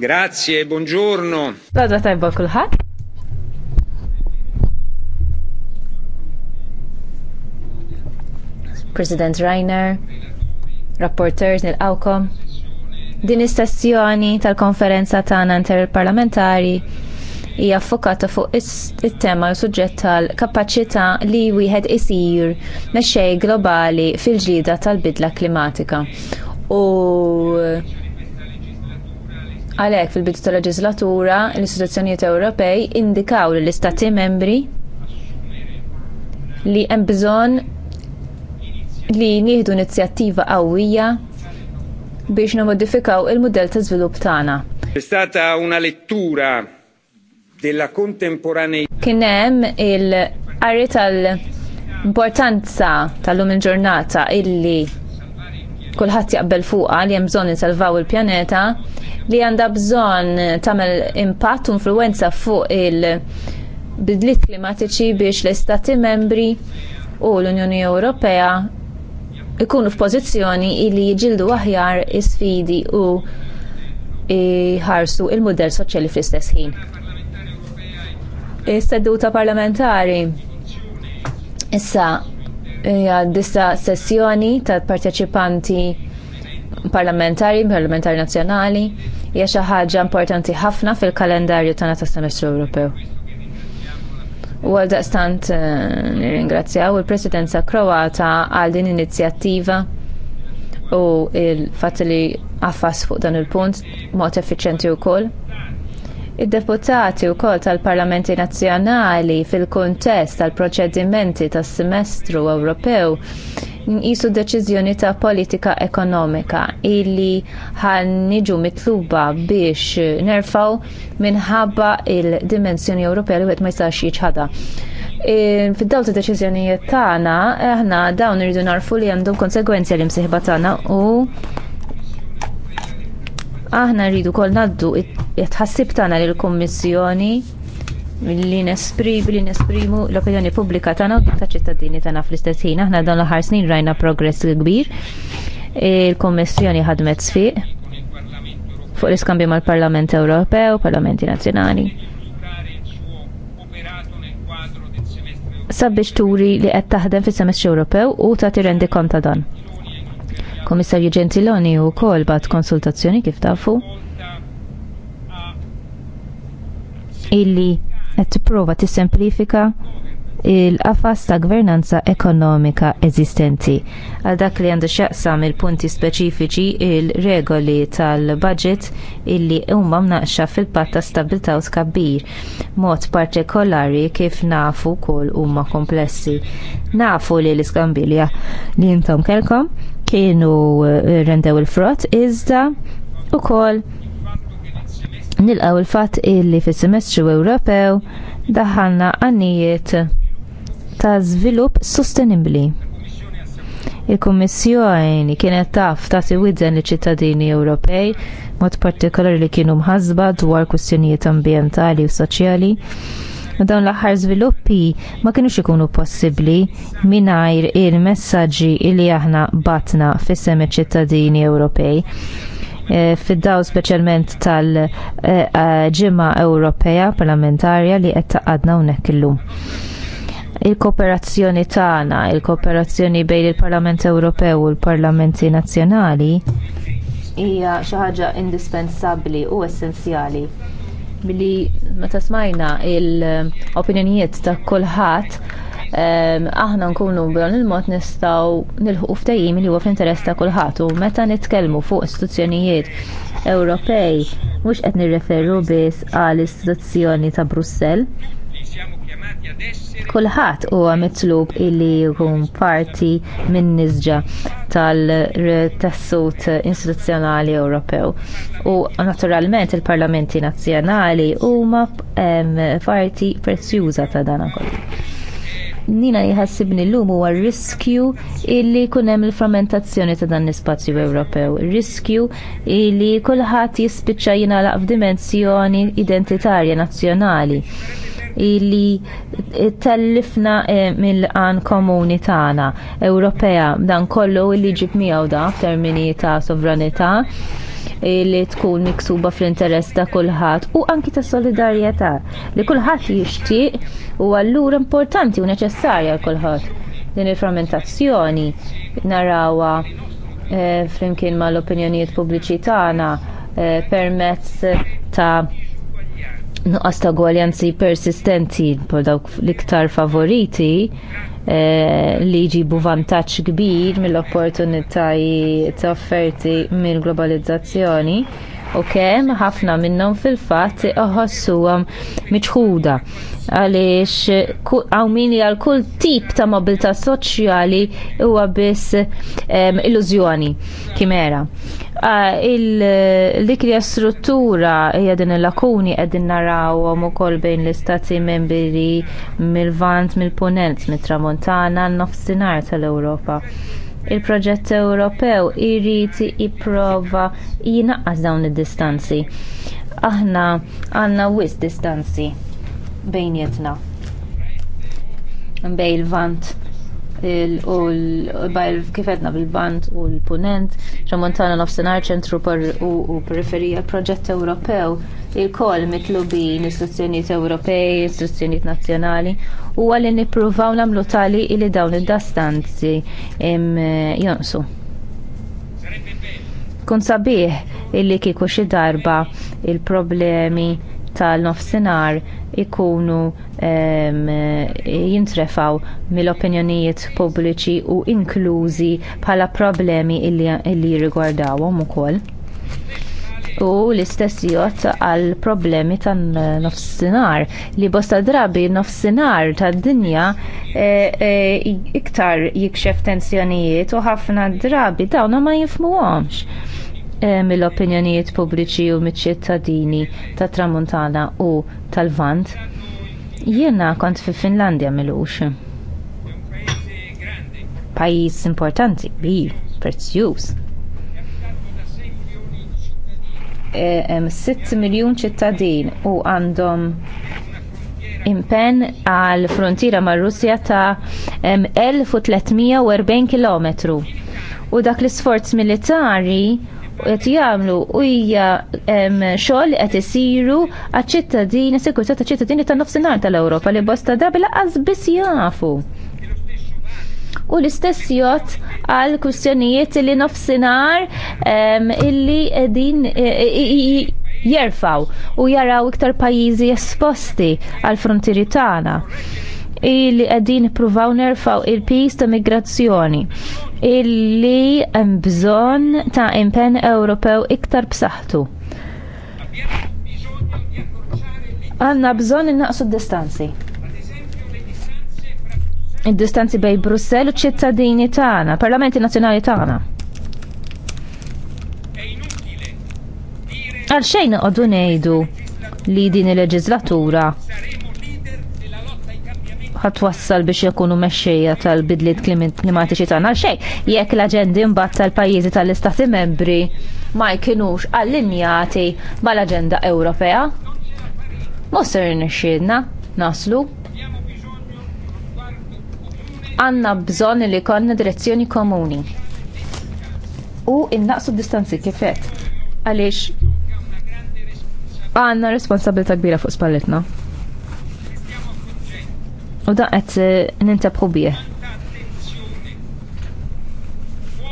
Grazie, buongiorno. Għadra tajba kullħat. President Reiner, rapporteurs nil-awkom, din istessjoni tal-konferenza tagħna interparlamentari hija fokata fuq it-tema u suġġett tal-kapaċità li wieħed isir mexej globali fil-ġlida tal-bidla klimatika. U Għalhekk fil-bidu tal-leġislatura l-istituzzjonijiet Ewropej indikaw lill istati membri li hemm bżonn li nieħdu inizjattiva qawwija biex nimodifikaw il-mudell ta' żvilupp tagħna. È stata una lettura della contemporaneità. Kien hemm il-qari tal-importanza tal-lum il-ġurnata illi kulħadd jaqbel fuqha li hemm bżonn insalvaw il-pjaneta li għandha bżonn tagħmel impatt u influwenza fuq il-bidliet klimatiċi biex l-istati membri u l-Unjoni Ewropea ikunu f'pożizzjoni li jġildu aħjar is-sfidi u ħarsu il-modell soċjali fl-istess ħin. Is-seduta parlamentari issa dista sessjoni ta' parteċipanti parlamentari, parlamentari nazzjonali, hija xi ħaġa importanti ħafna fil-kalendarju tagħna tas-Semestru Ewropew. U għaldaqstant eh, nirringrazzjaw il-Presidenza Kroata għal din inizjattiva u il-fatt li għaffas fuq dan il-punt mod effiċenti wkoll. Id-deputati wkoll tal-Parlamenti Nazzjonali fil-kuntest tal-proċedimenti tas-Semestru Ewropew nqisu deċiżjoni ta' politika ekonomika illi ħan mitluba biex nerfaw minħabba il-dimensjoni Ewropea li wieħed ma jistax jiġħadha e, fid-daw ta' deċiżjonijiet tagħna aħna dawn irridu narfu li għandhom konsegwenzi li msiħba tagħna u Aħna rridu kol naddu it tana tagħna lill kummissjoni li nesprim li nesprimu l-opinjoni pubblika tagħna u dikta ċittadini tagħna fl-istess ħin. Aħna dan l ħar snin rajna progress kbir. Il-Kummissjoni ħadmet sfiq fuq l-iskambju mal-Parlament Ewropew, Parlamenti Nazzjonali. Sabiex turi li qed taħdem fis-semestru Ewropew u tagħti rendi ta' dan. Komissarju Gentiloni u kol bat konsultazzjoni kif tafu illi qed tipprova tissemplifika il-qafas ta' gvernanza ekonomika eżistenti. Għal dak li għandu xaqsam il-punti speċifiċi il-regoli tal-budget illi huma mnaqxa fil-patt ta' stabilta' u skabbir. mod partikolari kif nafu kol huma komplessi. Nafu li l-iskambilja li intom kelkom kienu eh, rendew il-frott iżda kol nilqaw il-fatt illi fis-semestru Ewropew daħanna għannijiet ta' żvilupp sostenibbli. Il-Kummissjoni kienet taf ta' tiwidden li ċittadini Ewropej mod partikolari li kienu mħazba dwar kwistjonijiet ambjentali u soċjali ma dawn l-aħħar żviluppi ma kinux ikunu possibbli mingħajr il-messaġġi li aħna batna fis-semi ċittadini Ewropej e, fid-daw speċjalment tal-ġimgħa Ewropea parlamentarja li qed taqadna hawnhekk illum il-kooperazzjoni tagħna, il-kooperazzjoni bejn il-Parlament Ewropew u l-Parlamenti Nazzjonali hija xi ħaġa indispensabbli u essenzjali milli meta smajna l opinjonijiet ta' kulħadd aħna nkunu b'dan il-mod nistgħu nilħu ftehim li huwa fl-interess ta' kulħadd u meta nitkellmu fuq istituzzjonijiet Ewropej mhux qed nirreferu biss għall istituzzjoni ta' Brussell Kulħadd huwa mitlub illi jkun parti minn nizġa tal-tessut istituzzjonali Ewropew. U naturalment il-parlamenti nazzjonali huma parti prezzjuża ta' dan kollu. Nina jħassibni l-lum huwa riskju illi kunem il-frammentazzjoni ta' dan l-ispazju Ewropew, riskju illi kulħadd jispiċċa jingħalaq f'dimensjoni identitarja nazzjonali li tellifna eh, mill għan komuni tagħna Ewropea dan kollu illi ġib miegħu da f'termini ta' sovranità li tkun miksuba fl-interess ta' kulħadd u anki ta' solidarjetà li kulħadd jixtieq u allura importanti u neċessarja għal kulħadd din il-fermentazzjoni narawa eh, flimkien mal opinjonijiet pubbliċi tagħna eh, permezz ta' nuqqas ta' gwaljanzi persistenti pol dawk l-iktar favoriti eh, li jġibu vantaġġ kbir mill-opportunitajiet offerti mill-globalizzazzjoni u kemm ħafna minnhom fil-fatt iħossuhom miċħuda għaliex hawn min għal kull tip ta' mobilità soċjali huwa biss illużjoni kimera. Dik li struttura hija din il-lakuni qegħdin narawhom ukoll bejn l-istati membri mill-Vant, mill-Punent, mit-Tramontana, n-nofsinhar tal-Ewropa. Il-proġett Ewropew irid jipprova jinaqqas dawn id-distanzi. Aħna għandna wis distanzi bejnietna. Bej il-vant kif edna bil-band u l-punent, ċamontana nofsenar ċentru u periferija proġett Ewropew, il-kol l istruzzjoniet Ewropej, istruzzjoniet nazjonali, u għalli nipruvaw namlu tali li dawn id-dastanzi jonsu. Kun sabiħ illi kiku xi darba il-problemi tal-nofsinhar ikunu jintrefaw mill-opinjonijiet pubbliċi u inklużi bħala problemi li jirrigwardawhom ukoll. U l-istess jgħod għal problemi tan nofsinhar li bosta drabi nofsinhar tad dinja e, e, iktar jikxef tensjonijiet u ħafna drabi dawna ma jifmuhomx Eh, mill-opinjonijiet pubbliċi u miċ-ċittadini tat Tramuntana u tal-Vant. Jiena kont fi Finlandja milux. Pajjiż importanti, bi, prezzjuż. Hemm e, 6 miljun ċittadin u għandhom impenn għal frontiera mar Russja ta' 1340 km. U dak l-isforz militari qed jagħmlu u hija xogħol qed isiru għaċ-ċittadini, sekurità ta' ċittadini tan-nofsinhar tal-Ewropa li bosta drabi laqas biss jafu. U l-istess jott għal kwistjonijiet li nofsinhar illi qegħdin e, e, jerfaw u jaraw iktar pajjiżi esposti għal frontiri tagħna li qegħdin ippruvaw nerfaw il-pis ta' migrazzjoni illi hemm bżonn ta' impenn Ewropew iktar b'saħħtu. Għanna bżonn innaqsu d-distanzi. Id-distanzi bej Brussell u ċittadini tagħna, parlamenti nazzjonali tagħna. Għal xejn qogħdu ngħidu li din il-leġislatura ħatwassal biex ikunu mexxejja tal-bidliet klimatiċi tagħna għal xejn jekk l-aġendi mbagħad tal-pajjiżi tal-istati membri ma jkunux allinjati mal-aġenda Ewropea. Mosser nixxiedna naslu. Għanna bżonn li konna direzzjoni komuni. U innaqsu distanzi kifet. Għaliex għanna responsabilità kbira fuq spallitna. U dan qed eh, nintabħu bih.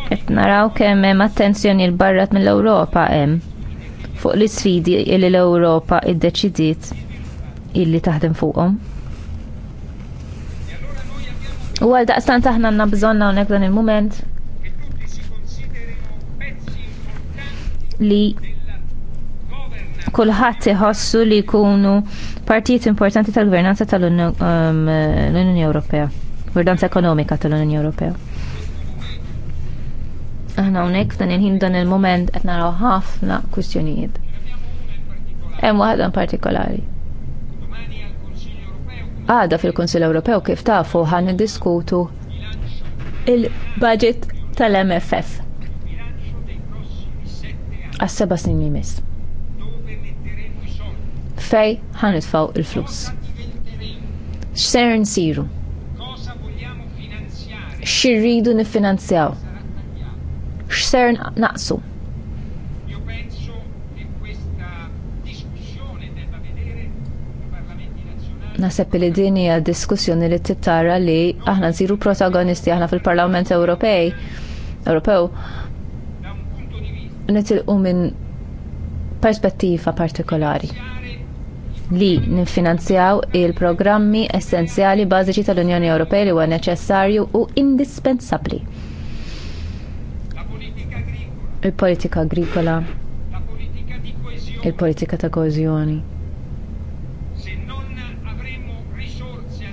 Qed naraw kemm hemm attenzjoni l barrat mill-Ewropa hemm fuq l isfidi li l-Ewropa iddeċidiet illi taħdem fuqhom. U għal daqstant aħna għandna bżonna hawnhekk dan il-mument li kulħadd iħossu li jkunu partijiet importanti tal-gvernanza tal-Unjoni um, Ewropea, gvernanza ekonomika tal-Unjoni Ewropea. Aħna hawnhekk dan il-ħin dan il-moment qed naraw ħafna kwistjonijiet. Hemm waħda partikolari għada fil-Konsil Ewropew kif tafu ħan diskutu il-budget tal-MFF. Għas-seba snin li fej ħanitfaw il-flus. X'ser nsiru? X'irridu niffinanzjaw? X'ser naqsu? Naseb li din hija diskussjoni li tittara li aħna nsiru protagonisti aħna fil-Parlament Ewropej Ewropew nitilqu minn perspettiva partikolari li nifinanzjaw il-programmi essenzjali bażiċi tal-Unjoni Ewropea li huwa neċessarju u indispensabbli. Il-politika agrikola, il-politika ta' kożjoni.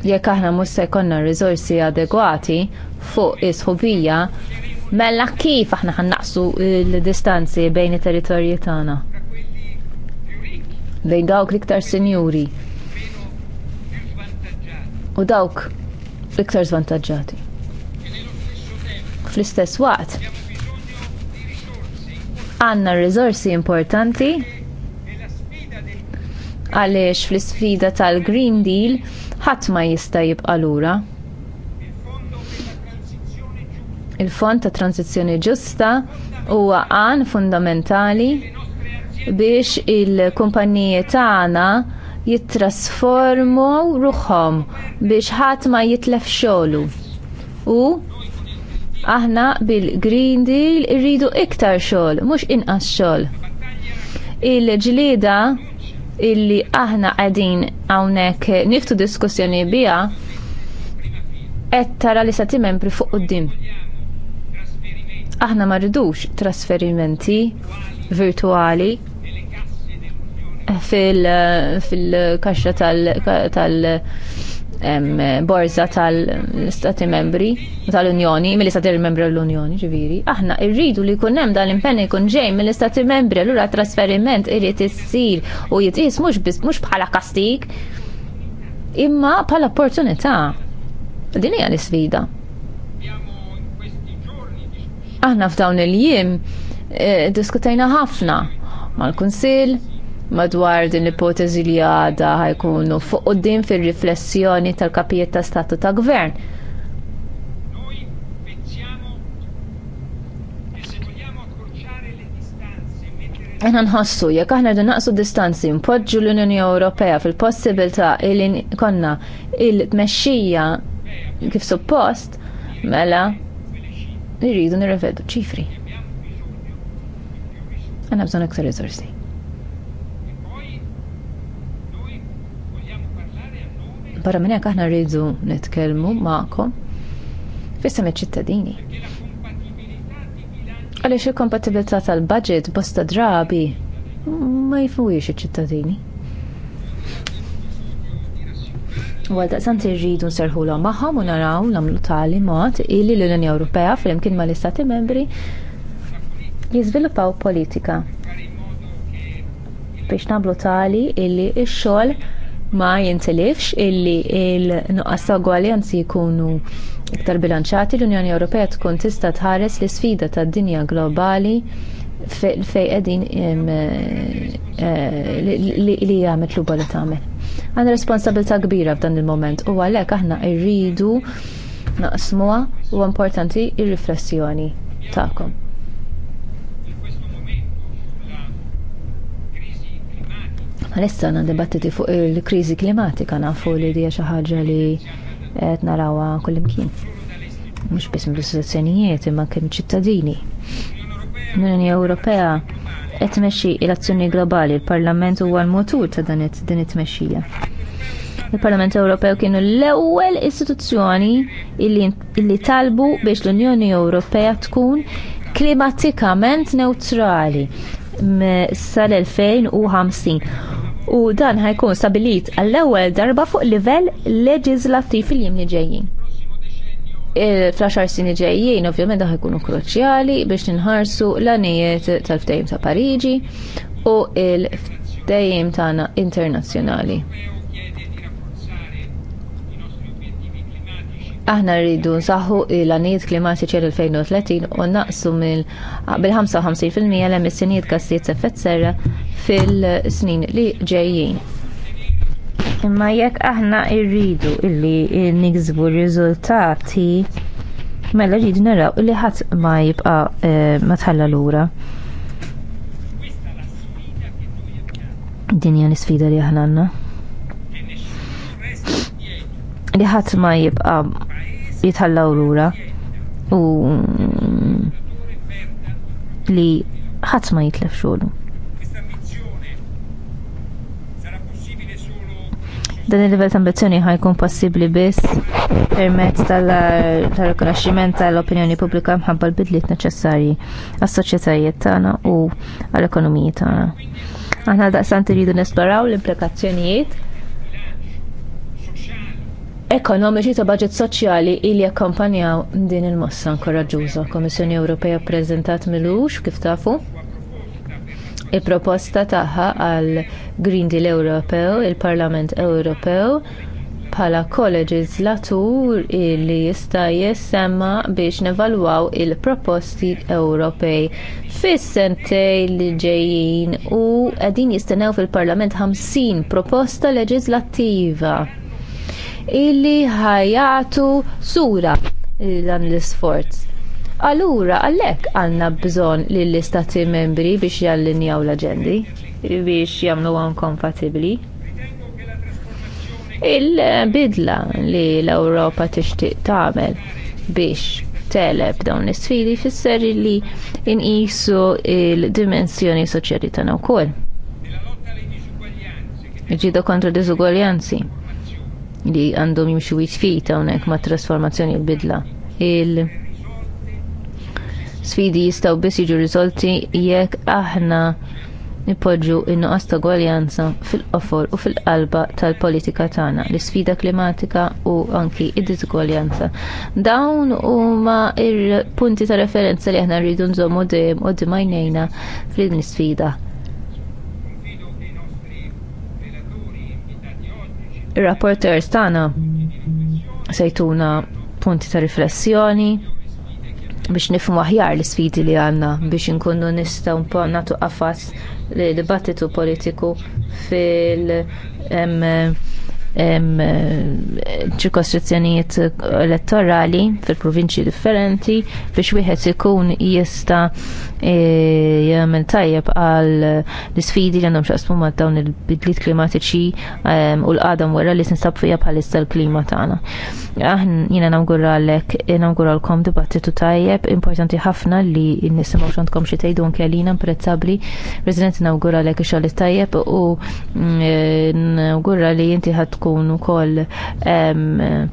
Jekk aħna mhux se jkollna riżorsi adegwati fuq is-ħubija, mela kif aħna ħannaqsu l-distanzi bejn it-territorji tagħna? bejn dawk l-iktar senjuri u dawk l-iktar zvantagġati. Fl-istess waqt, għanna rizorsi importanti għaliex fl isfida tal-Green Deal ħadd ma jista' jibqa' lura. Il-Fond ta' Transizzjoni Ġusta huwa għan fundamentali biex il kumpanije tagħna jittrasformu ruħhom biex ħadd ma jitlef xogħlu. U aħna bil-Green Deal irridu iktar xogħol, mhux inqas xogħol. Il-ġlieda illi aħna qegħdin hawnhekk niftu diskussjoni biha qed tara li sa membri fuq quddiem. Aħna ma rridux trasferimenti virtuali fil-kaxxa tal-borza tal-Stati membri tal-Unjoni, mill-Istati membri l-Unjoni ġiviri. Aħna irridu li jkun hemm dan l-impenn ikun ġej mill-Istati membri allura trasferiment irid issir u jitqis mhux biss bħala kastik imma bħala opportunità. Din hija l-isfida. Aħna f'dawn il-jiem eh, diskutejna ħafna mal-Kunsill, madwar din l-ipotezi li għada ħajkunu fuq quddiem fir-riflessjoni tal-kapijiet ta' statu ta' gvern. Aħna nħossu, jekk aħna rridu naqsu distanzi, npoġġu l-Unjoni Ewropea fil-possibilità li konna il-tmexxija kif suppost, mela irridu nirrevedu ċifri. Għanna bżonn iktar riżorsi. Barra minn hekk aħna rridu nitkellmu magħkom fissem iċ-ċittadini. Għaliex il-kompatibilità tal-budget bosta drabi ma jfuwiex iċ-ċittadini. U għal rridu irridu nserħulhom magħhom u naraw nagħmlu tali mod illi l-Unjoni Ewropea flimkien mal-Istati Membri jiżviluppaw politika biex nablu tali illi x-xogħol ma jintilifx illi il-nuqqas ta' gwaljanzi jkunu iktar bilanċati l-Unjoni Ewropea tkun tista' tħares l isfida tad-dinja globali fej qegħdin eh, li hija mitluba li tagħmel. Għandna responsabilità kbira f'dan il-moment u għalhekk aħna rridu naqsmuha u importanti r riflessjoni tagħkom. Għalissa għanna dibattiti fuq il-kriżi klimatika nafu li dija xi ħaġa li qed narawha kullimkien. Mhux biss mill-istituzzjonijiet imma kemm ċittadini. L-Unjoni Ewropea qed tmexxi l-azzjoni globali, il-Parlament huwa l-motur ta' dan din it-tmexxija. Il-Parlament Ewropew kienu l-ewwel istituzzjoni illi talbu biex l-Unjoni Ewropea tkun klimatikament neutrali sal-2050 u dan ħajkun stabilit għall-ewwel darba fuq livell leġislattiv fil-jiem li ġejjin. E, Fl-10 sini ġejjin ovvjament daħ ikunu kruċjali biex ninħarsu l-anijiet tal-ftehim ta' Pariġi u l ftehim tagħna internazzjonali. aħna rridu nsaħħu il-għanijiet klimatiċi l-2030 u naqsu mill bil-55% l-emissjonijiet gassijiet effett serra fil-snin li ġejjin. Imma jekk aħna rridu illi nigżbu r-riżultati mela rridu naraw li ħadd ma jibqa' eh, ma tħalla lura. Dinja l-isfida li aħna għandna. li ħadd ma jibqa' jitħallaw lura u mm, li ħadd ma jitlef xogħlu. Dan il-livell ta' ambizzjoni ħajkun possibbli biss permezz tal-rikonoxximent tal-opinjoni pubblika mħabba l-bidliet neċessarji għas-soċjetajiet tagħna u għall-ekonomiji tagħna. Aħna daqsant irridu nesploraw l-implikazzjonijiet ekonomiċi ta' budget soċjali ili akkompanjaw din il-mossa nkoraġuża. Komissjoni Ewropea ppreżentat milux kif tafu il-proposta tagħha għal Green Deal Ewropew, il-Parlament Ewropew bħala latur li jista' jissemma biex nevalwaw il-proposti Ewropej fis-sentej li ġejjin u qegħdin jistennew fil-Parlament 50 proposta leġislattiva illi ħajatu sura dan l-isforz. Allura, għalhekk għandna bżonn li l-istati membri biex jallinjaw l-aġendi, biex jagħmluhom kompatibbli il-bidla li l ewropa tixtieq tagħmel biex teleb dawn l-isfidi fisser li inqisu il-dimensjoni soċjali tagħna wkoll. Ġidu kontra diżugwaljanzi li għandhom jimxu jitfit hawnhekk ma' trasformazzjoni l-bidla. Il sfidi jistgħu biss jiġu riżolti jekk aħna nipoġġu in-nuqqas ta' gwaljanza fil-qofol u fil-qalba tal-politika tagħna, l-isfida klimatika u anki id-disgwaljanza. Dawn huma l punti ta' referenza li aħna rridu nżommu dejjem u dimajnejna fil-din l-isfida. ir rapporter tagħna sejtuna punti ta' riflessjoni biex nifhmu aħjar l-isfidi li għandna biex inkunu po' natu qafas li dibattitu politiku fil- ċirkostrizzjonijiet elettorali fil-provinċi differenti biex wieħed ikun jista e, jagħmel tajjeb għal l-isfidi li għandhom xaqsmu ma' dawn il-bidliet klimatiċi u l-qadam wara li tinsab fija bħalissa l-klima tagħna. Aħna jiena għalhekk, nawguralkom dibattitu tajjeb importanti ħafna li nisimgħu x'għandkom xi tgħidu anke għalina imprezzabbli. President nawguralek ix-xogħol tajjeb u mm, e, nawgura li inti ħadd tkun ukoll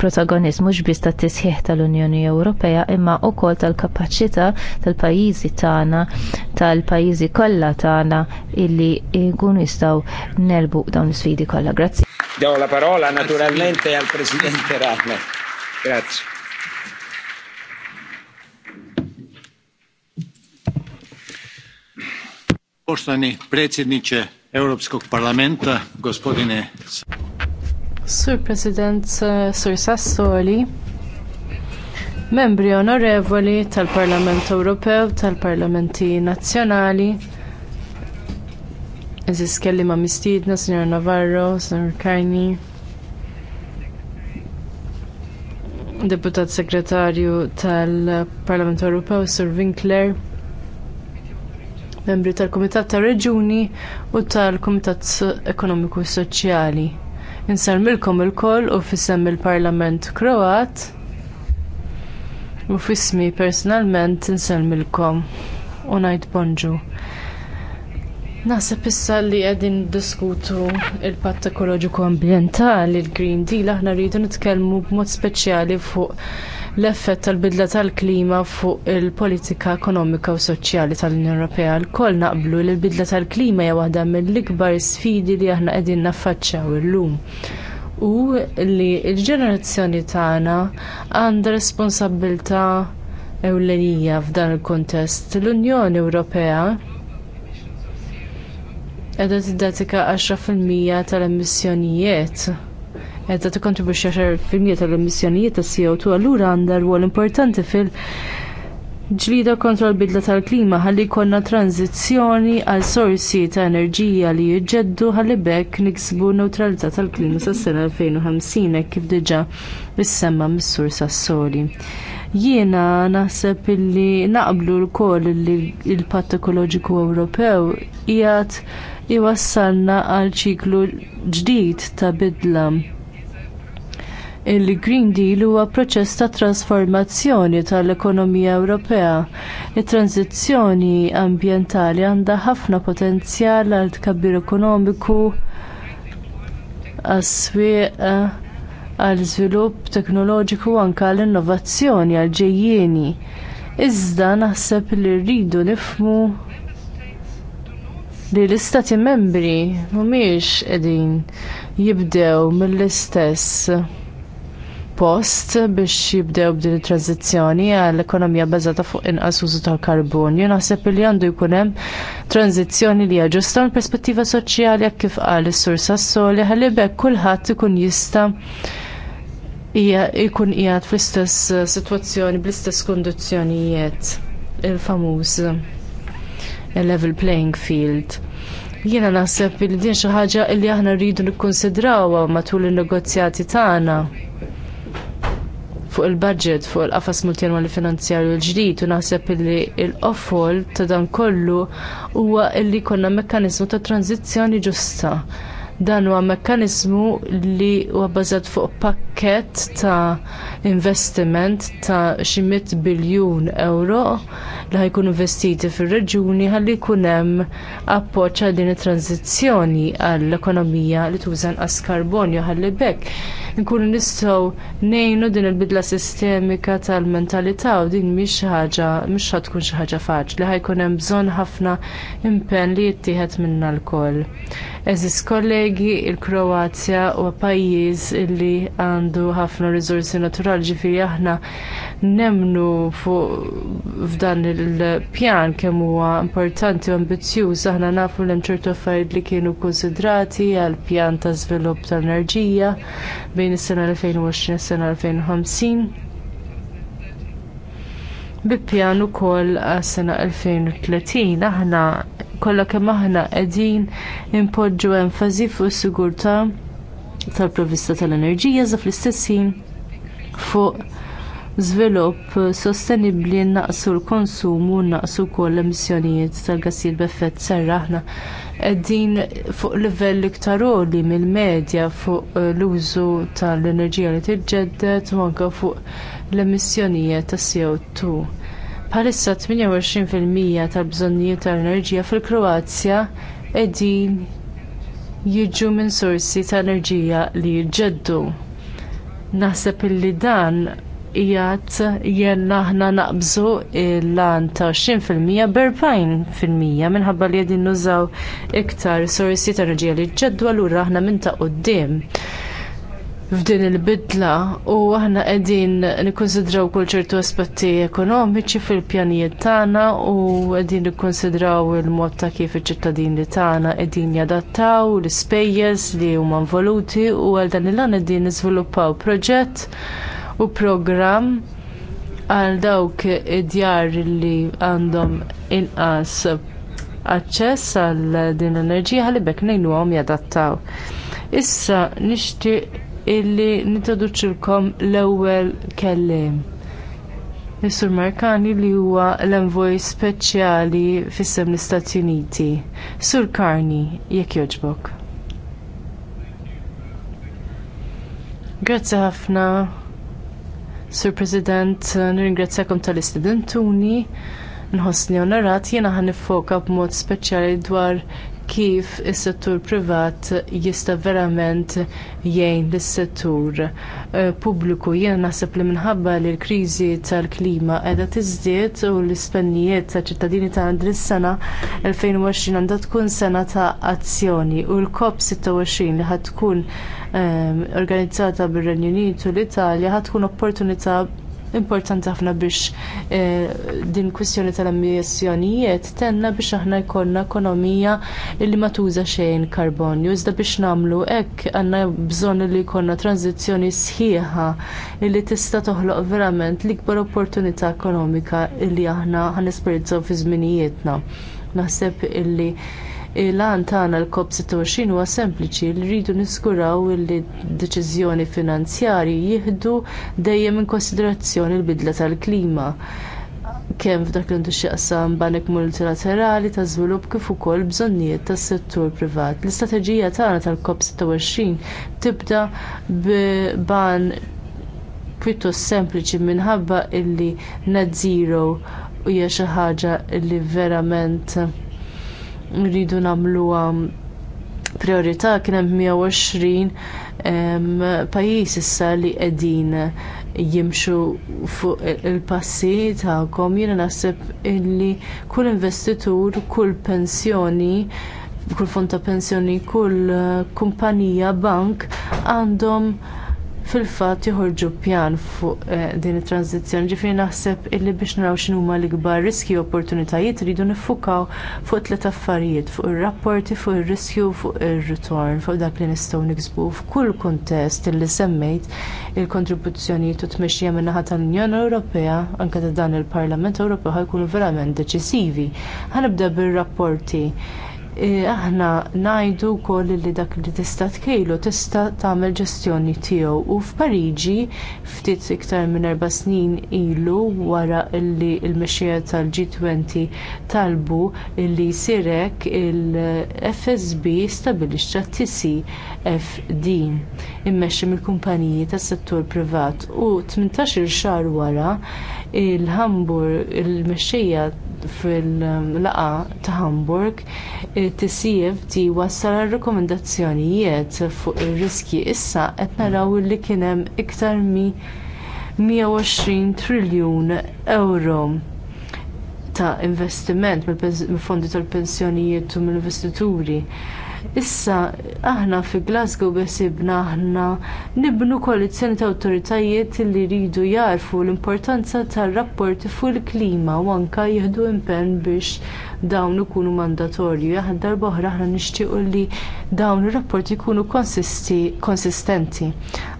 protagonist mhux biss ta' tisħiħ tal-Unjoni Ewropea imma wkoll tal-kapaċità tal-pajjiżi tagħna tal-pajjiżi kollha tagħna illi jkunu jistgħu nerbu dawn is-sfidi kollha. Grazzi. Dew la parola naturalmente al Presidente Rahmer. Grazie. Poštovani predsjedniče Europskog parlamenta, gospodine Sur President eh, Sur Sassoli, membri onorevoli tal-Parlament Ewropew, tal-Parlamenti Nazzjonali, Eżis kelli ma' mistidna, Signor Navarro, Signor Kajni, Deputat Segretarju tal-Parlament Ewropew, Sur Winkler, membri tal-Kumitat tar Reġuni u tal-Kumitat Ekonomiku Soċjali. Insalmilkom il-koll u fissem il-Parlament Kroat u fismi personalment insalmilkom u najt bonġu. Naħseb issa li qegħdin diskutu il-patt ekoloġiku ambjentali, il-Green Deal, aħna rridu nitkellmu b'mod speċjali fuq l-effett tal-bidla tal-klima fuq il-politika ekonomika u soċjali tal-Unjoni Ewropea. Lkoll naqblu li l-bidla tal-klima hija waħda mill-ikbar sfidi li aħna qegħdin naffaċċjaw illum u li l-ġenerazzjoni tagħna għandha responsabilità ewlenija f'dan il-kontest. L-Unjoni Ewropea edha fil 10% tal-emissjonijiet. Edha tikkontribwixxi 10% tal-emissjonijiet ta' CO2 allura għandha rwol importanti fil- ġlida kontra l-bidla tal-klima ħalli jkollna tranzizzjoni għal sorsi ta' enerġija li jġeddu ħalli bekk niksbu neutralità tal-klima sas sena 2050 hekk kif diġà bissemma mis-sur sassoli. Jiena naħseb illi naqblu l li l-patt ekoloġiku Ewropew qiegħed li wassalna għal ċiklu ġdid ta' bidla. Il-Green Deal huwa proċess ta' trasformazzjoni tal-ekonomija Ewropea. It-tranzizzjoni ambjentali għandha ħafna potenzjal għal tkabbir ekonomiku għas-swieq għal żvilupp teknoloġiku u anke għall innovazzjoni għal ġejjieni. Iżda naħseb li rridu nifhmu li l-istati membri mhumiex qegħdin jibdew mill-istess post biex jibdew b'din it-tranzizzjoni għall ekonomija bbażata fuq inqas użu tal-karbonju, naħseb li għandu jkun hemm tranzizzjoni li hija ġusta mill perspettiva soċjali jekk kif qal is-sur Sassoli ħalli bekk kulħadd ikun jista' jkun qiegħed fl-istess eh, sitwazzjoni bl-istess kundizzjonijiet il-famuż level playing field. Jiena naħseb li din xi ħaġa li aħna rridu nikkonsidrawha matul in-negozjati tagħna fuq il-budget, fuq il-qafas multjanwali finanzjarju l-ġdid u naħseb li l-offol ta' dan kollu huwa li jkollna mekkaniżmu ta' tranzizzjoni ġusta Dan huwa mekkaniżmu li huwa bbażat fuq pakkett ta' investiment ta' xi biljun euro li ħajkun investiti fir-reġuni ħalli jkun hemm appoġġ għal din it-tranzizzjoni għall-ekonomija li tuża nqas karbonju ħalli bekk nkunu nistgħu ngħinu din il-bidla sistemika tal-mentalità u din mhix xi ħaġa mhux tkun xi ħaġa faċli ħajkun hemm bżonn ħafna impenn li jittieħed minnha lkoll. Eżis kollegi, il-Kroazja u pajjiż li għandu ħafna riżorsi naturali ġifiri aħna nemnu fuq f'dan il-pjan kemm huwa importanti u ambizzjuż aħna nafu l hemm ċertu affarijiet li kienu konsidrati għal pjan ta' żvilupp tal-enerġija bejn is-sena 2020 u s-sena 2050 Bippjan pjan ukoll għas-sena 2030 aħna kollha kemm aħna qegħdin impoġġu enfasi fuq is-sigurtà tal-provvista tal-enerġija za fl-istess ħin fuq żvilupp sostenibbli naqsu l-konsum u naqsu wkoll l-emissjonijiet tal-gassijiet b'effett serra aħna qegħdin fuq livell iktar għoli mill-medja fuq l-użu tal-enerġija li tiġġedded u anke fuq l-emissjonijiet ta' CO2. Bħalissa 28% tal-bżonnijiet tal-enerġija fil-Kroazja qegħdin jiġu minn sorsi ta' enerġija li jġeddu. Naħseb illi dan jgħat jenna ħna naqbżu l-lan ta' 20% b-40% minħabba li għedin nużaw iktar sorsi ta' reġija li ġeddu għallura ħna minn ta' qoddim f'din il-bidla u aħna qegħdin nikkonsidraw kull ċertu aspetti ekonomiċi fil-pjanijiet tagħna u qegħdin nikkonsidraw il-mod ta' kif iċ-ċittadini tagħna qegħdin jadattaw l-ispejjeż li huma involuti u għal dan il-għan qegħdin niżviluppaw proġett u programm għal dawk id-djar li għandhom inqas aċċess għal din l-enerġija ħalli bekk ngħinuhom jadattaw. Issa nixtieq illi nintroduċilkom l-ewwel kelliem. Mr. Markani li huwa l-envoj speċjali fissem l-Istati Uniti. Sur Karni, jekk jogħġbok. Grazzi ħafna, Sur President, nirringrazzjakom tal-istudentuni nħossni onorat jiena ħan nifoka b'mod speċjali dwar kif is-settur privat jista' verament jgħin lis-settur eh, pubbliku. Jiena naħseb li minħabba li l-kriżi tal-klima qiegħda tiżdied u l-ispennijiet ta' ċittadini ta' din is-sena 2020 għandha tkun sena ta' azzjoni u l-COP 26 li ħad tkun eh, organizzata bir-Renju Unit u l-Italja ħad tkun opportunità importanti ħafna biex eh, din kwestjoni tal-emissjonijiet tenna biex aħna jkollna ekonomija li ma tuża xejn karbonju. Iżda biex nagħmlu hekk għandna bżonn li jkollna tranzizzjoni sħiħa li tista' toħloq verament l-ikbar opportunità ekonomika li aħna ħanisperizzaw fi żminijietna. Naħseb illi Il-għan tagħna l-COP26 huwa sempliċi li rridu niskuraw li deċiżjoni finanzjarji jieħdu dejjem in konsiderazzjoni l-bidla tal-klima kemm f'dak l għandu x'jaqsam banek multilaterali ta' żvilupp kif ukoll bżonnijiet tas-settur privat. L-istrateġija tagħna tal-COP26 tibda b'ban pjuttost sempliċi minħabba illi net zero hija xi ħaġa li verament rridu nagħmluha priorità kien hemm 120 pajjiż issa li qegħdin jimxu fuq il-passi tagħkom jiena naħseb illi kull investitur, kull pensjoni kull fond ta' pensjoni, kull kumpanija, bank għandhom fil-fatt joħorġu pjan fuq eh, din it-tranzizzjoni. Ġifieri naħseb illi biex naraw x'inhu huma l-ikbar riski u opportunitajiet iridu niffukaw fuq tliet affarijiet fuq ir-rapporti, fuq ir-riskju, fuq ir-ritorn, fuq dak li nistgħu niksbu f'kull kuntest illi semmejt il-kontribuzzjonijiet u tmexxija min-naħa tal-Unjoni Ewropea anke ta' dan il-Parlament Ewropew ħajkunu verament deċisivi. Ħanibda bir-rapporti E, aħna ngħidu wkoll li dak li tista' tkejlu tista' tagħmel ġestjoni tiegħu u f'Pariġi ftit iktar minn erba' snin ilu wara li l-mexxija tal-G20 talbu li jsirek il-FSB stabilixxa din immexxi mill-kumpaniji tas-settur privat u 18-il xahar wara il-Hamburg il-mexxija fil-laqa ta' Hamburg il-TCFD wassal rekomendazzjonijiet fuq ir riski issa qed naraw li kien hemm iktar mi 120 triljun euro ta' investiment mill-fondi tal-pensjonijiet u mill-investituri. Issa, aħna fi Glasgow besibna aħna nibnu koalizzjoni ta' awtoritajiet li rridu jarfu l-importanza tar rapporti fuq il-klima u anke jieħdu impenn biex dawn ikunu mandatorju. Aħna darba oħra aħna nixtiequ li dawn ir-rapporti jkunu konsistenti.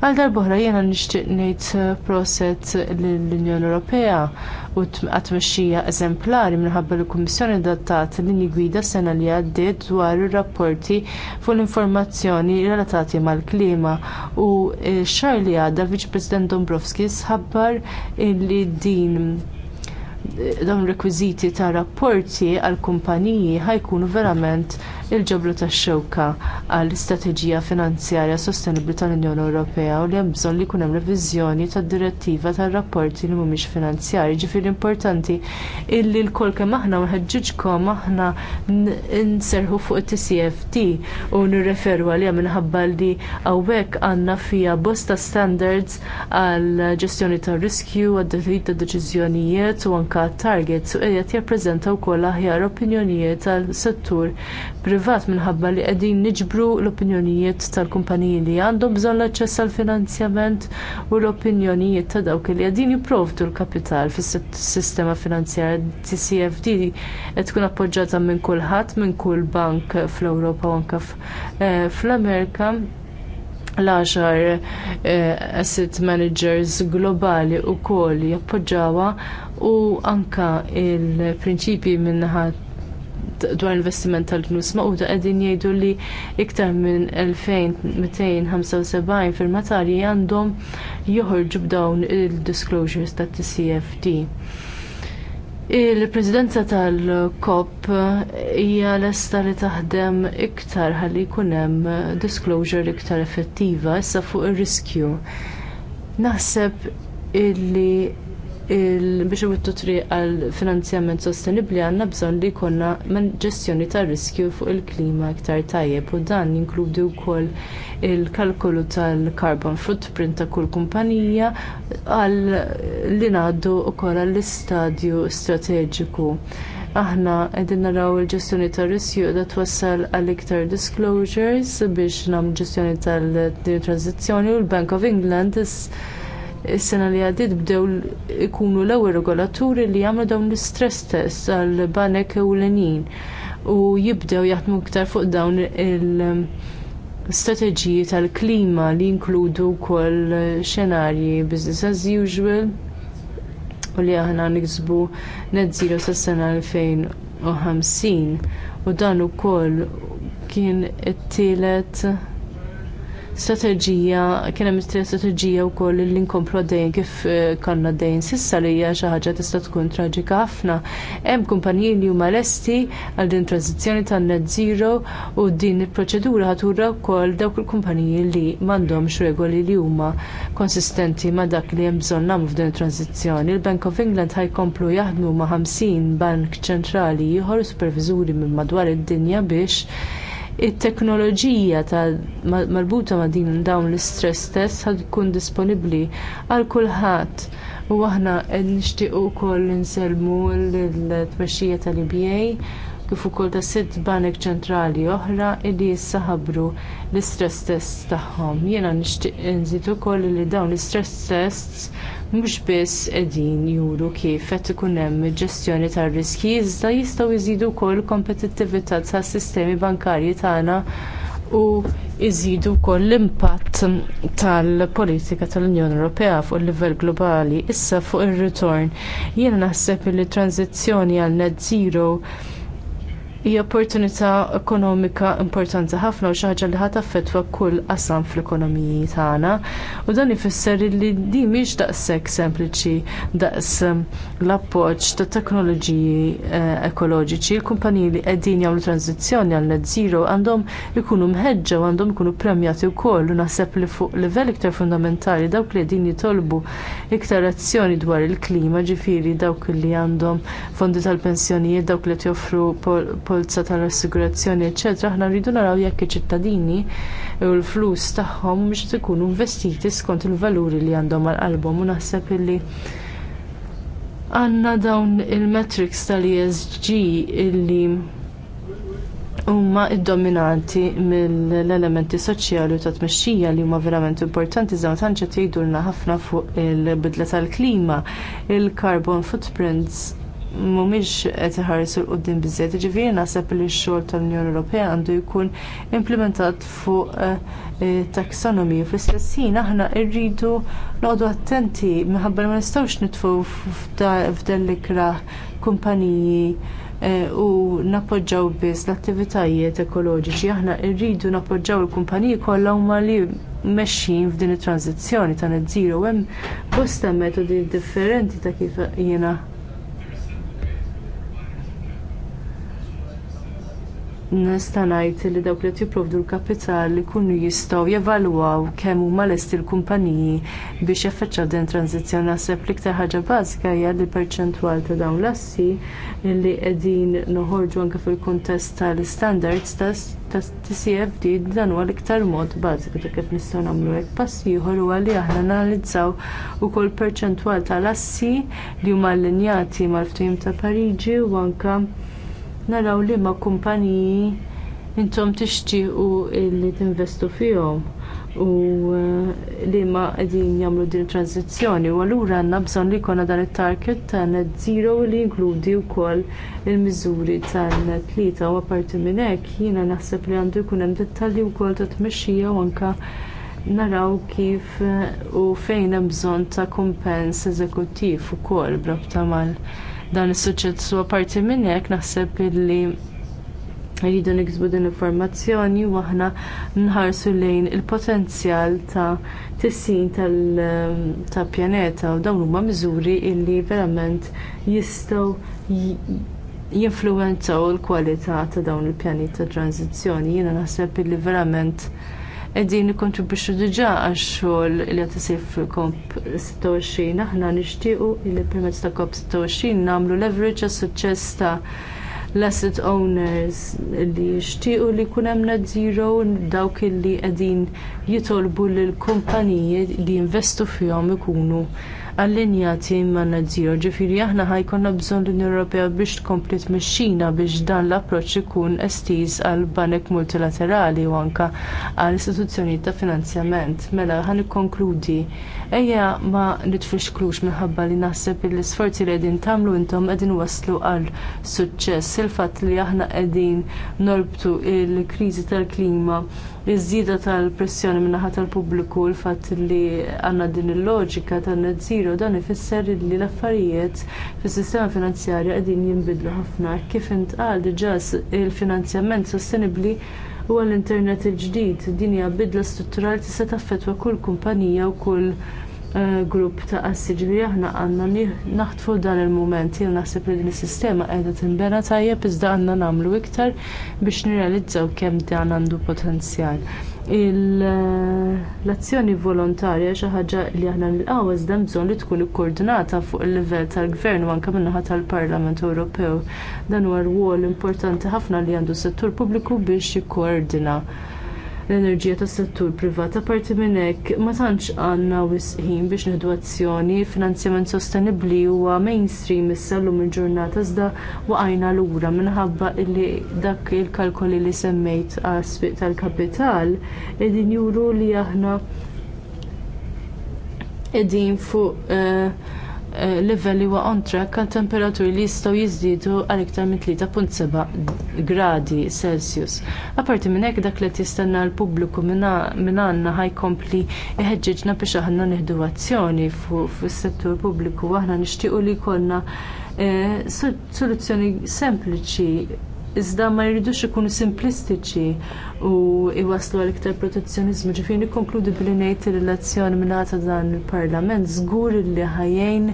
Għal darba oħra jiena nixtieq ngħid eh, proset lill-Unjoni Ewropea u għat-tmexxija eżemplari minħabba li kummissjoni dattat linji gwida sena li għaddiet dwar ir-rapporti fuq l-informazzjoni relatati mal-klima u eh, xar li għadda l-Viċ President Dombrovskis ħabbar li din dawn rekwiżiti ta' rapporti għall kumpaniji ħajkunu verament il-ġoblu tax xewka għall istrateġija finanzjarja sostenibbli tal-Unjoni Ewropea u li hemm bżonn li jkun hemm reviżjoni tad-direttiva tar-rapporti li mhumiex finanzjarji. Ġifieri importanti illi lkoll kemm aħna nħeġġiġkom aħna inserħu fuq it-TCFT u nirreferu għalija minħabba li hawnhekk għandna fiha bosta standards għall ġestjoni tar-riskju, għad-dritt tad deċiżjonijiet u anke anka targets u qiegħed jappreżenta wkoll aħjar opinjonijiet tal-settur privat minħabba li qegħdin niġbru l-opinjonijiet tal-kumpaniji li għandhom bżonn l-aċċess għall finanzjament u l-opinjonijiet ta' dawk li qegħdin jipprovdu l-kapital fis-sistema finanzjarja TCFD qed tkun appoġġjata minn kulħadd minn kull bank fl-Ewropa u anke eh, fl-Amerika. fl ewropa u anke fl amerika l-10 eh, asset managers globali wkoll jappoġġawha u anke l prinċipji min dwar investiment tal knus Magħquda qegħdin jgħidu li iktar minn 2275 firmatari għandhom joħorġu b'dawn il-disclosures tat-TCFD. Il-Presidenza tal-COP hija lesta li taħdem iktar ħalli jkun hemm disclosure iktar effettiva issa fuq ir-riskju. Naħseb illi biex iwittu triq għal finanzjament sostenibbli għandna bżonn li jkollna man ġestjoni tar riskju fuq il-klima iktar tajjeb u dan jinkludi wkoll il-kalkolu tal-carbon footprint ta' kull kumpanija għal li ngħaddu wkoll għall-istadju strateġiku aħna qegħdin naraw il-ġestjoni tar riskju da twassal għal iktar disclosures biex nam ġestjoni tal-tranzizzjoni u l-Bank of England is is-sena li għaddiet bdew ikunu l-ewwel regolaturi li jagħmlu dawn l-istress test għal banek ewlenin u jibdew jaħdmu iktar fuq dawn il-strateġiji tal-klima li jinkludu wkoll xenarji business as usual u li aħna niksbu net zero sas-sena 2050 u dan ukoll kien it-tielet strateġija, kien hemm strateġija wkoll li nkomplu għaddejn kif eh, konna għaddejn sissa li hija xi ħaġa tista' tkun traġika ħafna. Hemm kumpaniji li huma lesti għal din tranzizzjoni tan net zero u din il-proċedura ħatura wkoll dawk il-kumpaniji li m'għandhomx regoli li huma konsistenti ma' dak li hemm bżonn nagħmlu f'din it-tranzizzjoni. Il-Bank of England ħajkomplu jaħdmu ma' 50 bank ċentrali ieħor superviżuri minn madwar id-dinja biex it-teknoloġija marbuta ma' din dawn l-istress test ħad tkun disponibbli għal kulħadd. U aħna qed nixtiequ wkoll inselmu l-tmexxija tal-IBA kif ukoll ta' sitt banek ċentrali oħra li issa ħabbru l-istress test tagħhom. Jiena nixtieq inżid ukoll li dawn l-istress tests mhux biss qegħdin juru kif qed ikun hemm ġestjoni tar-riski iżda jistgħu jżidu wkoll kompetittività tas-sistemi bankarji tagħna u jżidu wkoll l-impatt tal-politika tal-Unjoni Ewropea fuq il-livell globali issa fuq ir-ritorn. Jiena naħseb li t tranzizzjoni għal net zero hija opportunità ekonomika importanti ħafna u xi ħaġa li ħat affettwa kull qasam fl-ekonomiji tagħna. U dan ifisser li din mhix daqshekk sempliċi daqs ehm, l-appoġġ ta' teknoloġiji eh, ekoloġiċi. Il-kumpaniji li qegħdin jagħmlu tranzizzjoni għal net zero għandhom ikunu mħeġġa u għandhom ikunu premjati wkoll u naħseb li fuq livell iktar fundamentali dawk li qegħdin jitolbu iktar azzjoni dwar il-klima ġifieri dawk li għandhom fondi tal-pensjonijiet dawk li joffru il-polza tal-assigurazzjoni, eċetera, aħna rridu naraw jekk iċ-ċittadini u l-flus tagħhom biex ikunu investiti skont il-valuri li għandhom għal-qalbhom u naħseb illi għandna dawn il-metrics tal-ESG illi huma id-dominanti mill-elementi soċjali u ta' tmexxija li huma verament importanti iżda tantx tgħidulna jgħidulna ħafna fuq il-bidla tal-klima, il-carbon footprints mhumiex qed iħarsu l qudiem biżżejjed. Ġifieri naħseb li x-xogħol tal-Unjoni Ewropea għandu jkun implementat fuq eh, eh, taxonomy u fl-istess ħin aħna rridu noqgħdu attenti minħabba ma nistgħux nitfgħu f'dan l-ikra kumpaniji eh, u nappoġġaw biss l-attivitajiet ekoloġiċi. Aħna rridu nappoġġaw il-kumpaniji kollha huma li mexxin f'din it-tranzizzjoni ta' net zero hemm bosta metodi differenti ta' kif jiena nistanajt ngħid li dawk li qed jipprovdu l-kapital ikunu jistgħu jevalwaw kemm huma lesti l-kumpaniji biex jaffeċċaw din tranzizzjoni naħseb li iktar ħaġa bażika hija li perċentwal ta' dawn l-assi li qegħdin noħorġu anke fil-kuntest tal-standards ta' TCFD dan huwa l-iktar mod bażiku ta' kif nistgħu nagħmlu hekk pass ieħor huwa li aħna analizzaw ukoll perċentwal tal-assi li huma allinjati mal-ftehim ta' Pariġi u anke naraw li ma kumpaniji intom tixtiequ li tinvestu fihom u eh, li ma qegħdin jagħmlu din it u allura għandna bżonn li jkollna dan it-target ta' net zero li jinkludi wkoll il-miżuri tan-net tlieta u apparti minn hekk jiena naħseb li għandu jkun hemm dettalji wkoll ta' tmexxija u anke naraw kif eh, u fejn hemm bżonn ta' kumpens eżekuttiv ukoll brabta mal dan is suċċess su apparti minn hekk naħseb illi rridu niksbu din l-informazzjoni u aħna nħarsu lejn il-potenzjal ta' tissin tal um, pjaneta u dawn huma miżuri illi verament jistgħu jinfluwenzaw il-kwalità ta' dawn il-pjani ta' tranzizzjoni. Jiena naħseb illi verament qegħdin nikkontribwixxu diġà għax-xogħol li għatisif komp 26 aħna nixtiequ li permezz ta' komp 26 nagħmlu leverage għas-suċċess ta' l-asset owners li jixtiequ li jkun hemm net zero dawk li qegħdin jitolbu lill kumpaniji li jinvestu fihom ikunu allinjati man nazzir. Ġifiri aħna ħajkonna bżonn l-Unjoni Ewropea biex tkompli tmexxina biex dan l-approċċ ikun estiż għal banek multilaterali u anke għal istituzzjonijiet ta' finanzjament. Mela ħan ikkonkludi ejja ma nitfixklux minħabba li naħseb li l-isforzi li qegħdin tagħmlu intom qegħdin waslu għal suċċess. Il-fatt li aħna qegħdin norbtu l kriżi tal-klima iż-żieda tal-pressjoni min-naħa tal-pubbliku l fatt li għandna din il-loġika ta' net zero dan ifisser li l-affarijiet fis-sistema finanzjarja qegħdin jinbidlu ħafna. Kif intqal diġà il-finanzjament sostenibbli u għall internet il-ġdid din hija bidla strutturali tista' taffetwa kull kumpanija u kull Eh, grupp ta' assiġri aħna għandna naħtfu dan il mument jien naħseb li din is-sistema qiegħda tinbena tajjeb iżda għandna nagħmlu iktar biex nirrealizzaw kemm dan għandu potenzjal. L-azzjoni volontarja xi ħaġa li aħna nilqaw iżda bżonn li tkun ikkoordinata fuq il-livell tal-Gvern u anke min-naħa tal-Parlament Ewropew. Dan huwa rwol importanti ħafna li għandu s settur pubbliku biex jikkoordina l-enerġija tas settur privat. Apparti minn hekk ma tantx għandna wisħin biex nieħdu azzjoni, finanzjament sostenibbli huwa mainstream issa llum il-ġurnata iżda waqajna lura minħabba li dak il-kalkoli li semmejt għas-swieq tal-kapital qegħdin juru li aħna qegħdin fuq uh, Eh, livelli huwa on track għal temperaturi li jistgħu jiżdiedu għal iktar minn 3.7 gradi Celsius. Aparti minn hekk dak li tistenna l-pubbliku minn għandna ħajkompli iħeġġeġna biex aħna nieħdu azzjoni fis-settur pubbliku aħna nixtiequ li jkollna eh, soluzzjoni sempliċi iżda ma jridux ikunu simplistiċi u iwaslu għal iktar protezzjonizmu. Ġifieri nikkonkludi billi ngħid ir-relazzjoni mingħata dan il-Parlament żgur li ħajjejn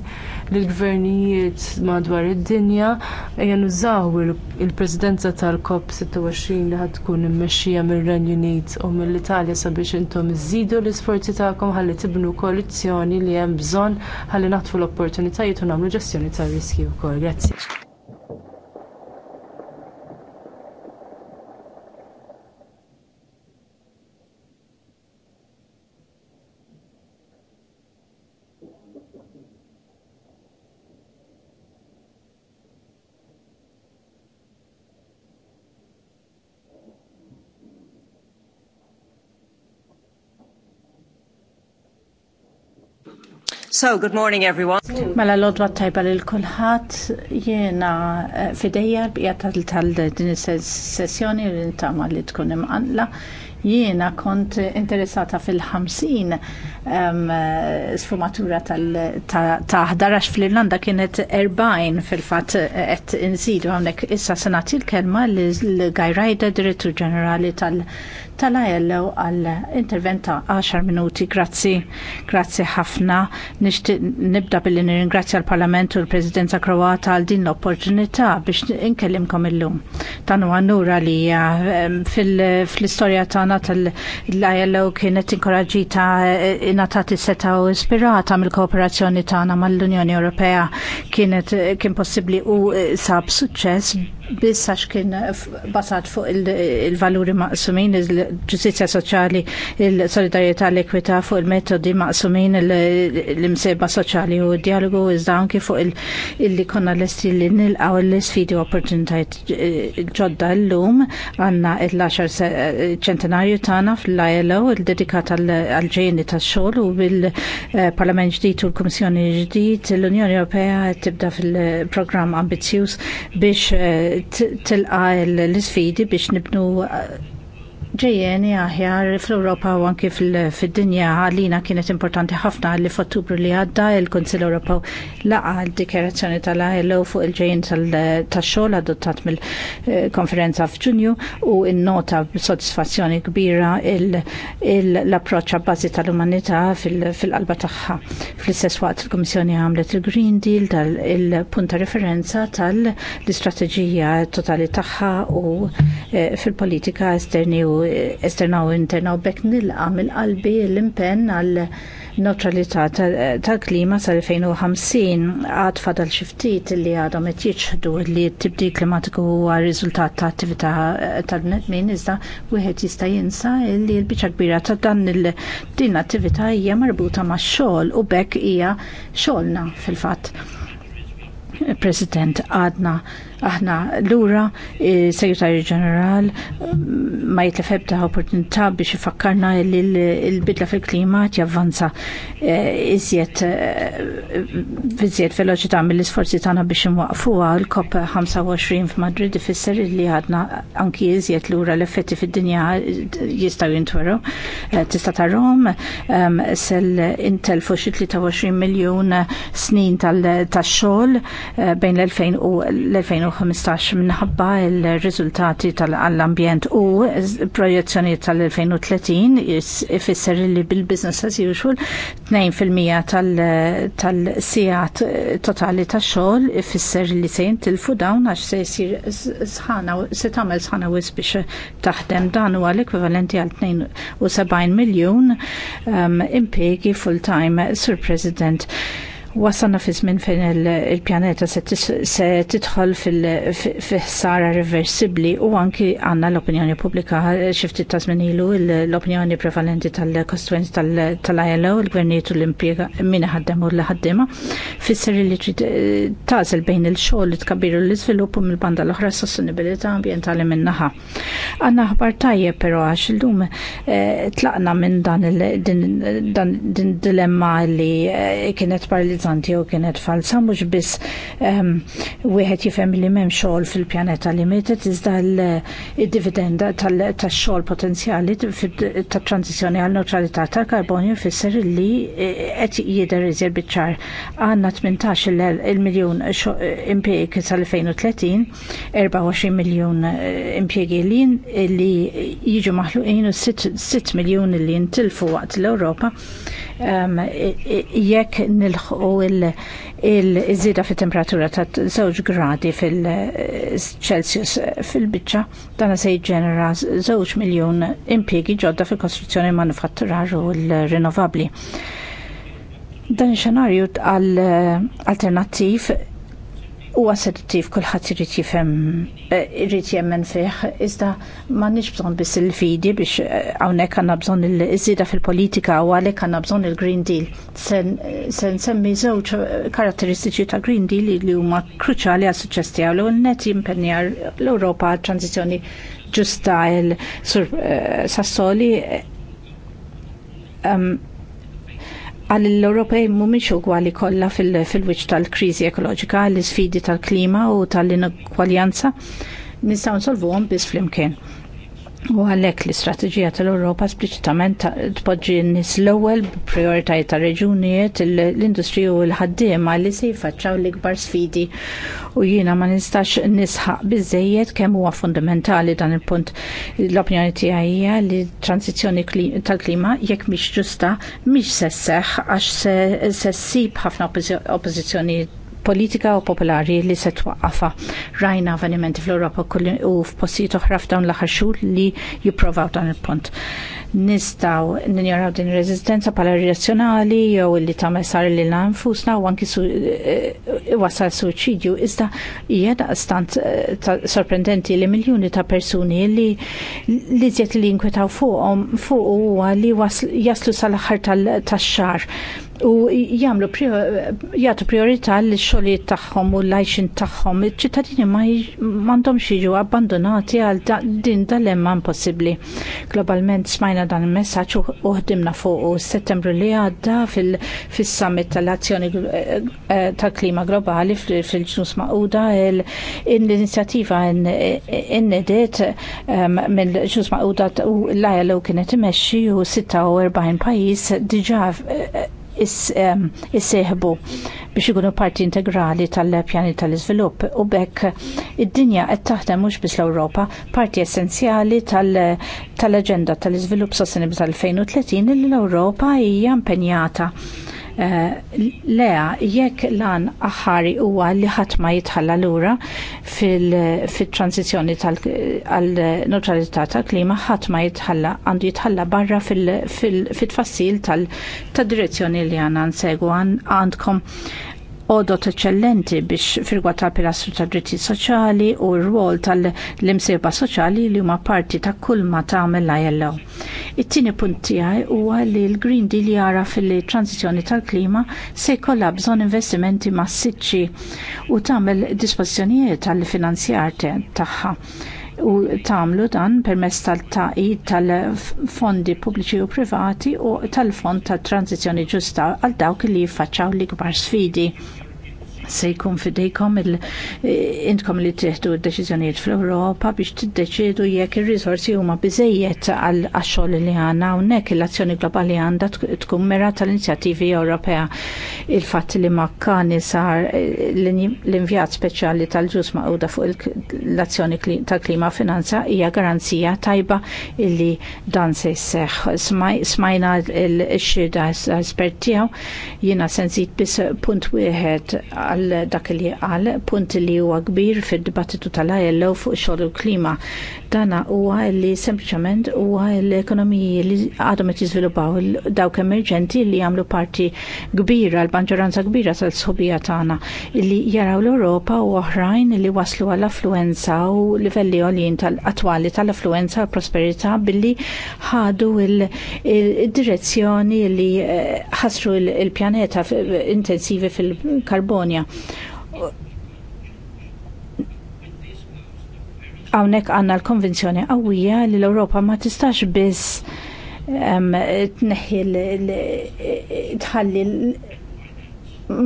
lill-gvernijiet madwar id-dinja ejja nużaw il-Presidenza tal-COP 26 li ħad tkun immexxija mir-Renju Unit u mill-Italja sabiex intom iżidu l-isforzi tagħkom ħalli tibnu koalizzjoni li hemm bżonn ħalli naħtfu l-opportunitajiet u nagħmlu ġestjoni tar-riskju wkoll. Grazzi. So, good morning everyone. Mela l-odwa tajba lil kulħadd jiena eh, fidejja l-bija tal-din sessjoni li li tkun imqanla. Jiena kont interessata fil-50 um, ehm, sfumatura tal-ħdarax ta fl-Irlanda kienet 40 fil-fat et insidu għamnek issa senat il-kelma l-Gajrajda Direttur Ġenerali tal-ILO tal għal-intervent ta' 10 minuti. Grazzi, grazzi ħafna. Nibda billi nirringrazzja l-Parlament u l-Presidenza Kroata għal din l-opportunità biex inkellimkom il-lum. Tanu għannura li ehm, fil-istoria ta' tagħna tal-ILO kienet inkoraġita ingħatati eh, seta' u ispirata mill-kooperazzjoni tagħna mal-Unjoni Ewropea kienet eh, kien possibli u eh, sab suċċess biss għax kien eh, basat fuq il-valuri maqsumin, il-ġustizja soċali, il solidarieta l ekwita fuq il-metodi maqsumin, l imseba soċali u dialogu iżda anki fuq il-li konna l-esti li għaw l-sfidi u opportunitajt eh, ġodda l-lum għanna il-10 eh, ċentenarju tana fl-ILO, il-dedikat għal ġeni ta' xol u bil-Parlament ġdijt u l-Komissjoni ġdijt, l-Unjoni Ewropea tibda fil-program ambizjus biex tilqa l-sfidi biex nibnu ġejjeni aħjar fl-Europa u anki fil-dinja għalina kienet importanti ħafna li f'Ottubru li għadda il-Konsil Ewropew laqa l-dikjerazzjoni tal-ILO fuq il-ġejjen tal xogħol adottat mill-konferenza f'Ġunju u in-nota b'sodisfazzjoni kbira l-approċċ bażi tal-umanità fil-qalba tagħha. Fl-istess waqt il-Kummissjoni għamlet il-Green Deal tal-punta referenza tal-istrateġija totali tagħha u eh, fil-politika esterni u esternaw u interna u bekk nilqa mill-qalbi l-impenn għal neutralità tal-klima sal-2050 għad fadal xiftit li għadhom qed jiġħdu li t tibdi klimatiku huwa riżultat ta' attività tal-bnedmin iżda wieħed jista' jinsa li l-biċċa kbira ta' dan din attività hija marbuta max-xogħol u bekk hija xogħolna fil-fatt. President għadna aħna lura il-Segretarju eh, Ġeneral mm, ma jitlef ebda opportunità biex jifakkarna li l-bidla fil-klima javvanza eh, iżjed eh, iżjed veloċità mill-isforzi tagħna biex imwaqfuha l-COP 25 f'Madrid ifisser li għadna anki iżjed lura l-effetti fid-dinja jistgħu jintweru. Tista' tarhom ehm, intel fuq xi 23 miljun snin tax-xogħol bejn l-2000 u l-2020 2015 minħabba il-riżultati tal-ambjent u projezzjoni tal-2030 ifisser li bil-business as usual 2% tal-sijat totali tax xogħol ifisser li se jintilfu dawn għax se jsir sħana se tagħmel sħana u biex taħdem dan huwa l-ekwivalenti għal 72 miljun um, impiegi full-time sur President. Wasanna fi żmien fejn il-pjaneta se tidħol fil-ħsara reversibbli u anki għandna l-opinjoni pubblika xifti ta' żmien ilu l-opinjoni prevalenti tal-kostwenz tal-ILO, l-gvernijiet u l-impjega minna ħaddem u l-ħaddima, fisser li trid eh, tażel bejn il-xogħol li tkabiru l-iżvilupp u mill-banda l-oħra sostenibilità ambjentali minnaħa. Għandna ħbar tajjeb però għax illum eh, tlaqna minn dan il-dilemma li eh, kienet paralizzata jew kien kienet falsa mhux biss ehm, wieħed jifhem li m'hemm xogħol fil-pjaneta limited iżda l-dividenda tax-xogħol potenzjali tat-tranzizzjoni għal neutralità tal-karbonju jfisser li e, qed jidher iżjed biċ-ċar għandna 18 il-miljun impjieg sal-2030, 24 miljun e, impjiegi li jiġu maħluqin u 6 miljun li jintilfu waqt l-Ewropa ehm, e, jekk nilħu u il żida fit temperatura ta' 2 gradi fil-Celsius eh, eh, fil-biċċa dana se jġenera 2 miljun impiegi ġodda fil-kostruzzjoni manufatturar u l-rinnovabli. Dan il-xenarju għal eh, alternattiv u assertiv kullħat irrit jifem, eh, irrit jemmen fiħ, iżda ma nix bżon bis il-fidi biex għawnek eh, għanna bżon il-izzida fil-politika u għalek għanna bżon il-Green Deal. Sen semmi zewċ eh, karatteristiċi ta' Green Deal li huma kruċali għal suċċess għal l net jimpenja l-Ewropa għal tranzizjoni ġusta il-Sassoli għal l-Ewropej mhumiex ugwali kollha fil-wiċċ tal-kriżi ekoloġika, l-isfidi tal-klima u tal-inugwaljanza nistgħu nsolvuhom biss flimkien. U għalhekk l-istrateġija tal-Ewropa spliċitament tpoġġi n-nies l-ewwel prioritajiet ta' reġunijiet l-industri u l-ħaddiema li se jfaċċaw l-ikbar sfidi u jiena ma nistax nisħaq biżejjed kemm huwa fundamentali dan il-punt. L-opinjoni tiegħi hija li transizzjoni tal-klima jekk mhix ġusta mhix se sseħħ għax se ssib ħafna oppożizzjonijiet politika u popolari li se twaqqafa. Rajna avvenimenti fl-Europa u f'postijiet oħra f'dawn l-aħħar xhur li jipprovaw dan il-punt. Nistaw ninjaraw din rezistenza pala reazzjonali jew li ta' sar li nfusna u anki eh, wasal suċidju iżda hija stant eh, sorprendenti li miljuni ta' persuni li li li nkwetaw fuqhom fuq huwa li jaslu sal-aħħar tax-xahar u jagħmlu jagħtu priorità l xogħlijiet tagħhom u l-għajxin tagħhom. Iċ-ċittadini m'għandhomx jiġu abbandonati għal din dilemma impossibbli. Globalment smajna dan il-messaġġ u ħdimna fuq u settembru li għadda fis-summit tal-azzjoni eh, eh, tal-klima globali fil-ġnus maquda l-inizjattiva innedet mill-ġnus maquda u l-ILO kienet imexxi u 46 pajjiż diġà jissieħbu biex ikunu parti integrali tal-pjani tal-iżvilupp u bekk id-dinja qed taħdem mhux biss l-Ewropa parti essenzjali tal-aġenda tal-iżvilupp sostenibbli tal-2030 li l-Ewropa hija impenjata Eh, Lea, jekk lan aħari huwa li ħadd ma jitħalla lura fil-transizjoni tal-neutralità tal-klima ħadd ma jitħalla għandu jitħalla barra fil tfassil tal-direzzjoni li għandna nsegwu għandkom odot eċċellenti biex firgwa tal-pilastru tad dritti soċjali u r-rwol tal-imsieba soċjali li huma parti ta' kull ma tagħmel għamilla jellaw. It-tieni punt tiegħi huwa li l-Green Deal jara fil transizjoni tal-klima se jkollha bżonn investimenti massiċċi u tagħmel dispożizzjonijiet tal-finanzjar tagħha u tagħmlu dan permezz tal-taqid tal-fondi pubbliċi u privati u tal-fond tat transizjoni ġusta għal dawk li jiffaċċaw l-ikbar sfidi se jkun fidejkom intkom li tieħdu d-deċiżjonijiet fl-Ewropa biex tiddeċiedu jekk ir risorsi huma biżejjed għal għax-xogħol li għandna hawnhekk l-azzjoni globali għandha tkun mera tal-inizjattivi Ewropea. Il-fatt li kani sar l-invjat speċjali tal-ġus maquda fuq l-azzjoni tal-klima finanza hija garanzija tajba illi dan se jseħħ. Smajna l-xirda esperti jiena sensit biss punt wieħed għal għal dak li għal punt li huwa kbir fid-dibattitu tal-ILO fuq xogħol u klima. Dana huwa li sempliċement huwa l-ekonomiji li għadhom qed jiżviluppaw dawk emerġenti li jagħmlu parti kbira l maġġoranza kbira tal-sħobija tagħna li jaraw l-Ewropa u oħrajn li waslu għall-affluenza u livelli għolin tal-attwali tal-affluenza u prosperità billi ħadu il-direzzjoni li eh, ħasru il-pjaneta intensivi fil-karbonja Hawnhekk għandna l-konvenzjoni qawwija li l europa ma tistax biss l tħalli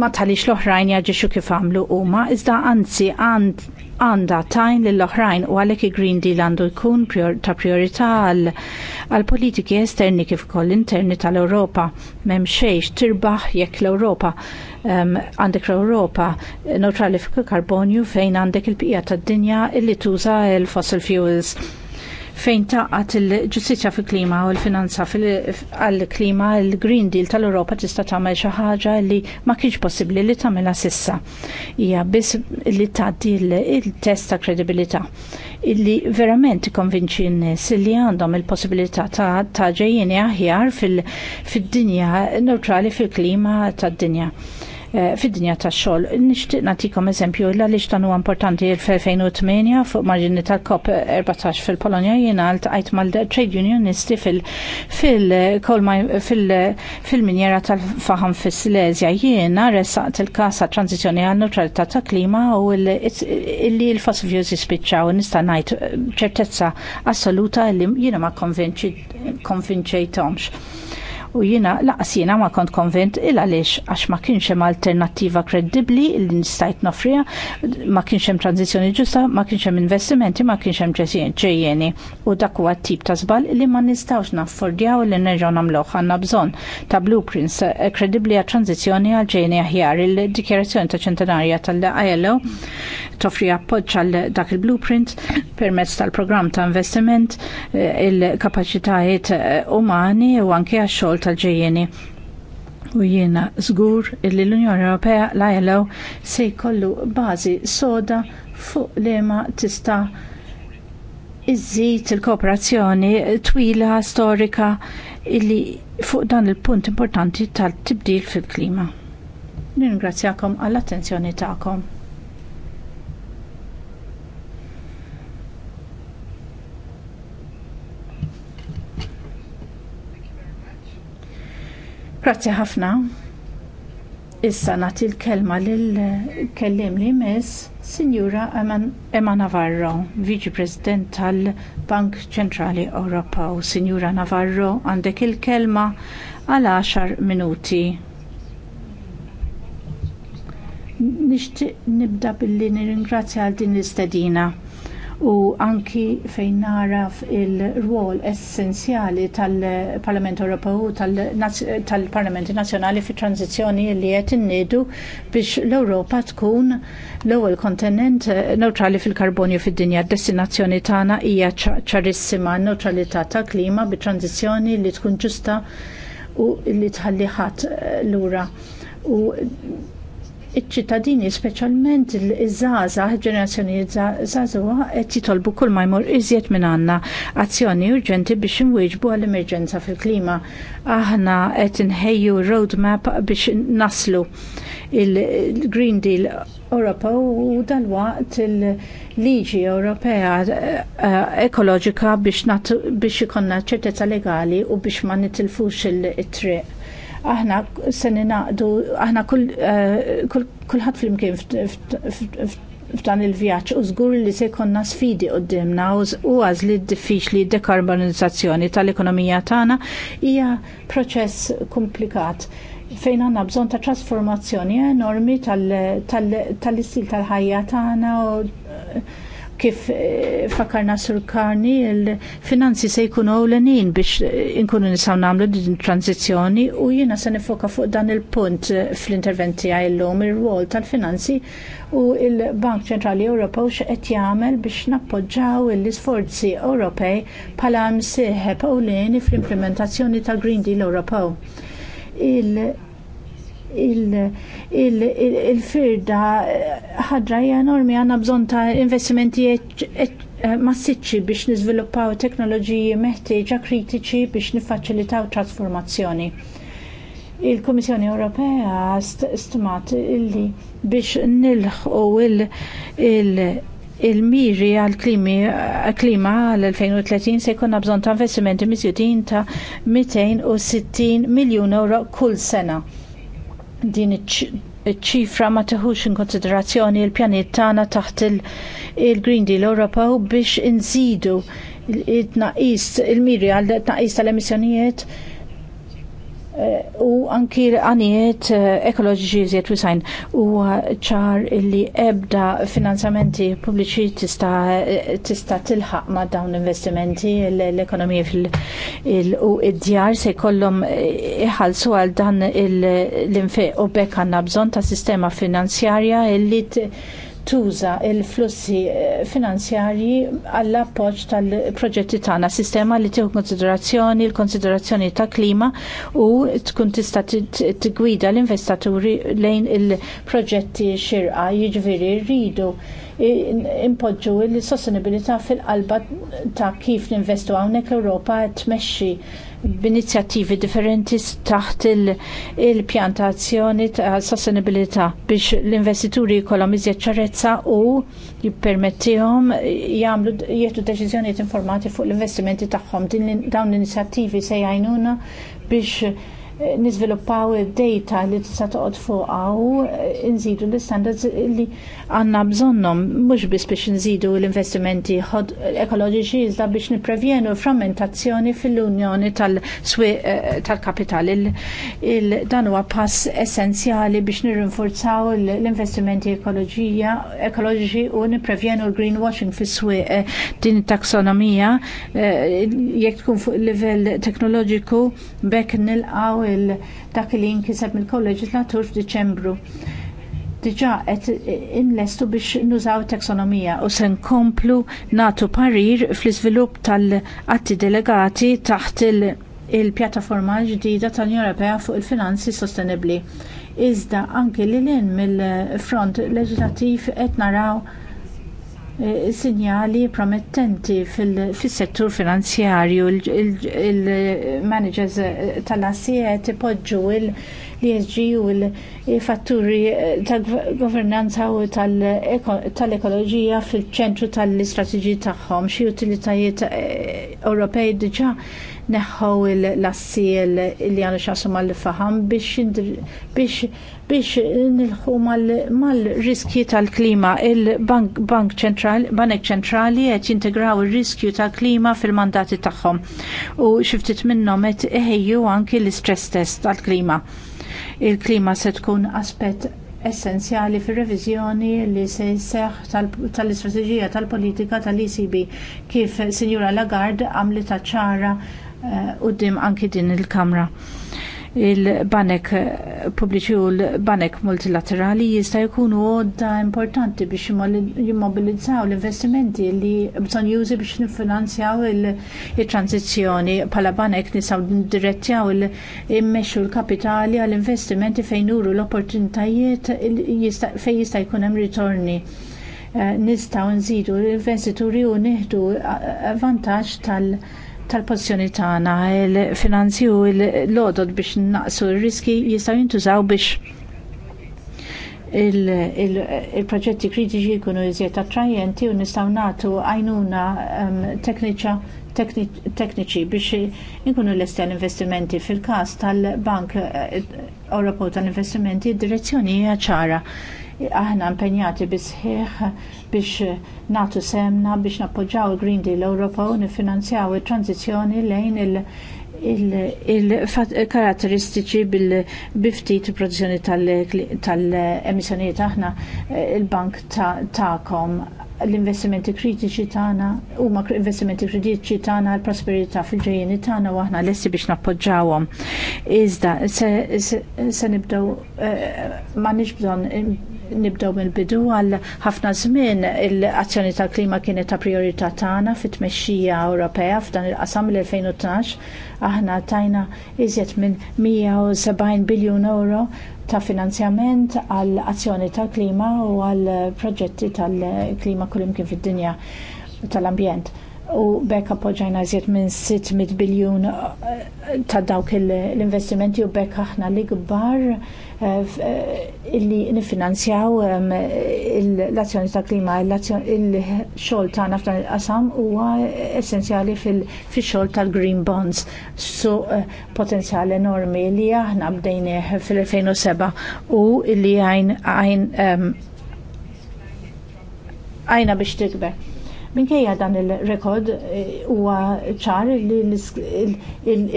ma tħalli l-oħrajn jaġixu kif għamlu huma, iżda anzi għand għanda tajn lill oħrajn u għalhekk il-Green Deal għandu jkun prior, ta' priorità għal politiki esterni kif ukoll interni tal-Ewropa. M'hemm xejn tirbaħ jekk l-Ewropa għandek um, l-Ewropa neutrali il karbonju fejn għandek il-bqija tad-dinja illi tuża l il fossil fuels fejn taqat il-ġustizja fil-klima u l-finanza għall-klima il-Green Deal tal-Europa tista' tagħmel xi ħaġa li ma kienx possibbli li tagħmilha sissa. Hija biss li tgħaddi il-test ta' kredibilità illi verament konvinċi n-nies li għandhom il-possibilità ta' ġejjeni aħjar fid dinja neutrali fil-klima tad-dinja. Eh, fid-dinja tax-xogħol. Nixtieq nagħtikom eżempju għaliex dan huwa importanti il 2008 fuq marġini tal-COP 14 fil-Polonja jiena għalt mal-trade unionisti fil-minjera tal-faham fis silesia jiena resaqt il-każ ta' għal neutralità ta' klima u li l-fossil fuels jispiċċaw nista' ngħid eh, ċertezza assoluta li jiena ma konvinċejtomx u jina laqas jina ma kont konvint il għaliex għax ma kienx hemm alternattiva kredibbli li nistajt nofrija, ma kienx hemm tranzizzjoni ġusta, ma kienx hemm investimenti, ma kienx hemm ġejjeni. U dak huwa tip ta' żball li ma nistgħux naffordjaw li nerġgħu nagħmluh għandna bżonn ta' blueprints eh, kredibbli għat tranzizjoni għal ġejjeni aħjar. Il-dikjerazzjoni ta' ċentenarja tal-ILO toffri appoġġ għal dak il-blueprint permezz tal-programm ta' investiment eh, il-kapaċitajiet eh, umani u anke għax-xogħol tal-ġejjeni. U jiena żgur li l-Unjoni Ewropea l-ILO se jkollu bażi soda fuq liema tista' iżżid il-kooperazzjoni twila storika illi fuq dan il-punt importanti tal-tibdil fil-klima. Ningrazzjakom għall-attenzjoni tagħkom. Grazzi ħafna. Issa nagħti l-kelma lill-kellim li miss Sinjura Emma Navarro, Viċi President tal-Bank Ċentrali Ewropew. Sinjura Navarro, għandek il-kelma għal 10 minuti. Nixtieq nibda billi nirringrazzja għal din l-istedina u anki fejn naraf il-rwol essenzjali tal-Parlament Ewropew tal-Parlamenti Nazzjonali fit tranzizzjoni li qed innidu biex l-Ewropa tkun l-ewwel kontinent eh, neutrali fil-karbonju fid-dinja. Destinazzjoni tagħna hija ċarissima neutralità tal klima bi tranzizzjoni li tkun ġusta u li tħalli ħadd eh, lura u iċ-ċittadini speċjalment iż-żgħażagħ ġenerazzjoni żgħażugħa qed jitolbu kull ma jmur iżjed minn għandna azzjoni urġenti biex inwieġbu għall-emerġenza fil-klima. Aħna qed inħejju roadmap biex naslu il-Green Deal Europa u dalwaqt il-liġi Ewropea eh, ekoloġika biex ikonna ċertezza legali u biex ma nitilfux il-triq aħna se ninaqdu, aħna eh, kulħadd flimkien f'dan il-vjaġġ u żgur li se jkollna sfidi d-dimna u d-diffiċ diffiċli dekarbonizzazzjoni tal-ekonomija tagħna hija proċess komplikat fejn għandna bżonn ta' trasformazzjoni enormi tal-istil tal-ħajja tagħna u eh, kif eh, fakarna sur karni il-finanzi se jkunu ewlenin biex eh, inkunu nisaw nagħmlu din tranzizjoni u jiena se nifoka fuq dan il-punt eh, fl-interventi għaj l-lum il-rwol tal-finanzi u l bank Ċentrali u xeqet jagħmel biex nappoġġaw l-isforzi Ewropej bħala msieħeb pawlini fl-implementazzjoni tal-Green Deal Ewropew il-firda eh, ħadra hija enormi għanna bżonn ta' investimenti eh, massiċċi biex niżviluppaw teknoloġiji meħtieġa kritiċi biex niffaċilitaw trasformazzjoni. Il-Kummissjoni Ewropea stimat illi biex nilħqu il- il-miri għal-klima għal-2030 se jkunna bżonn ta' investimenti miżjudin ta' 260 miljun euro kull sena din iċ-ċifra ma teħux in konsiderazzjoni l pjanet tagħna taħt il-Green Deal Ewropew biex inżidu il-tnaqis il-miri għal tnaqis tal-emissjonijiet Eh, u anki għanijiet eh, ekoloġiċi ziet wisajn u eh, ċar li ebda finanzamenti pubbliċi tista, tista tilħaq ma dawn investimenti l-ekonomija fil- u id-djar se kollom iħalsu għal dan l infeq u bekk għanna bżon ta' sistema finanzjarja illi tuża il-flussi eh, finanzjarji għall appoġġ tal-proġetti tagħna sistema li tieħu konsiderazzjoni l-konsiderazzjoni ta' klima u tkun tista' tigwida l-investaturi lejn il-proġetti xirqa jiġifieri rridu impoġġu l-sostenibilità fil-qalba ta' kif ninvestu hawnhekk l-Ewropa tmexxi b'inizjattivi differenti taħt il-pjantazzjoni il ta' sostenibilità biex l-investituri jkollhom iżjed ċarezza u jippermettihom jagħmlu jieħdu deċiżjonijiet informati fuq l-investimenti tagħhom. Dawn l-inizjattivi se jgħinuna biex nizviluppaw id-data li tista' toqgħod fuqha u eh, nżidu l-istandards li għandna bżonnhom mhux biss biex nżidu l-investimenti ekoloġiċi iżda biex nipprevjenu frammentazzjoni fil-unjoni tal-swieq eh, tal-kapital. Dan huwa pass essenzjali biex nirrinforzaw l-investimenti ekoloġija ekoloġiċi u nipprevjenu l-greenwashing fis-swieq eh, din it-taksonomija jekk tkun fuq livell teknoloġiku bekk nilqaw dak li jinkiseb mill-kolleġislatur f'Diċembru. Diġà qed inlestu biex nużaw taxonomija u se nkomplu nagħtu parir fl-iżvilupp tal-atti delegati taħt il- il-pjattaforma ġdida tal-Unjoni Ewropea fuq il-finanzi sostenibbli. Iżda anke li l mill-front leġislattiv qed naraw Eh, sinjali promettenti fil-settur finanzjarju il-managers eh, tal-assiet ipoġġu l-ESG u l-fatturi eh, tal-governanza u tal-ekoloġija fil-ċentru tal-istrateġi tagħhom xi utilitajiet Ewropej diġà neħħu l-assi li għandu xasum għall-faham biex biex nilħu mal riskju tal-klima. Il-Bank ċentrali, Banek ċentrali qed jintegraw ir-riskju tal-klima fil-mandati tagħhom u xiftit minnhom qed iħejju anki l-istress test tal-klima. Il-klima se tkun aspett essenzjali fir reviżjoni li se jseħħ tal-istrateġija tal-politika tal-ECB kif Sinjura Lagarde għamlet ċara eh, quddiem uh, anki din il-Kamra il-banek pubbliċi u l-banek multilaterali jista' jkunu għodda importanti biex jimmobilizzaw l-investimenti li bżonn jużi biex nifinanzjaw il-tranzizzjoni bħala banek nisaw direttjaw il-immexxu l-kapitali għall-investimenti fejn uru l-opportunitajiet fejn jista' jkun hemm ritorni eh, nistaw nżidu l-investituri u neħdu eh, vantaġġ tal- tal-pozizjoni tagħna il-finanzi u l-lodod biex naqsu r-riski jistgħu jintużaw biex il-proġetti kritiċi jkunu iżjed attrajenti u nistgħu nagħtu għajnuna ehm, tekniċi biex inkunu l-estel investimenti fil-każ tal-Bank Ewropew tal-Investimenti d-direzzjoni hija ċara aħna impenjati bisħiħ biex natu semna biex nappoġġaw il-Green Deal Ewropa u nifinanzjaw il-tranzizjoni lejn il-karatteristiċi bil-biftit produzzjoni tal-emissjonijiet aħna eh, il-bank ta'kom l-investimenti kritiċi tagħna huma investimenti kritiċi tagħna l-prosperità fil-ġejjeni tagħna u aħna l-essi biex nappoġġawhom. Iżda se nibdew eh, ma nix bżonn nibdew mill-bidu għal ħafna żmien l-azzjoni tal-klima kienet ta' priorità tagħna fit-tmexxija Ewropea f'dan il-qasam l-2012 aħna tajna iżjed minn 170 biljun euro ta' finanzjament għal azzjoni tal-klima u għal proġetti tal-klima kullimkien fid-dinja tal-ambjent u bekk appoġġajna iżjed minn 600 biljun ta' dawk l-investimenti u bekk aħna li ikbar Eh, illi nifinanzjaw l-azzjoni ta' klima, il-xol ta' nafta qasam huwa essenzjali fil-xol tal-green bonds, su eh, potenzjal enormi li aħna bdejni fil-2007 u illi għajn għajna biex tikber. Minkejja dan il-rekord eh, huwa ċar li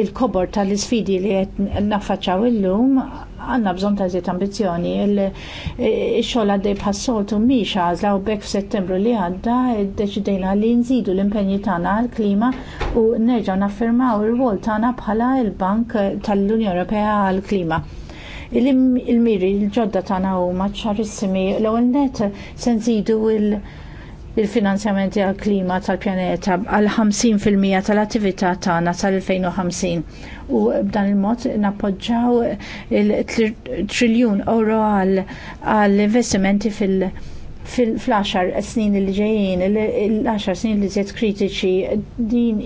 l-kobor tal-isfidi li qed il illum għanna bżon ta' zit ambizjoni. Il-xol għaddej bħassoltu miex għazla u bekk f'settembru li għadda deċidejna li nżidu l-impenji tagħna għal-klima u nerġaw naffirmaw il rwol tagħna bħala il-Bank tal-Unjoni Ewropea għal-Klima. Il-miri, il-ġodda tana huma ċarissimi l-ewwel net se nżidu il-, -il il-finanzjamenti għal klima tal-pjaneta għal 50% tal-attività tagħna tal-2050 u b'dan il-mod nappoġġaw il-triljun euro għall investimenti fil- fil-10 snin li ġejjin, l-10 snin li zjed kritiċi, din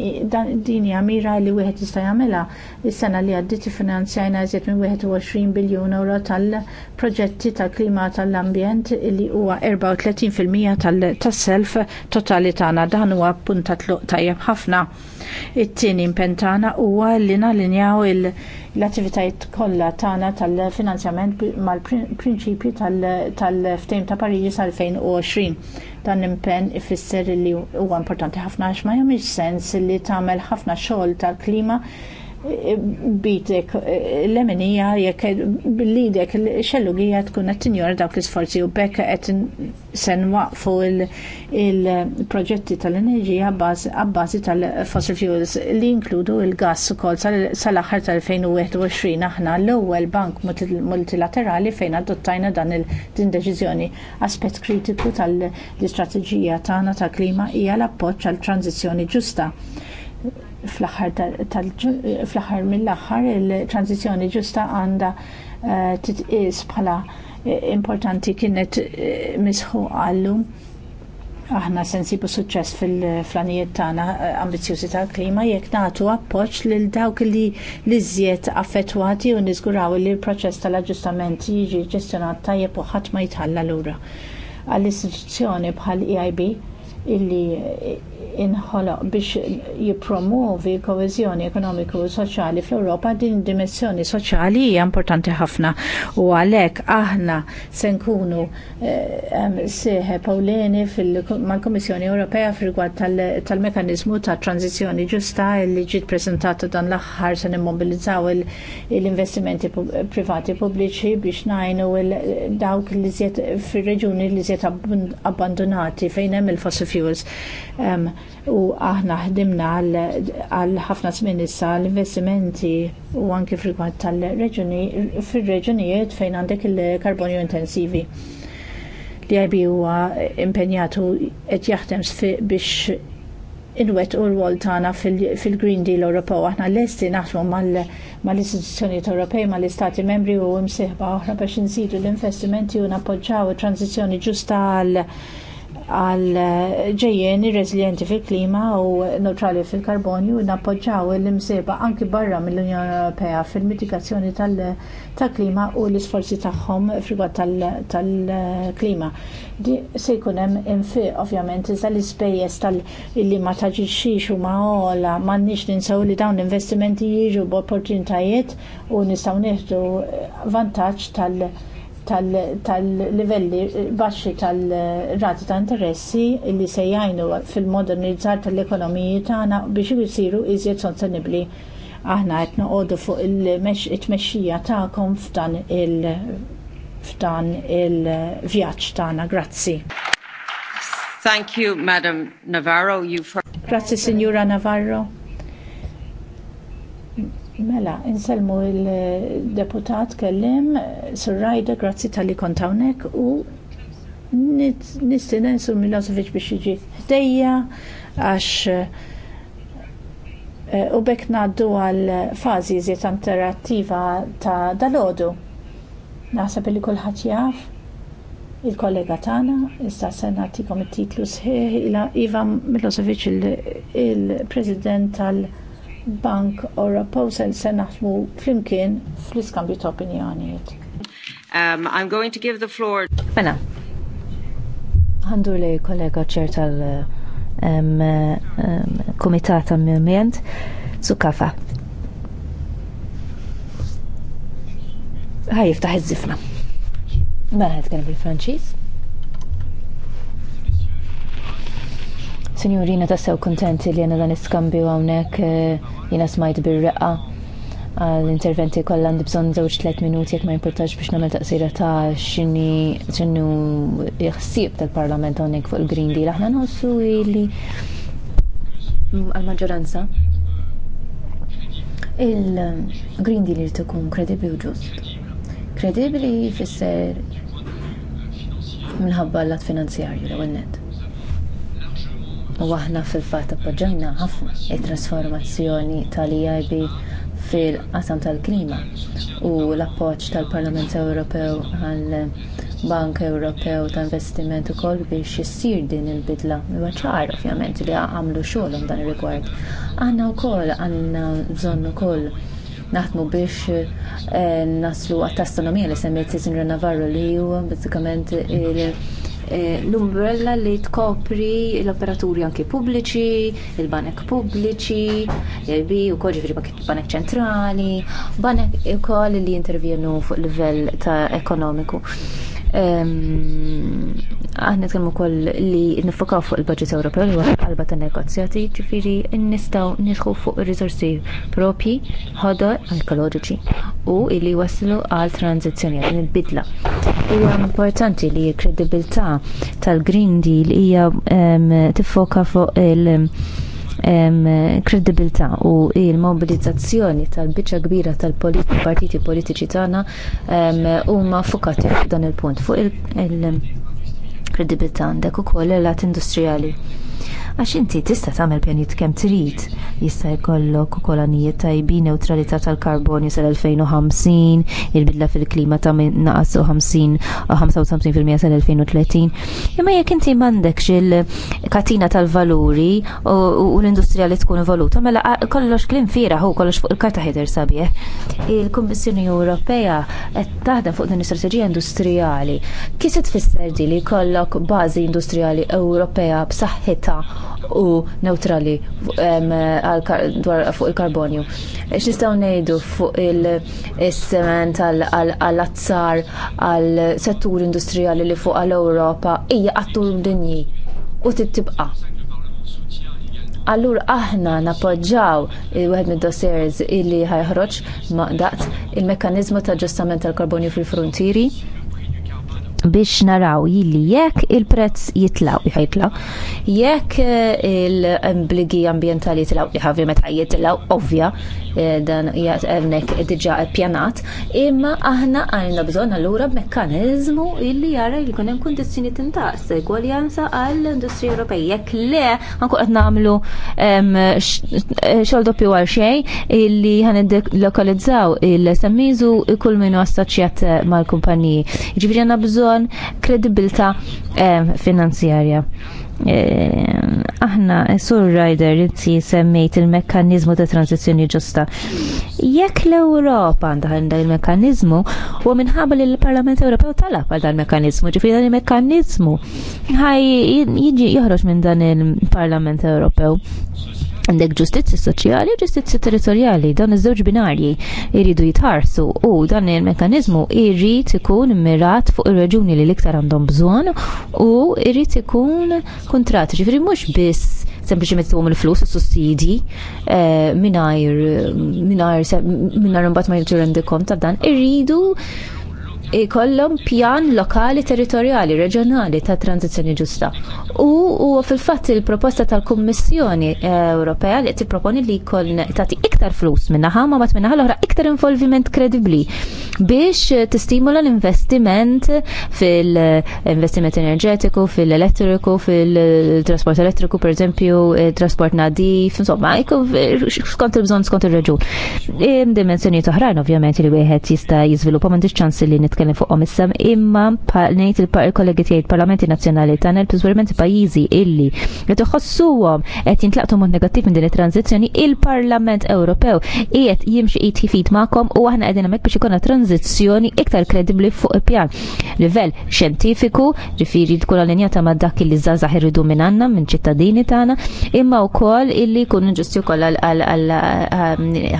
hija mira li wieħed jista' jagħmilha. Is-sena li għaddit finanzjajna iżjed minn 21 biljun euro tal-proġetti tal-klima tal-ambjent li huwa 34% tas-self totali tagħna. Dan huwa punta tluq tajjeb ħafna. It-tieni impentana huwa li nalinjaw il- l-attivitajiet kollha tagħna tal-finanzjament mal-prinċipju tal-ftehim ta' Pariġi sal-2020. Dan impenn ifisser li huwa importanti ħafna għax ma jagħmilx sens li tagħmel ħafna xogħol tal-klima bitek l-emenija jekk bil-lidek xellugija tkun qed tinjor dawk l-isforzi u bekk qed sen waqfu il-proġetti tal-enerġija abbażi tal-fossil fuels li inkludu il-gass ukoll sal-aħħar tal-2021 aħna l-ewwel bank multilaterali fejn adottajna dan il-din deċiżjoni. Aspett kritiku tal-istrateġija tagħna tal-klima hija l-appoġġ għal tranzizzjoni ġusta fl-aħħar mill-aħħar il transizjoni ġusta għandha eh, titqis bħala eh, importanti kienet eh, misħu għallum aħna sensibu suċċess fil-flanijiet tagħna ambizjużi tal-klima jekk nagħtu appoġġ lil dawk li iżjed affettwati u niżguraw li l-proċess tal-aġġustament jiġi ġestjonat tajjeb u ħadd ma jitħalla lura. Għall-istituzzjoni bħal EIB illi inħoloq biex jipromovi koeżjoni ekonomiku u soċjali fl-Ewropa din dimensjoni soċjali hija importanti ħafna u għalhekk aħna se nkunu eh, seħe ewleni mal-Kummissjoni Ewropea fil-rigward tal-mekanizmu ta' tranzizjoni ġusta li ġiet preżentata dan l-aħħar se nimmobilizzaw l-investimenti privati pubbliċi biex ngħinu dawk li fir-reġuni li żiet abbandonati fejn hemm il-fossil fuels u aħna ħdimna għal ħafna żmien issa l-investimenti u anki frikwant tal-reġuni fir-reġunijiet fejn għandek il-karbonju intensivi. Li għajbi huwa impenjatu qed jaħdem biex inwet u l-wol tagħna fil-Green Deal Ewropew aħna lesti naħdmu mal-istituzzjonijiet Ewropej mal-istati membri u msieħba oħra biex insidu l-investimenti u nappoġġaw it-tranzizzjoni ġusta għal għal ġejjen irreżilienti fil-klima u neutrali fil-karbonju nappoġġaw l imsieba anki barra mill-Unjoni Ewropea fil-mitigazzjoni tal-klima u l-isforzi tagħhom frigwat tal-klima. Se jkun hemm infiq ovvjament iżda l-ispejjeż tal illi ma taġixxix u ma ola m'għandniex ninsew li dawn l-investimenti jiġu b'opportunitajiet u nistgħu nieħdu vantaġġ tal- tal-livelli baxxi tal-rati ta' interessi li se jgħinu fil-modernizzar tal-ekonomiji tagħna biex isiru iżjed sostenibbli. Aħna qed noqogħdu fuq il-tmexxija tagħkom f'dan il- f'dan il-vjaġġ tagħna. Grazzi. Thank you, Madam Navarro. You've heard... Grazzi, Signora Navarro Mela, inselmu il-deputat kellim, Surrajda, grazzi tal-li kontawnek u nistina sur Milosevic biex iġi ħdejja għax eh, u bekk naddu għal fazi ziet interattiva ta' dalodu. Naħseb li kullħat jaf il-kollega tana, issa senatikom it-titlu ila Iva Milosevic il-president tal- Bank Ewropew se naħdmu flimkien fl-iskambju ta' opinjonijiet. Um, I'm going to give the floor. Mela. Għandu li kollega ċer tal-komitata um, um, mimjent, Zukafa. Ħaj jiftaħ iż-zifna. Mela ħetkellem bil-Franċiż. Sinjurina tassew kontenti li jena dan iskambju għawnek uh, jiena smajt bir-reqqa għall-interventi kollha għandi bżonn żewġ tliet minuti jekk ma jimpurtax biex nagħmel taqsira ta' x'inhi x'inhu ħsieb tal-Parlament għonek fuq il-Green Deal. Aħna nħossu li għal-maġġoranza il-Green Deal irid ikun kredibbli u ġust. Kredibbli jfisser minħabba l-lat finanzjarju l-ewwel U aħna fil-fatt appoġġajna ħafna t trasformazzjoni tal-EIB fil-qasam tal-klima u l-appoġġ tal-Parlament Ewropew għal Bank Ewropew ta' Investiment ukoll biex issir din il-bidla. Huwa ċar ovvjament li għamlu xogħolhom dan ir-rigward. Għandna wkoll għandna bżonn ukoll naħdmu biex eh, naslu għat tastonomija li semmejt Sisin Navarro li huwa bażikament il- Eh, l-umbrella li tkopri l-operaturi anki pubbliċi, il-banek pubbliċi, il-bi eh, u kol ġifri banek ċentrali, banek u e kol li intervjenu fuq livell ta' ekonomiku. Ehm, aħna tkellmu wkoll li nifokaw fuq il-budget Ewropew li għal qalba ta' negozjati, ġifieri nistaw nidħu fuq il risorsi propi, ħodor ekoloġiċi u li waslu għal tranzizzjoni għal bidla Hija importanti li l-kredibilità tal-Green Deal hija tiffoka fuq il- kredibilità u il-mobilizzazzjoni tal-biċċa kbira tal-partiti politiċi tagħna huma fukati f'dan dan il-punt fuq il-kredibilità għandek ukoll l-lat industrijali Għax inti tista' tagħmel pjanijiet kemm trid, jista' jkollok kolonijiet tajbi tajbin neutralità tal-karbonju sal-2050, il-bidla fil-klima ta' minn naqas 55% sal-2030. Imma jekk inti m'għandekx il-katina tal-valuri u l-industrija li tkun valuta, mela kollox klim fira hu kollox fuq il-karta ħider sabieħ. Il-Kummissjoni Ewropea qed taħdem fuq din l-istrateġija industrijali. Kif tfisser li jkollok bażi industrijali Ewropea b'saħħitha b'saħħitha u neutrali fuq il-karbonju. Ix nistgħu ngħidu fuq il-sement għall-azzar għall-settur industrijali li fuq għall-Ewropa hija l dinji u tibqa' Allura aħna napoġġaw il-wieħed mid-dossiers illi ħajħroġ ma' daqt il-mekkaniżmu ta' ġustament tal-karbonju fil-frontieri biex naraw jilli jekk il-prezz jitlaw, jitlaw. Jekk eh, il-bligi ambientali jitlaw, jħavi meta jitlaw, ovvja, eh, dan jgħavnek diġa pjanat, imma aħna għanna bżon allura mekkanizmu illi jara li kunem kondizjoni tintas, gwaljanza għall-industrija Ewropej. Jekk le, għanku għed namlu xol doppju għarxej illi għan lokalizzaw il-semmizu kull minu assoċjat mal kumpanji Ġifiri għanna bżon bżonn kredibilità eh, finanzjarja. Eh, aħna, sur Rider, inti semmejt il mekanizmu ta' tranzizjoni ġusta. Jekk l-Ewropa għandha għandha il mekanizmu u minħabba li l-Parlament Ewropew talab għal dan il mekanizmu ġifieri dan il mekanizmu ħaj jiġi joħroġ minn dan il-Parlament Ewropew għandek ġustizzi soċjali, u ġustizzi territorjali, dan iż-żewġ binarji iridu jitħarsu u dan il-mekanizmu irrid ikun mirat fuq ir-reġuni li l-iktar għandhom bżonn u irrid ikun kontrat, ġifieri mhux biss sempliċiment tuhom il-flus u sussidi eh, mingħajr mingħajr mingħajr imbagħad ma jirġu rendi ta' dan irridu ikollhom pjan lokali, territorjali, reġjonali ta' tranzizzjoni ġusta. U huwa fil-fatt il-proposta tal-Kummissjoni eh, Ewropea li tipproponi li jkun tagħti iktar flus minnaħa ma mat minnaħa l-oħra iktar involviment kredibbli biex tistimula l-investiment fil-investiment eh, enerġetiku, fil-elettriku, fil-trasport elettriku, per eżempju, eh, trasport nadif, insomma, skont il-bżonn skont ir reġun Dimensjoni oħrajn ovvjament li wieħed jista' jiżviluppa m'għandix ċans li nitkellem nitkellem fuqhom issa imma ngħid il-kollegi tiegħi il-Parlamenti Nazzjonali tagħna il-piżwurment pajjiżi illi qed iħossuhom qed jintlaqtu mod negattiv minn din it-tranzizzjoni il-Parlament Ewropew qiegħed jimxi qid jifid magħkom u aħna qegħdin hemmhekk biex ikolna tranzizzjoni iktar kredibbli fuq il-pjan. Livell xjentifiku, ġifieri tkun allinjata ma' dak li żgħażagħ irridu minn għandna minn ċittadini tagħna, imma wkoll illi jkun inġusti wkoll għal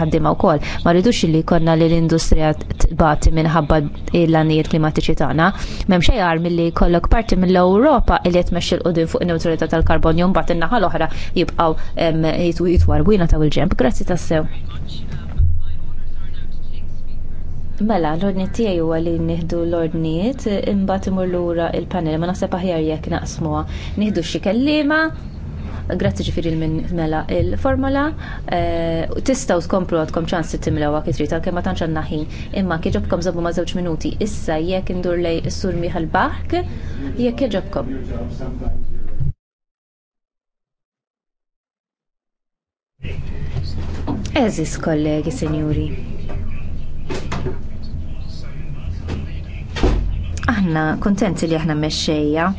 ħaddiema wkoll. Ma rridux illi jkollna lill-industrija tbati minħabba l-għanijiet klimatiċi tagħna. M'hemm xejn għar milli jkollok parti mill-Ewropa li qed tmexxi l-qudiem fuq in-newtralità tal-karbonju mbagħad in-naħa l-oħra jibqgħu jitwarwina taw il-ġemp. Grazzi tassew. Mela, l-ordni tiegħi huwa li nieħdu l-ordnijiet imbagħad imur lura il-panel ma naħseb aħjar jekk naqsmuha. Nieħdu xi kelliema Grazzi ġifiri mela il-formola. Eh, tistaw skomplu għadkom ċans titimlew għak it tal-kem ma tanċan naħin. Imma kieġobkom zabu ma zewċ minuti. Issa jek indur lej s-sur Miħal Baħk, jek kieġobkom. Eżis kollegi, senjuri. Aħna kontenti li aħna mexxejja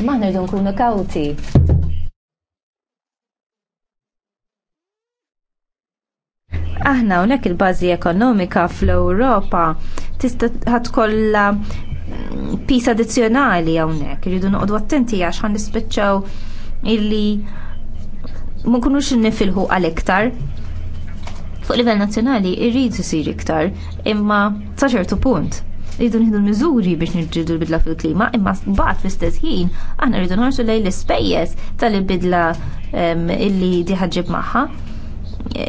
Maħna rridu nkunu kawti. Aħna hawnhekk il-bażi ekonomika fl-Ewropa tista' ħadkollha mm, pis addizzjonali hawnhekk. Irridu noqogħdu attenti għax ħan nispiċċaw illi ma nkunux nifilħu għal iktar fuq livell nazzjonali irrid isir iktar imma ta ċertu punt rridu nħidu miżuri biex nirġidu l-bidla fil-klima, imma bat fl-istess ħin aħna rridu nħarsu lejn l-ispejjeż tal-bidla ehm, illi diħagġib magħha. E,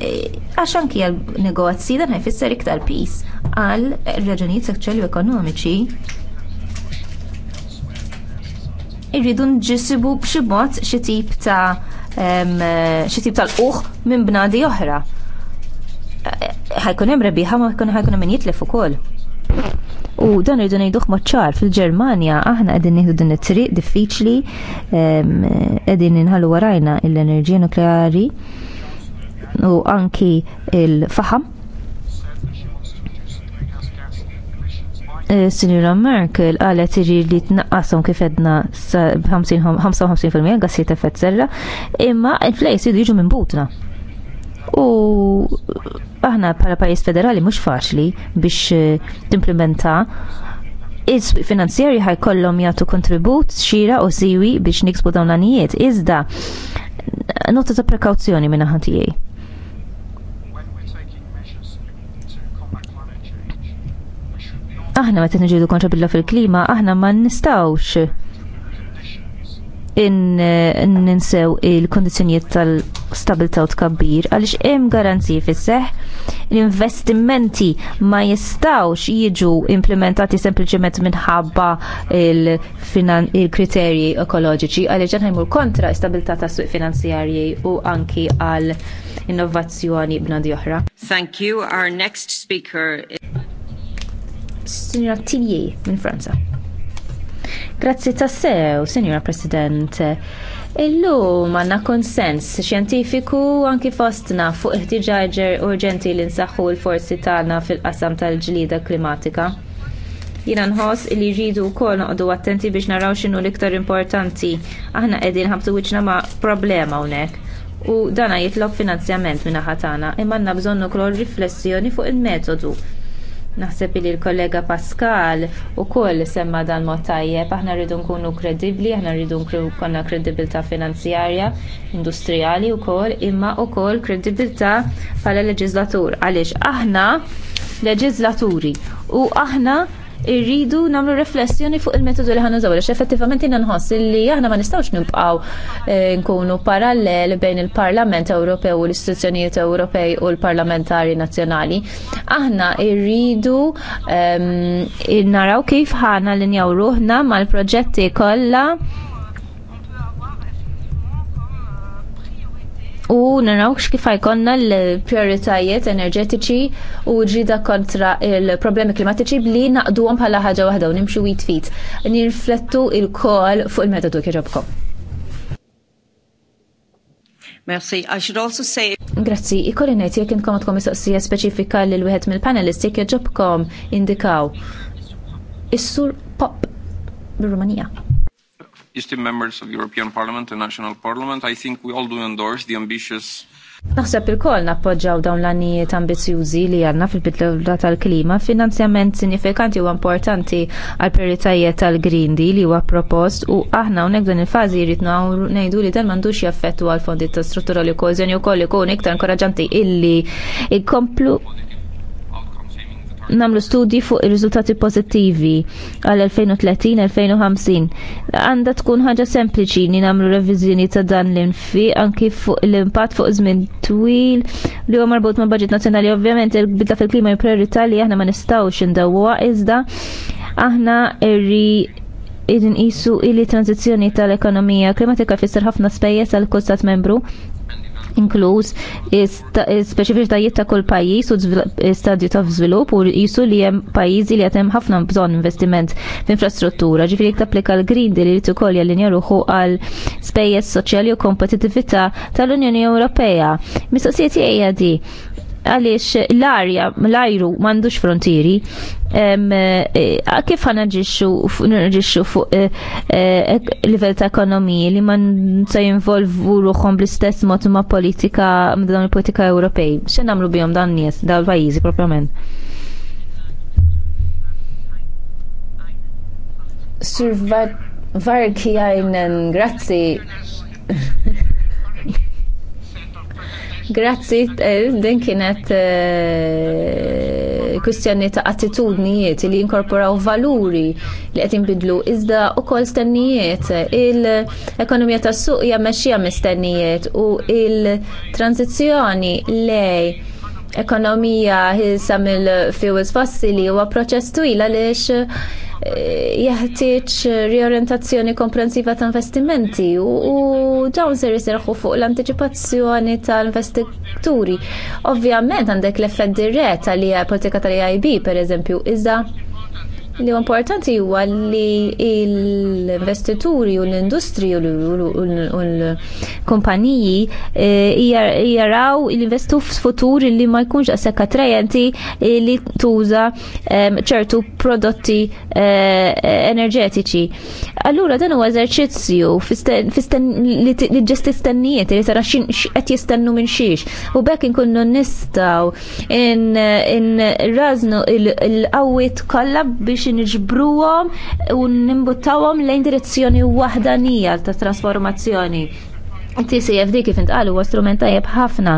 għax anki għal negozji dan ħajfisser iktar pis għal raġunijiet sekċuali u ekonomiċi irridu nġisibu b'xi mod xi ta' ehm, xi tal-uħ minn bnadi oħra. E, ħajkun hemm rebbieħa ma jkun ħajkun hemm jitlef ukoll. U dan irdu ngħiduh maċ-ċar fil-Ġermanja aħna qegħdin nieħdu din it-triq diffiċli qegħdin inħallu warajna l-enerġija nukleari u anki il-faħam e, Sinjura Merkel qalet iġi li tnaqqasom kif edna 55% gassiet effett serra, imma il-flejs jidu jiġu minn butna u aħna bħala pajjiż federali mhux faċli biex eh, timplementa is-suq ħaj ħajkollhom jagħtu kontribut xira u siwi biex niksbu dawn l-anijiet. Iżda nota ta' prekawzjoni minn aħna tiegħi. Aħna meta kontra billa fil-klima, aħna ma nistawx Eh, ninsew il-kondizjonijiet tal-stabilta u tkabbir għaliex hemm garanziji fis-seħ l-investimenti ma jistawx jiġu implementati sempliċement minħabba il-kriterji ekoloġiċi għaliex ġen ħajmur kontra stabilta ta' suq finanzjarji u anki għal innovazzjoni b'nadi oħra. Thank you. Our next speaker is... Signora Tillier minn Franza. Grazzi tassew, Signora President. Illum għandna konsens xjentifiku anki fostna fuq iħtiġaġer urġenti li nsaħħu l forsi tagħna fil-qasam tal-ġlida klimatika. Jina nħoss li jridu wkoll noqdu attenti biex naraw x'inhu l-iktar importanti. Aħna qegħdin ħabtu wiċċna ma' problema hawnhekk u dana jitlob finanzjament minn tagħna imma għandna bżonn ukoll riflessjoni fuq il-metodu Naħseb li l-kollega Pascal u koll semma dan mod tajjeb, aħna rridu nkunu kredibli, aħna rridu nkunu kredibilità finanzjarja, industrijali u koll, imma u koll bħala pala leġizlatur. Għalix, aħna leġizlaturi u aħna irridu nagħmlu riflessjoni fuq il-metodu li ħana żawra effettivament jina nħoss li aħna ma nistgħux nibqgħu eh, nkunu parallel bejn il-Parlament Ewropew u l-istituzzjonijiet Ewropej u l-parlamentari nazzjonali. Aħna irridu ehm, naraw kif ħana l-injaw ruħna mal-proġetti kollha u narawx kif ħajkonna l-prioritajiet enerġetiċi u ġrida kontra il-problemi klimatiċi bli naqduhom bħala ħaġa waħda u nimxu jitfit. Nirflettu il-kol fuq il-metodu kieġobkom. Merci. I should also say... Grazzi, ikolli nejt jek intkom għatkom mistoqsija speċifika li l-wihet mill-panelisti jġobkom indikaw. Is-sur pop bil-Rumanija esteemed members of European Parliament and National Parliament, I think we all do endorse the ambitious Naħseb il-koll nappoġġaw dawn l-annijiet ambizjużi li għanna fil-bitla tal-klima, finanzjament sinifikanti u importanti għal prioritajiet tal-Green Deal li huwa propost u aħna unek dan il-fazi jrid ngħidu li dan m'għandux jaffettu għal fondi ta' struttura li kohezjoni wkoll ikun iktar inkoraġanti illi jkomplu namlu studji fuq ir-riżultati pożittivi għal 2030-2050. Għanda tkun ħaġa sempliċi li namlu reviżjoni ta' dan l-infi anki fuq l-impatt fuq żmien twil li huwa marbut ma' budget nazzjonali ovvjament il-bidla fil-klima priorità li aħna ma nistgħux indawwa iżda aħna irri id-nqisu illi tranzizjoni tal-ekonomija klimatika fisser ħafna spejjeż għal kustat membru inkluż speċifiċitajiet ta' kull pajjiż u stadju ta' żvilupp u jisu li hemm pajjiżi li hemm ħafna bżonn investiment f'infrastruttura. Ġifieri jekk tapplika l-Green Deal irid ukoll jallinja ruħu għal spejjeż soċjali u kompetittività tal-Unjoni Ewropea. Mistoqsijiet hija di għaliex l-arja, l-ajru m'għandux frontieri, eh, eh, kif ħanaġixxu fuq eh, livell ta' ekonomiji li ma se jinvolvu ruħom bl-istess mod ma' politika dan il-politika Ewropej. X'e nagħmlu bihom dan nies dawn il pajizi propjament? Sur Varki għajnen, grazzi. Grazzi, eh, din kienet eh, kustjoni ta' attitudnijiet li inkorporaw valuri li qed inbidlu iżda wkoll stennijiet. Il-ekonomija tas-suq hija mexxija mistennijiet u il-tranzizzjoni lej ekonomija ħilsa mill-fuels fossili huwa proċess twil għaliex jeħtieġ riorientazzjoni komprensiva ta' investimenti u dawn se jiserħu fuq l-antiċipazzjoni ta' investituri. Ovvjament għandek l-effett dirett għalija politika tal ib per eżempju, iżda li importanti huwa li l-investituri u l-industri u l-kumpaniji eh, jaraw l-investu f-futur li ma jkunx għasek attrajenti eh, li tuża ehm, ċertu prodotti eh, enerġetiċi. Allura dan huwa eżerċizzju li ġest istennijiet li tara qed jistennu minn xiex. U bekk inkunu nistgħu in raznu l-qawwiet kollha biex biex niġbruhom u nimbuttawhom lejn direzzjoni waħdanija ta' trasformazzjoni. TCFD kif intqalu huwa strument tajjeb ħafna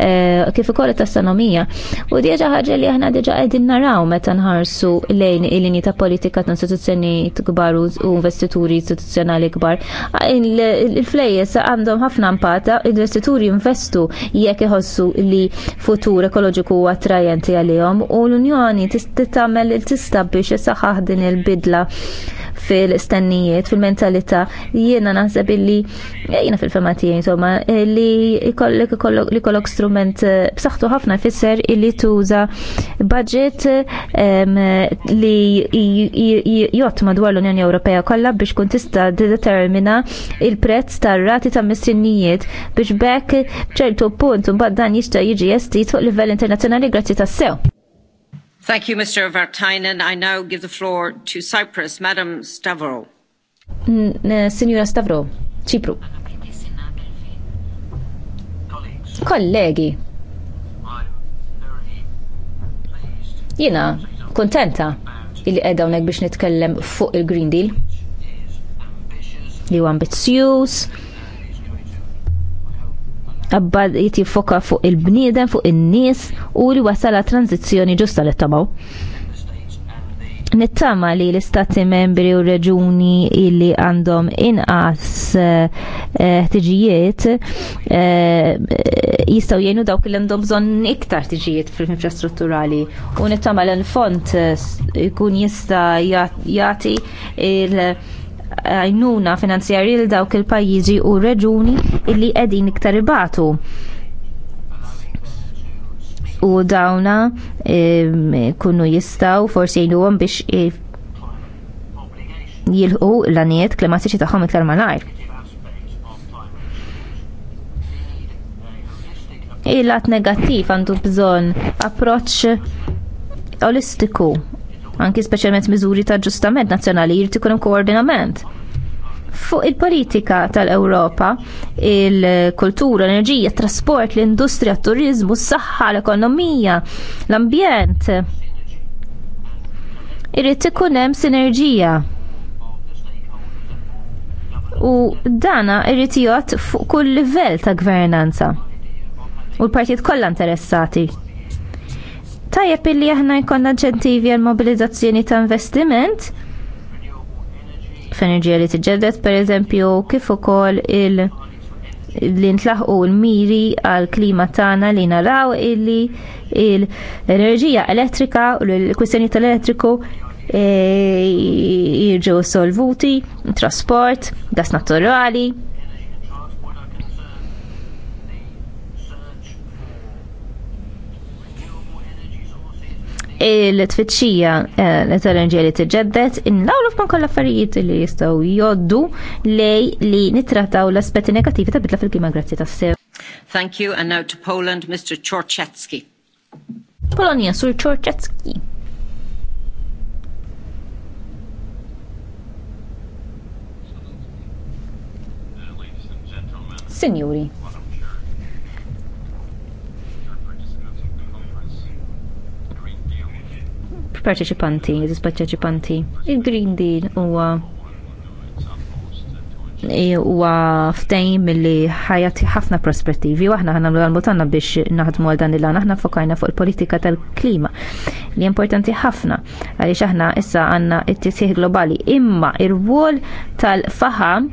eh, kif ukoll tassanomija. U diġa ħaġa li aħna diġa qegħdin naraw meta nħarsu lejn il-linji ta' politika ta' istituzzjonijiet kbar u investituri istituzzjonali kbar. Il-flejjes għandhom ħafna impata, investituri investu jekk iħossu li futur ekoloġiku huwa attrajenti għalihom u l-Unjoni tagħmel tista' biex isaħħaħ din il-bidla fil-stennijiet, fil-mentalità. Jiena naħseb illi jiena fil-fema tiegħi insomma eh, li jkollok strument eh, b'saħħtu ħafna jfisser illi tuża budget li jott madwar l-Unjoni Ewropea kollha biex kun tista' determina il-prezz tar-rati ta' missinijiet biex bekk ċertu punt mbagħad dan jista' jiġi estit fuq livell internazzjonali grazzi tas-sew. Thank you, Mr. Vartainen. I now give the floor to Cyprus, Madam Stavro. Signora Stavro, Cipru. Kollegi, jina kontenta il edha unek biex nitkellem fuq il-Green Deal li huwa ambizzjuż abbad jiti fuq il-bniedem fuq in-nies u li wasala tranzizjoni ġusta li tabaw nittama li l-istati membri u reġuni illi għandhom inqas eh, eh, ħtiġijiet eh, jistaw jenu dawk li għandhom bżonn iktar ħtiġijiet fil-infrastrutturali u nittama l fond jkun jista jagħti il- għajnuna finanzjarji l dawk il-pajjiżi u reġuni illi qegħdin iktar ibatu u dawna kunnu jistaw forsi għom biex jilħu l-għaniet klimatiċi tagħhom iktar malajr. Il-lat negattiv għandu bżon approċ olistiku, anki speċjalment miżuri ta' ġustament nazzjonali jrid ikun koordinament fuq il-politika tal-Ewropa, il-kultura, l-enerġija, trasport, l-industrija, t-turizmu, s-saħħa, l-ekonomija, l-ambjent. Irrid ikun hemm sinerġija. U dana irrid jgħod fuq kull livell ta' gvernanza. U l-partijiet kollha interessati. Tajjeb illi aħna jkollna ġentivi għal mobilizzazzjoni ta' investiment, f'enerġija li per pereżempju kif ukoll il- li ntlaħqu l-miri għal klima tagħna li naraw illi l-enerġija elettrika u l-kwistjoni tal-elettriku e, jirġu solvuti, trasport, gas naturali, il-tfittxija eh, l enerġija li tiġġedded inlawlu f'kon kollha affarijiet li jistgħu joddu lej li nittrattaw l-aspetti negativi ta' bidla fil-klima grazzi ta' sew Thank you and now to Poland Mr. Czorczewski. Polonia sur Czorczewski. Signori. jizis disparteċipanti. Il-Green Deal huwa huwa ftejn milli ħajat ħafna prospettivi Waħna aħna l għal-mutanna biex naħdmu għal dan il-għan aħna fokajna fuq il-politika tal-klima li importanti ħafna għaliex aħna issa għanna it-tisih globali imma ir-wol tal-faham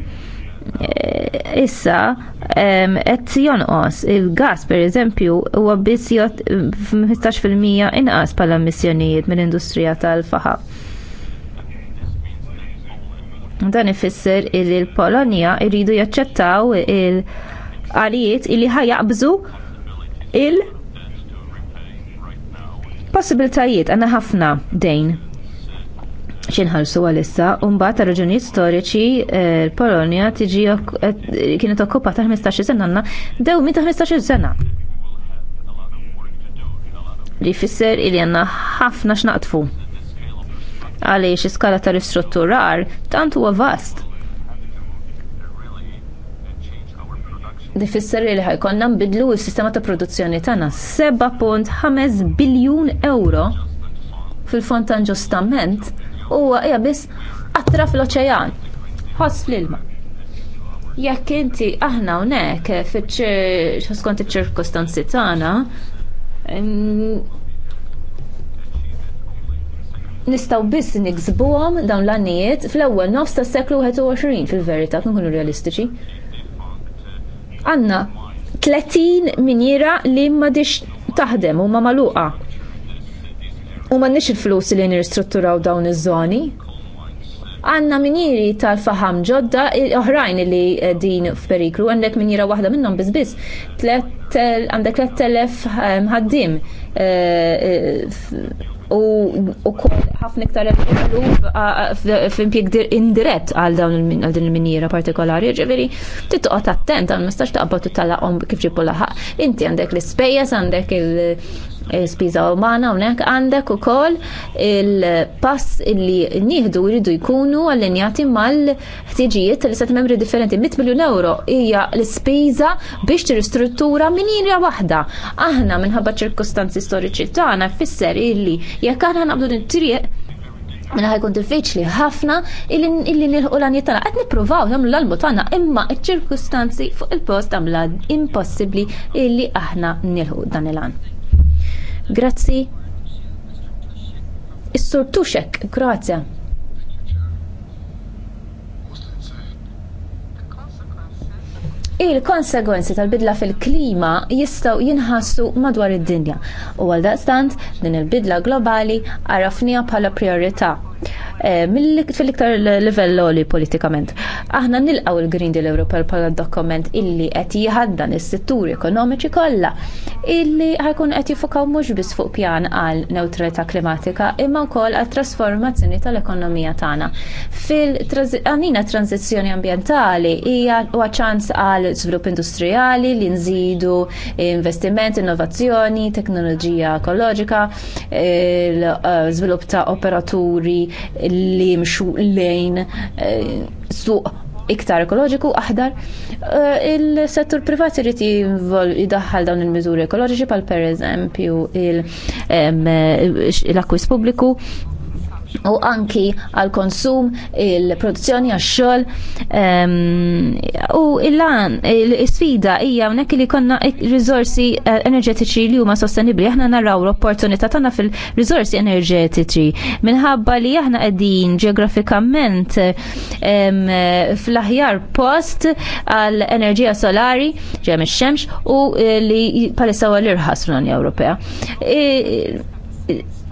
Eh, issa qed jonqos il-gas pereżempju huwa biss 15% inqas bħala emissjonijiet mill-industrija tal faħa Dan ifisser li l-Polonja jridu jaċċettaw il għalijiet li ħajaqbżu il-possibilitajiet għandna ħafna dejn xinħalsu għalissa, un ta' raġunijiet storiċi eh, l-Polonja tiġi eh, kienet okkupata 15 sena għanna, dew min ta' 15 sena. Li fisser li għanna ħafna xnaqtfu. Għaliex iskala ta' ristrutturar tant huwa vast. Li fisser li ħajkonna nbidlu s-sistema ta' produzzjoni tagħna 7.5 biljun euro fil-fond ta' ġustament huwa hija biss qatra fl-oċean. Ħoss fl-ilma. Jekk inti aħna hawnhekk fiċ skont iċ-ċirkostanzi tagħna, nistaw biss niksbuhom dawn l annijiet fl-ewwel nofs tas seklu 21 fil-verità kien realistiċi. Għanna 30 minjera li ma dix taħdem u ma maluqa. U m'għandniex il-flus li nirstrutturaw dawn iż-żoni. Għanna miniri tal-faham ġodda oħrajn li din f'periklu, għandek minira waħda minnhom biss għandek 3000 ehm, ħaddim eh, eh, u kol ħafna iktar eluf f'impjeg indirett għal dawn il-minjera partikolari, ġeveri, titqot attent għal mistax taqbad tala kif ġibbu laħħa. Inti għandek l-ispejjeż, għandek il- spiża umana hawnhekk għandek ukoll il-pass illi nieħdu jridu jkunu allinjati mal-ħtiġijiet li set membri differenti. 100 miljun euro hija l-ispiża biex tirristruttura minira waħda. Aħna minħabba ċirkustanzi storiċi tagħna fisser illi jekk aħna naqbdu nitrieq mela ħajkun diffiċli ħafna illi nilħu l-għaniet tana. Qed nippruvaw jom l albu tagħna imma ċ ċirkustanzi fuq il-post għamla impossibbli illi aħna nilħu dan il-għan. Grazzi. Is-Sur Tuxek, Kroazja. Il-konsegwenzi tal-bidla fil-klima jistaw jinħassu madwar id-dinja u għal daqstant din il-bidla globali għarafnija bħala priorità Eh, fil-iktar livell li politikament. Aħna nilqaw il-Green Deal Ewropew bħala dokument illi qed jħaddan is-setturi ekonomiċi kollha illi ħajkun qed jifukaw mhux biss fuq pjan għal neutralità klimatika imma wkoll għal trasformazzjoni tal-ekonomija tagħna. Fil-għanina tranzizzjoni ambjentali hija huwa ċans għal żvilupp industrijali li nżidu investiment, innovazzjoni, teknoloġija ekoloġika, l-żvilupp eh, ta' operaturi li jimxu lejn eh, suq iktar ekoloġiku aħdar. Eh, il-settur privat irid jidaħħal dawn il-miżuri ekoloġiċi pal per eżempju l eh, akkwis pubbliku u anki għal konsum il-produzzjoni għax-xogħol ehm, u il-lan l-sfida hija hawnhekk li konna riżorsi eh, enerġetiċi li huma sostenibbli aħna naraw l-opportunità tagħna fil-riżorsi enerġetiċi minħabba li aħna qegħdin ġeografikament ehm, fl-aħjar post għal enerġija solari ġeja ix xemx u eh, li palissa huwa l-irħas fl-Unja Ewropea. Eh,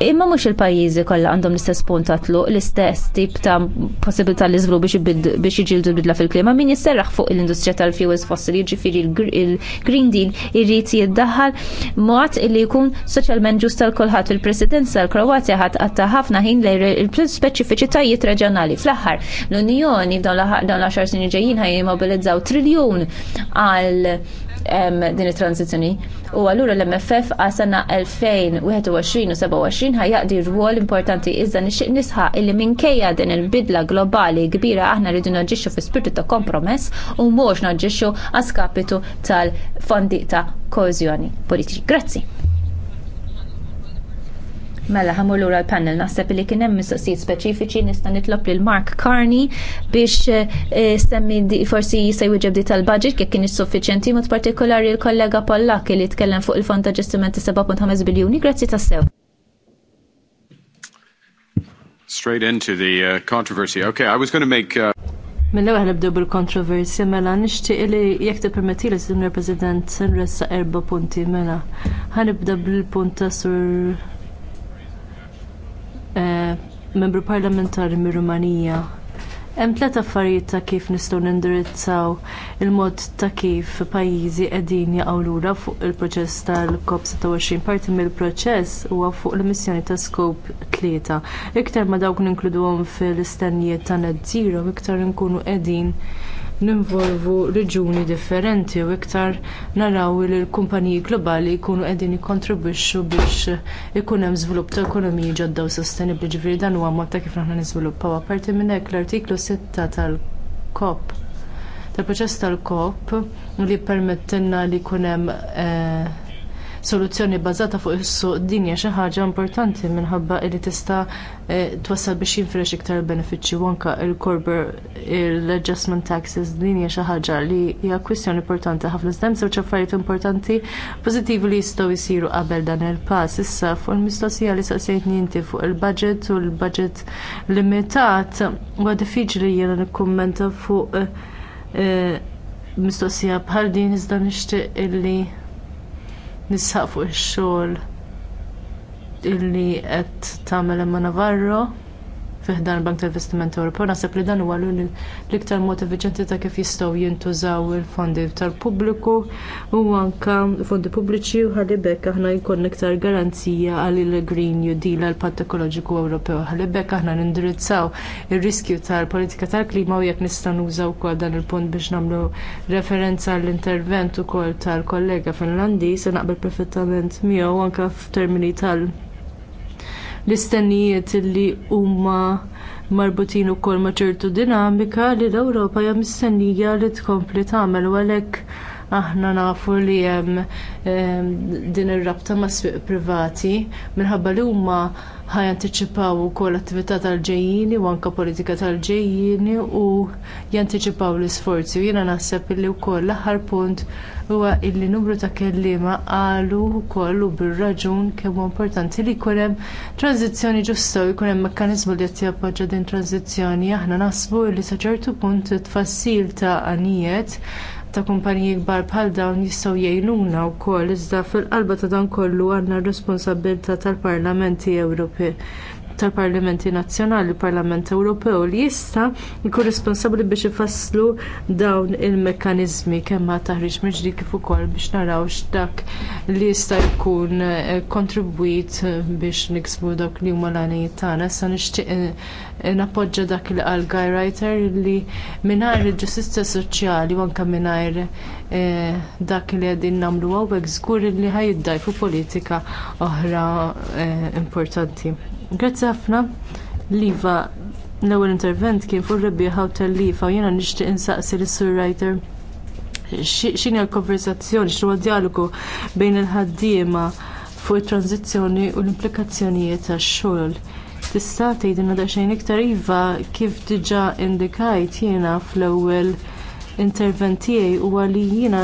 Imma mhux il-pajjiżi kollha għandhom l-istess punt tatlu, l-istess tip ta' possibilità li żvilupp biex iġildu bidla fil-klima. Min jisserraħ fuq l-industrija tal-fuels fossili, jiġifieri il-Green Deal irrit jiddaħħal mod li jkun soċjalment ġust tal kolħat il-Presidenza l-Kroatja ħadd għatta' ħafna ħin lejn il-speċifiċitajiet reġjonali. Fl-aħħar l-Unjoni dawn l-10 snin ħaj jimmobilizzaw triljun għal din it-tranzizjoni. U allura l-MFF għasana 2021 u 27 r-għol importanti iżda nixtieq nisħa illi minkejja din il-bidla globali kbira aħna rridu naġixxu fi spirtu ta' kompromess u mhux naġixxu għaskapitu tal-fondi ta' kozjoni politiċi. Grazzi. Mela ħamur lura l-panel naħseb li kien hemm mistoqsijiet speċifiċi nista' nitlob lil Mark Carney biex eh, semmi forsi jisaj jwieġeb di tal-budget kif kien suffiċjenti mod partikolari l-kollega Pollak li tkellem fuq il-fond ta' ġestimenti 7.5 biljuni. Grazzi tassew. Straight into the uh, controversy. Okay, I was going to make uh... Mill-ewwel nibdew bil kontroversi mela nixtieq li jekk tippermettili Sinjur President nressa erba' punti mela. Ħanibda bil punta sur Eh, membru parlamentari mir rumanija Hemm tliet affarijiet ta' kif nistgħu nindirizzaw il-mod ta' kif pajjiżi qegħdin jaqgħu lura fuq il-proċess tal-COP26 parti mill-proċess huwa fuq l-missjoni ta' skop tlieta. Iktar ma dawk ninkluduhom fil-istennijiet ta' net zero, iktar nkunu qegħdin ninvolvu reġjuni differenti u iktar naraw li l-kumpaniji globali jkunu qegħdin jikkontribwixxu biex ikun hemm żvilupp ta' ekonomiji ġodda u sostenibbli ġifieri dan huwa mod ta' kif aħna niżviluppaw apparti minn hekk l-artiklu 6 tal-COP tal-proċess tal-kop li jippermettilna li jkun hemm eh, soluzzjoni bbażata fuq is-suq din hija xi ħaġa importanti minħabba li tista' e, twassal biex jinfrex iktar benefiċċji u anke l-corporate l-adjustment taxes din hija xi ħaġa li hija kwistjoni importanti ħafna iżda hemm żewġ affarijiet importanti pożittivi li jistgħu jsiru qabel dan il-pass. Issa fuq il-mistoqsija li saqsejtni inti fuq il-budget u l-budget limitat huwa diffiċli jiena nikkummenta fuq e, mistoqsija bħal din iżda nixtieq illi nisħaq fuq ix-xogħol illi qed tagħmel Emma Navarro fiħdan il-Bank tal-Investiment Ewropew naħseb li dan huwa l-iktar mod effiċjenti ta' kif jistgħu jintużaw il-fondi tal-pubbliku u anke fondi pubbliċi u ħalibek aħna jkun iktar garanzija għal il-Green New Deal għal patt ekoloġiku Ewropew. Ħalibek aħna nindirizzaw ir-riskju tal-politika tal-klima u jekk nista' nużaw ukoll dan il-punt biex nagħmlu referenza għall-intervent ukoll tal-kollega Finlandi se naqbel perfettament miegħu anke f'termini tal- l-istennijiet li huma marbutin ukoll ma' ċertu dinamika li l-Ewropa hija mistennija li tkompli tagħmel u għalhekk aħna nafu li hemm ehm, din ir-rabta mas-swieq privati minħabba li huma Ħaj ħajantiċipaw ukoll attività tal-ġejjini u anke politika tal-ġejjini u jantiċipaw l-isforzi. Jiena naħseb li wkoll l-aħħar punt huwa illi numru ta' kelliema qalu wkoll u bir-raġun kemm importanti li jkun hemm tranzizzjoni ġusta u jkun hemm mekkaniżmu li qed jappoġġa din transizzjoni Aħna naħsbu li sa ċertu punt tfassil ta' għanijiet ta' kumpaniji kbar bħal dawn jistgħu jgħinuna wkoll iżda fil-qalba ta' dan kollu għandna r-responsabilità tal-Parlamenti Ewropej tal-Parlamenti Nazzjonali, Parlament Ewropew li jista' jkun responsabbli biex ifasslu dawn il-mekkaniżmi kemm ma taħriġ mill-ġdid kif ukoll biex naraw x'dak li jista' jkun eh, kontribwit biex niksbu dawk li huma l-għanijiet tagħna. Issa nixtieq eh, nappoġġa dak li qal Guy Writer li mingħajr il ġustizza soċjali u anke mingħajr eh, dak li qegħdin nagħmlu hawnhekk żgur li ħajiddajfu politika oħra importanti. Grazzi ħafna. Liva, l-ewwel intervent kien fuq rebbieħa u tal-lifa u jiena nixtieq insaqsi l sur Writer x'inhi l-konversazzjoni, x'huwa dialogu bejn il-ħaddiema fuq it-tranzizzjoni u l-implikazzjonijiet tax-xogħol. Tista' tgħidilna daqsxejn iktar iva kif diġà indikajt jiena fl-ewwel intervent tiegħi huwa li jiena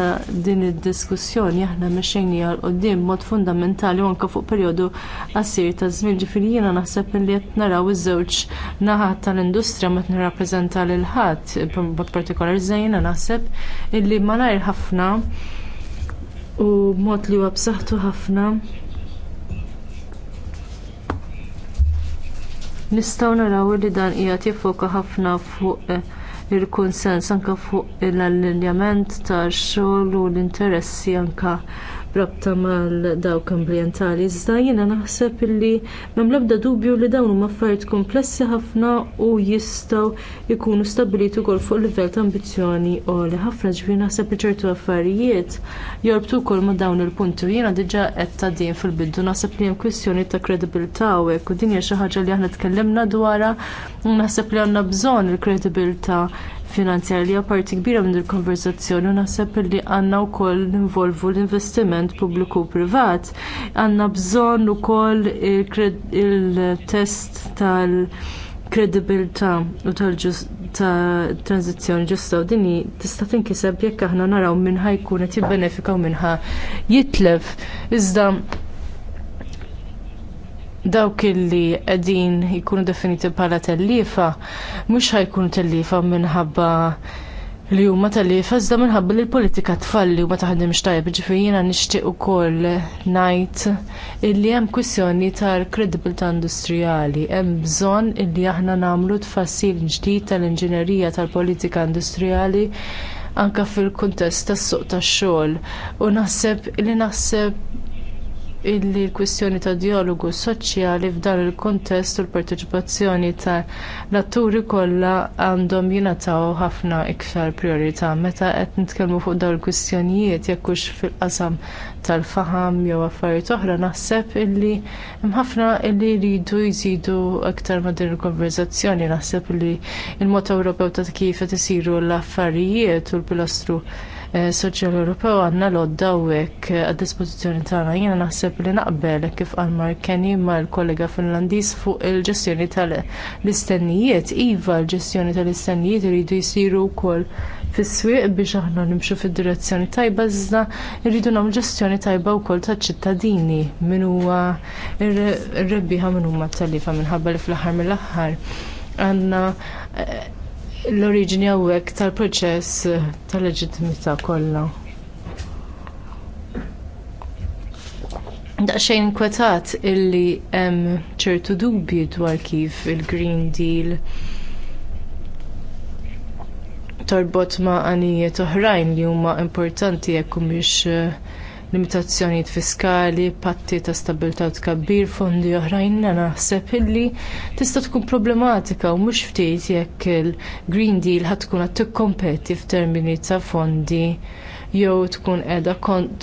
din id-diskussjoni aħna li għal qudiem mod fundamentali anke fuq perjodu qasir ta' żmien ġifieri jiena naħseb li qed naraw iż-żewġ naħat tal-industrija ma nirrappreżenta lil ħadd b'mod partikolari żejna naħseb illi nar ħafna u b'mod li huwa b'saħħtu ħafna nistgħu naraw li dan qiegħed jiffoka ħafna fuq il-konsens anke fuq l-allinjament tax xogħol u l-interessi anke rabta mal dawk ambjentali, iżda jiena naħseb illi m'hemm l-ebda dubju li dawn huma affarijiet komplessi ħafna u jistgħu jkunu stabbiliti wkoll fuq livell ta' ambizzjoni għoli ħafna ġifieri naħseb li ċertu affarijiet jorbtu wkoll ma' dawn il-punti u jiena diġà qed ta' din fil-bidu naħseb li hemm kwistjoni ta' kredibilità hawnhekk u din hija xi ħaġa li aħna tkellimna dwarha u naħseb li għandna bżonn il-kredibilità finanzjarja parti kbira minn il-konversazzjoni u naħseb li għandna wkoll involvu l-investiment pubbliku u privat. Għandna bżonn ukoll il-test tal- kredibilità u tal-tranzizjoni ġusta u dini tista' tinkiseb jekk aħna naraw minn ħajkun qed jibbenefika u minħa jitlef. Iżda dawk illi qegħdin jikunu definiti bħala tellifa mhux ħajkun tellifa minħabba li huma tellifa iżda minħabba li l-politika tfalli u ma taħdimx tajjeb jina jiena nixtieq ukoll ngħid illi hemm kwissjoni tal ta' industrijali hemm bżonn illi aħna nagħmlu tfassil ġdid tal-inġinerija tal-politika industrijali anke fil-kuntest tas-suq tax-xogħol u naħseb li naħseb illi l-kwistjoni ta' dialogu soċjali f'dan il-kontest u l-parteċipazzjoni tal atturi kollha għandhom jingħataw ħafna iktar priorità meta qed nitkellmu fuq dawn il-kwistjonijiet jekk hux fil-qasam tal-faham jew affarijiet oħra naħseb illi hemm ħafna illi jridu jżidu aktar ma' din il-konverzazzjoni naħseb illi l mod Ewropew ta' kif qed isiru l-affarijiet u l-pilastru Eh, Soċjal Ewropew għandna lodda hekk għad-dispożizzjoni tagħna. Jiena naħseb li naqbel kif qal Kenny mal-kollega Finlandiż fuq il-ġestjoni tal-istennijiet. Iva l-ġestjoni tal-istennijiet iridu jsiru wkoll fis-swieq biex aħna nimxu fid-direzzjoni tajba iżda rridu nagħmlu ġestjoni tajba wkoll taċ-ċittadini min huwa r-rebbieħa min huma tal-lifa minħabba li fl-aħħar mill-aħħar għandna eh, l-oriġini għawek tal-proċess tal-leġitimità kollha. Daqsxejn inkwetat illi hemm ċertu dubji dwar kif il-Green Deal torbot ma' għanijiet oħrajn li huma importanti jekk mhix eh, limitazzjonijiet fiskali, patti ta' stabilità u tkabbir, fondi oħrajn naħseb illi tista' tkun problematika u mhux ftit jekk il-Green Deal ħatkun tkun qed tikkompeti f'termini ta' fondi jew tkun qiegħda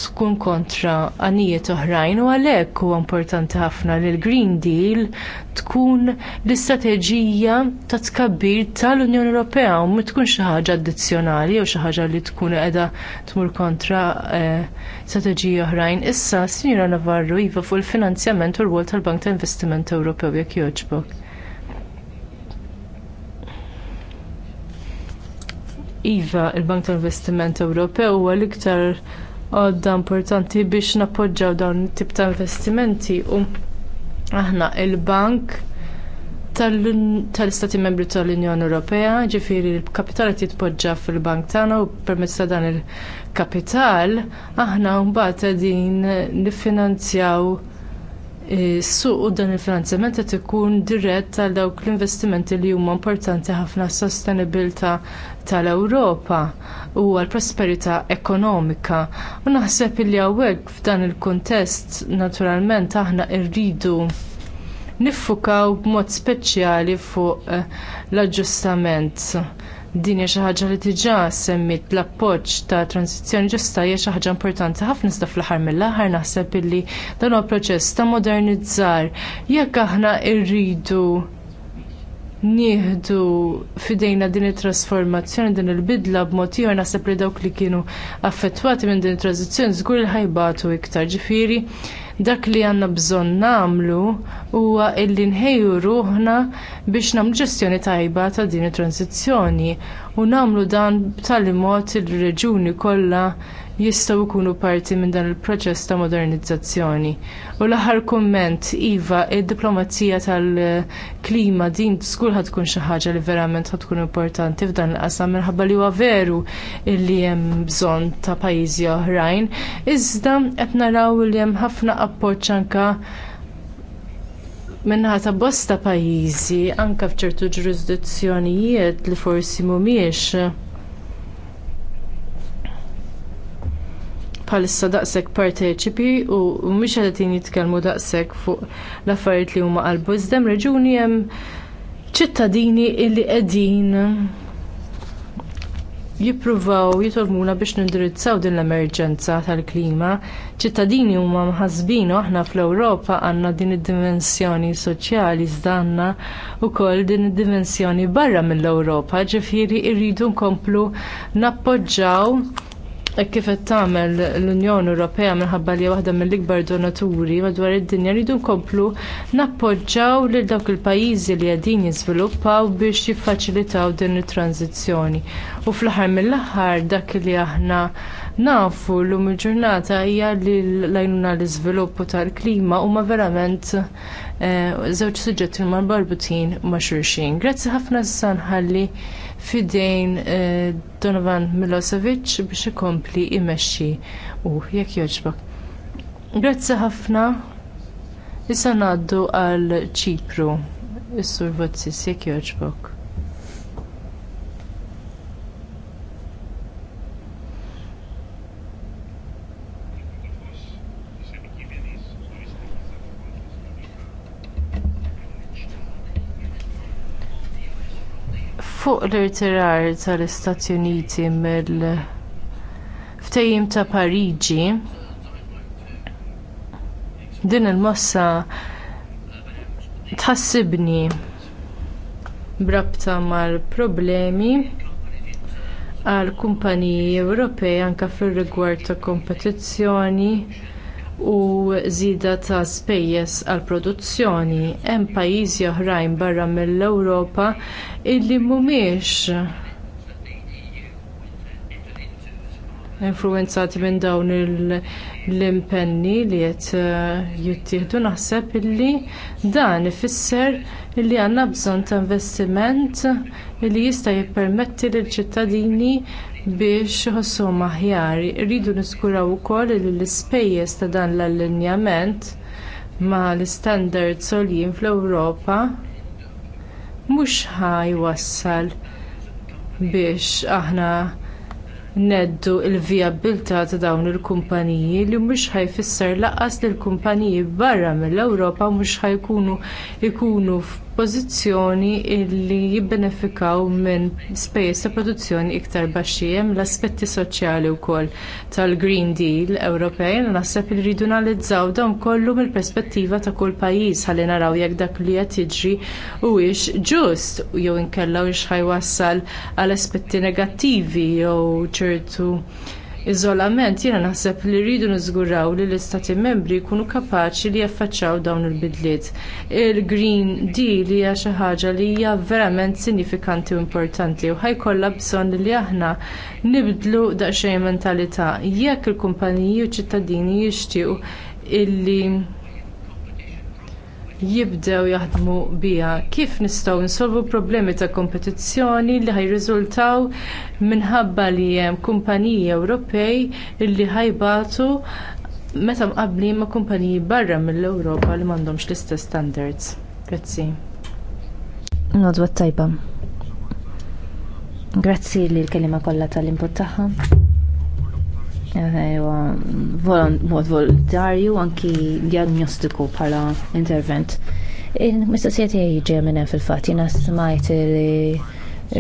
tkun kontra għanijiet oħrajn u għalhekk huwa importanti ħafna li l-Green Deal tkun l-istrateġija ta' tkabbir tal-Unjoni Ewropea u ma tkun xi ħaġa addizzjonali jew xi ħaġa li tkun qiegħda tmur kontra eh, strateġiji oħrajn. Issa, Sinjura Navarro, iva fuq il-finanzjament u l-wol tal-Bank ta' Investiment Ewropew jekk jogħġbok. Iva, il-Bank tal-Investiment Ewropew huwa l-iktar għodda importanti biex nappoġġaw dawn it-tip ta' investimenti u aħna il-Bank tal-Istati Membri tal-Unjoni Ewropea, ġifiri l-kapital qed jitpoġġa fil-bank tagħna u permezz ta' dan il-kapital aħna mbagħad qegħdin niffinanzjaw Is-suq u dan il-finanzjament qed ikun dirett għal dawk l-investimenti li huma importanti ħafna s sostenibilità tal-Ewropa u għall prosperità ekonomika. U naħseb li hawnhekk f'dan il-kuntest naturalment aħna rridu niffukaw b'mod speċjali fuq eh, l-aġġustament din hija xi ħaġa li diġà semmit l-appoġġ ta' transizzjoni ġusta hija xi ħaġa importanti ħafna iżda fl-aħħar mill-aħħar naħseb illi dan huwa proċess ta' modernizzar jekk aħna rridu nieħdu fidejna din it-trasformazzjoni din il-bidla b'mod ieħor naħseb li dawk li kienu affettwati minn din it-tranzizzjoni żgur il ħajbatu iktar. Ġifieri dak li għandna bżonn nagħmlu huwa illi nħejju ruħna biex nagħmlu ġestjoni tajba ta' din it-tranzizzjoni u nagħmlu dan b'tali mod ir reġuni kollha jistgħu jkunu parti minn dan il-proċess ta' modernizzazzjoni. U l-aħħar kumment, Iva, id-diplomazija tal-klima din skull ħad tkun xi ħaġa li verament tkun importanti f'dan il-qasam minħabba li huwa veru li hemm bżonn ta' pajjiżi oħrajn. Iżda qed naraw li hemm ħafna appoġġ anke minnaħa ta' bosta pajjiżi anke f'ċertu ġurisdizzjonijiet li forsi mhumiex bħalissa daqshekk parteċipi u mhux qed jitkellmu daqshekk fuq l-affarijiet li huma qalbu iżda hemm reġuni hemm ċittadini illi qegħdin jippruvaw jitolmuna biex nindirizzaw din l-emerġenza tal-klima. ċittadini huma mħasbin u aħna fl-Ewropa għandna din id-dimensjoni soċjali iżda għandna wkoll din id-dimensjoni barra mill-Ewropa, ġifieri rridu nkomplu nappoġġaw kif qed tagħmel l-Unjoni Ewropea minħabba li waħda mill-ikbar donaturi madwar id-dinja rridu nkomplu nappoġġaw lil dawk il-pajjiżi li qegħdin jiżviluppaw biex jiffaċilitaw din it-tranzizzjoni. U fl-aħħar mill-aħħar dak li aħna nafu llum il-ġurnata hija li l-għajnuna l-iżvilupp tal-klima huma verament Eh, żewġ suġġetti huma barbutin ma' xulxin. Grazzi ħafna issa nħalli fidejn eh, Donovan Milosevic biex ikompli imexxi u jekk jogħġbok. Grazzi ħafna issa ngħaddu għal Ċipru. Is-Sur Vozzis jekk jogħġbok. fuq l-irtirar tal-Istati Uniti mill ftehim ta' Pariġi din il-mossa tħassibni brabta mal-problemi għall kumpaniji Ewropej anke fir rigward ta' kompetizzjoni u żieda ta' spejjeż għall produzzjoni hemm pajjiżi oħrajn barra mill-Ewropa illi mhumiex influwenzati minn dawn il- l-impenni li qed eh, jittieħdu naħseb illi dan ifisser illi għandna bżonn ta' investiment li jista' jippermetti lill ċittadini biex ħossom aħjar. Rridu niskuraw ukoll li l-ispejjeż ta' dan l-allinjament ma' l-standards għoljin fl-Ewropa mhux ħajwassal biex aħna neddu l-vijabilità ta' dawn il-kumpaniji li mhux ħajfisser laqqas lill kumpaniji barra mill-Ewropa mhux ħajkunu ikunu pożizzjoni li jibbenefikaw minn spejjeż ta' produzzjoni iktar baxxi hemm l-aspetti soċjali wkoll tal-Green Deal Ewropej naħseb li rridu analizzaw dawn kollu mill-perspettiva ta' kull pajjiż ħalli naraw jekk dak li qed jiġri huwiex ġust jew inkella wiex ħajwassal għal aspetti negattivi jew ċertu iżolament jiena naħseb li rridu niżguraw li l-istati membri jkunu kapaċi li jaffaċċjaw dawn il-bidliet. Il-Green Deal hija xi ħaġa li hija verament sinifikanti u importanti u ħajkollha bżonn li aħna nibdlu daqsxejn mentalità jekk il-kumpaniji u ċittadini jixtiequ illi jibdew jaħdmu biha. Kif nistgħu nsolvu problemi ta' kompetizzjoni li ħajriżultaw minħabba li hemm kumpaniji Ewropej li ħajbatu meta mqabbli ma' kumpaniji barra mill-Ewropa li m'għandhomx l-istess standards. Grazzi. Nodwa tajba. Grazzi li l-kelima kollha tal-input tagħha mod volontarju anki diagnostiku pala intervent. Mistoqsijiet jgħi minn hemm fil fat jina smajt li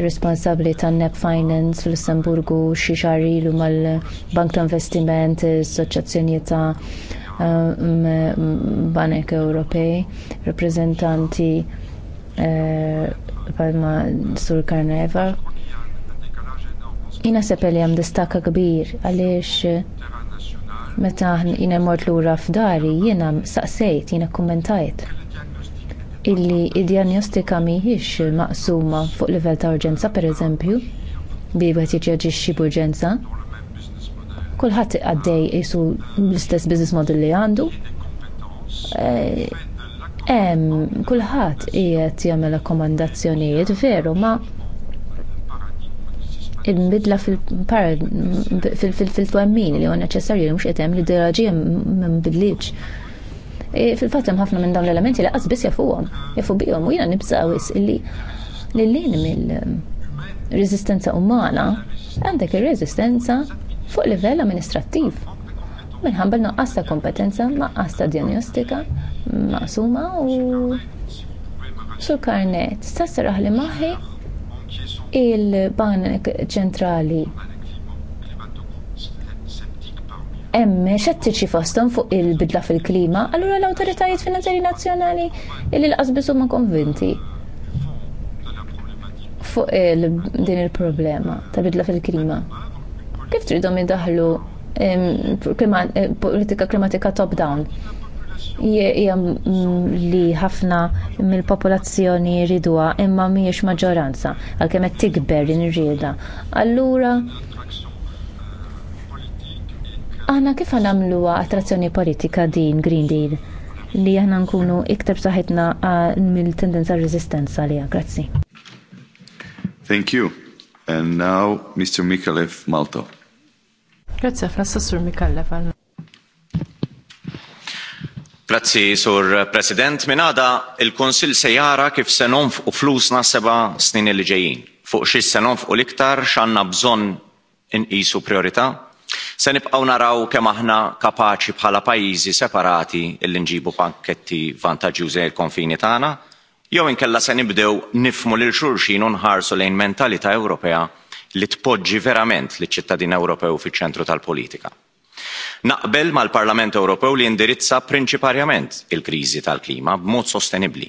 responsabli tan NEP Finance fil-Lussemburgu xi xarilu mal-Bank ta' Investiment, is ta' Banek Ewropej, reprezentanti eh, palma Sur Karneva Jina sepel jem distakka kbir għaliex eh, meta jina mort lura f'dari jiena saqsejt, jiena kommentajt illi id-diagnostika mhijiex maqsuma fuq livell ta' urġenza pereżempju, bi wieħed jiġġaġixxi b'urġenza. Kulħadd għaddej qisu l-istess business model li għandu. Hemm eh, kulħadd qiegħed jagħmel rakkomandazzjonijiet veru ma' il-bidla fil-twemmin li għon neċessarju li mux jtem li d-raġija mbidliċ. E, fil fatem hemm ħafna minn dawn l-elementi li bis biss jafuhom, jafu bihom u jiena nibżawis li lil-lin mill rezistenza umana għandek ir-reżistenza fuq livell amministrattiv. Minħabba naqqas ta' kompetenza, naqqas ta' diagnostika, maqsuma u sur karnet. Sassaraħ li maħi il banek ċentrali hemm xettiċi fosthom fuq il-bidla fil-klima, allura l-awtoritajiet finanzjari nazzjonali li l-qasbis huma konvinti fuq il din il-problema ta' bidla fil-klima. Kif tridhom jidaħlu eh, politika klimatika top-down? li ħafna mill-popolazzjoni jridua imma mhijiex maġġoranza għalkemm qed tikber din ir-rieda. Allura aħna kif għanamluha attrazzjoni politika din Green Deal li aħna nkunu iktar saħitna mill-tendenza r resistenza li grazzi. Thank you. And now Mr. Mikalev Malto. Grazie, Frassessur Mikalev Grazzi, Sur President. Minada, il-Konsil se jara kif se nonfqu flusna seba snin li ġejjin. Fuq xi se nonfqu l-iktar x'għandna bżonn inqisu priorità. Se nibqgħu naraw kemm aħna kapaċi bħala pajjiżi separati illi nġibu pakketti vantaġġjużi l-konfini tagħna, jew inkella se nibdew nifmu lil xulxin u nħarsu lejn mentalità Ewropea li tpoġġi verament liċ-ċittadin Ewropew fiċ-ċentru tal-politika. Naqbel mal-Parlament Ewropew li indirizza prinċiparjament il-kriżi tal-klima b'mod sostenibbli.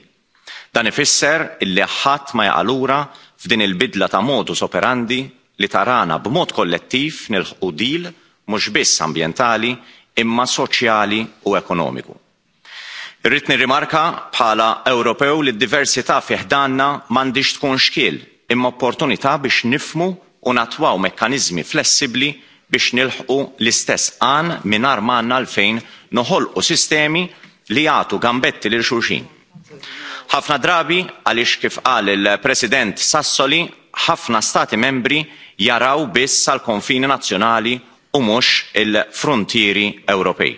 Dan ifisser illi ħadd ma jaqa' lura f'din il-bidla ta' modus operandi li tarana b'mod kollettiv nilħqu dil mhux biss ambjentali imma soċjali u ekonomiku. Irrid nirrimarka bħala Ewropew li d-diversità fiħdanna m'għandix tkun xkiel imma opportunità biex nifmu u natwaw mekkaniżmi flessibbli biex nilħqu l-istess qan mingħajr ma għandna għalfejn noħolqu sistemi li jagħtu gambetti lil xulxin. Ħafna drabi għaliex kif qal il-President Sassoli ħafna stati membri jaraw biss sal konfini nazzjonali u mhux il-frontieri Ewropej.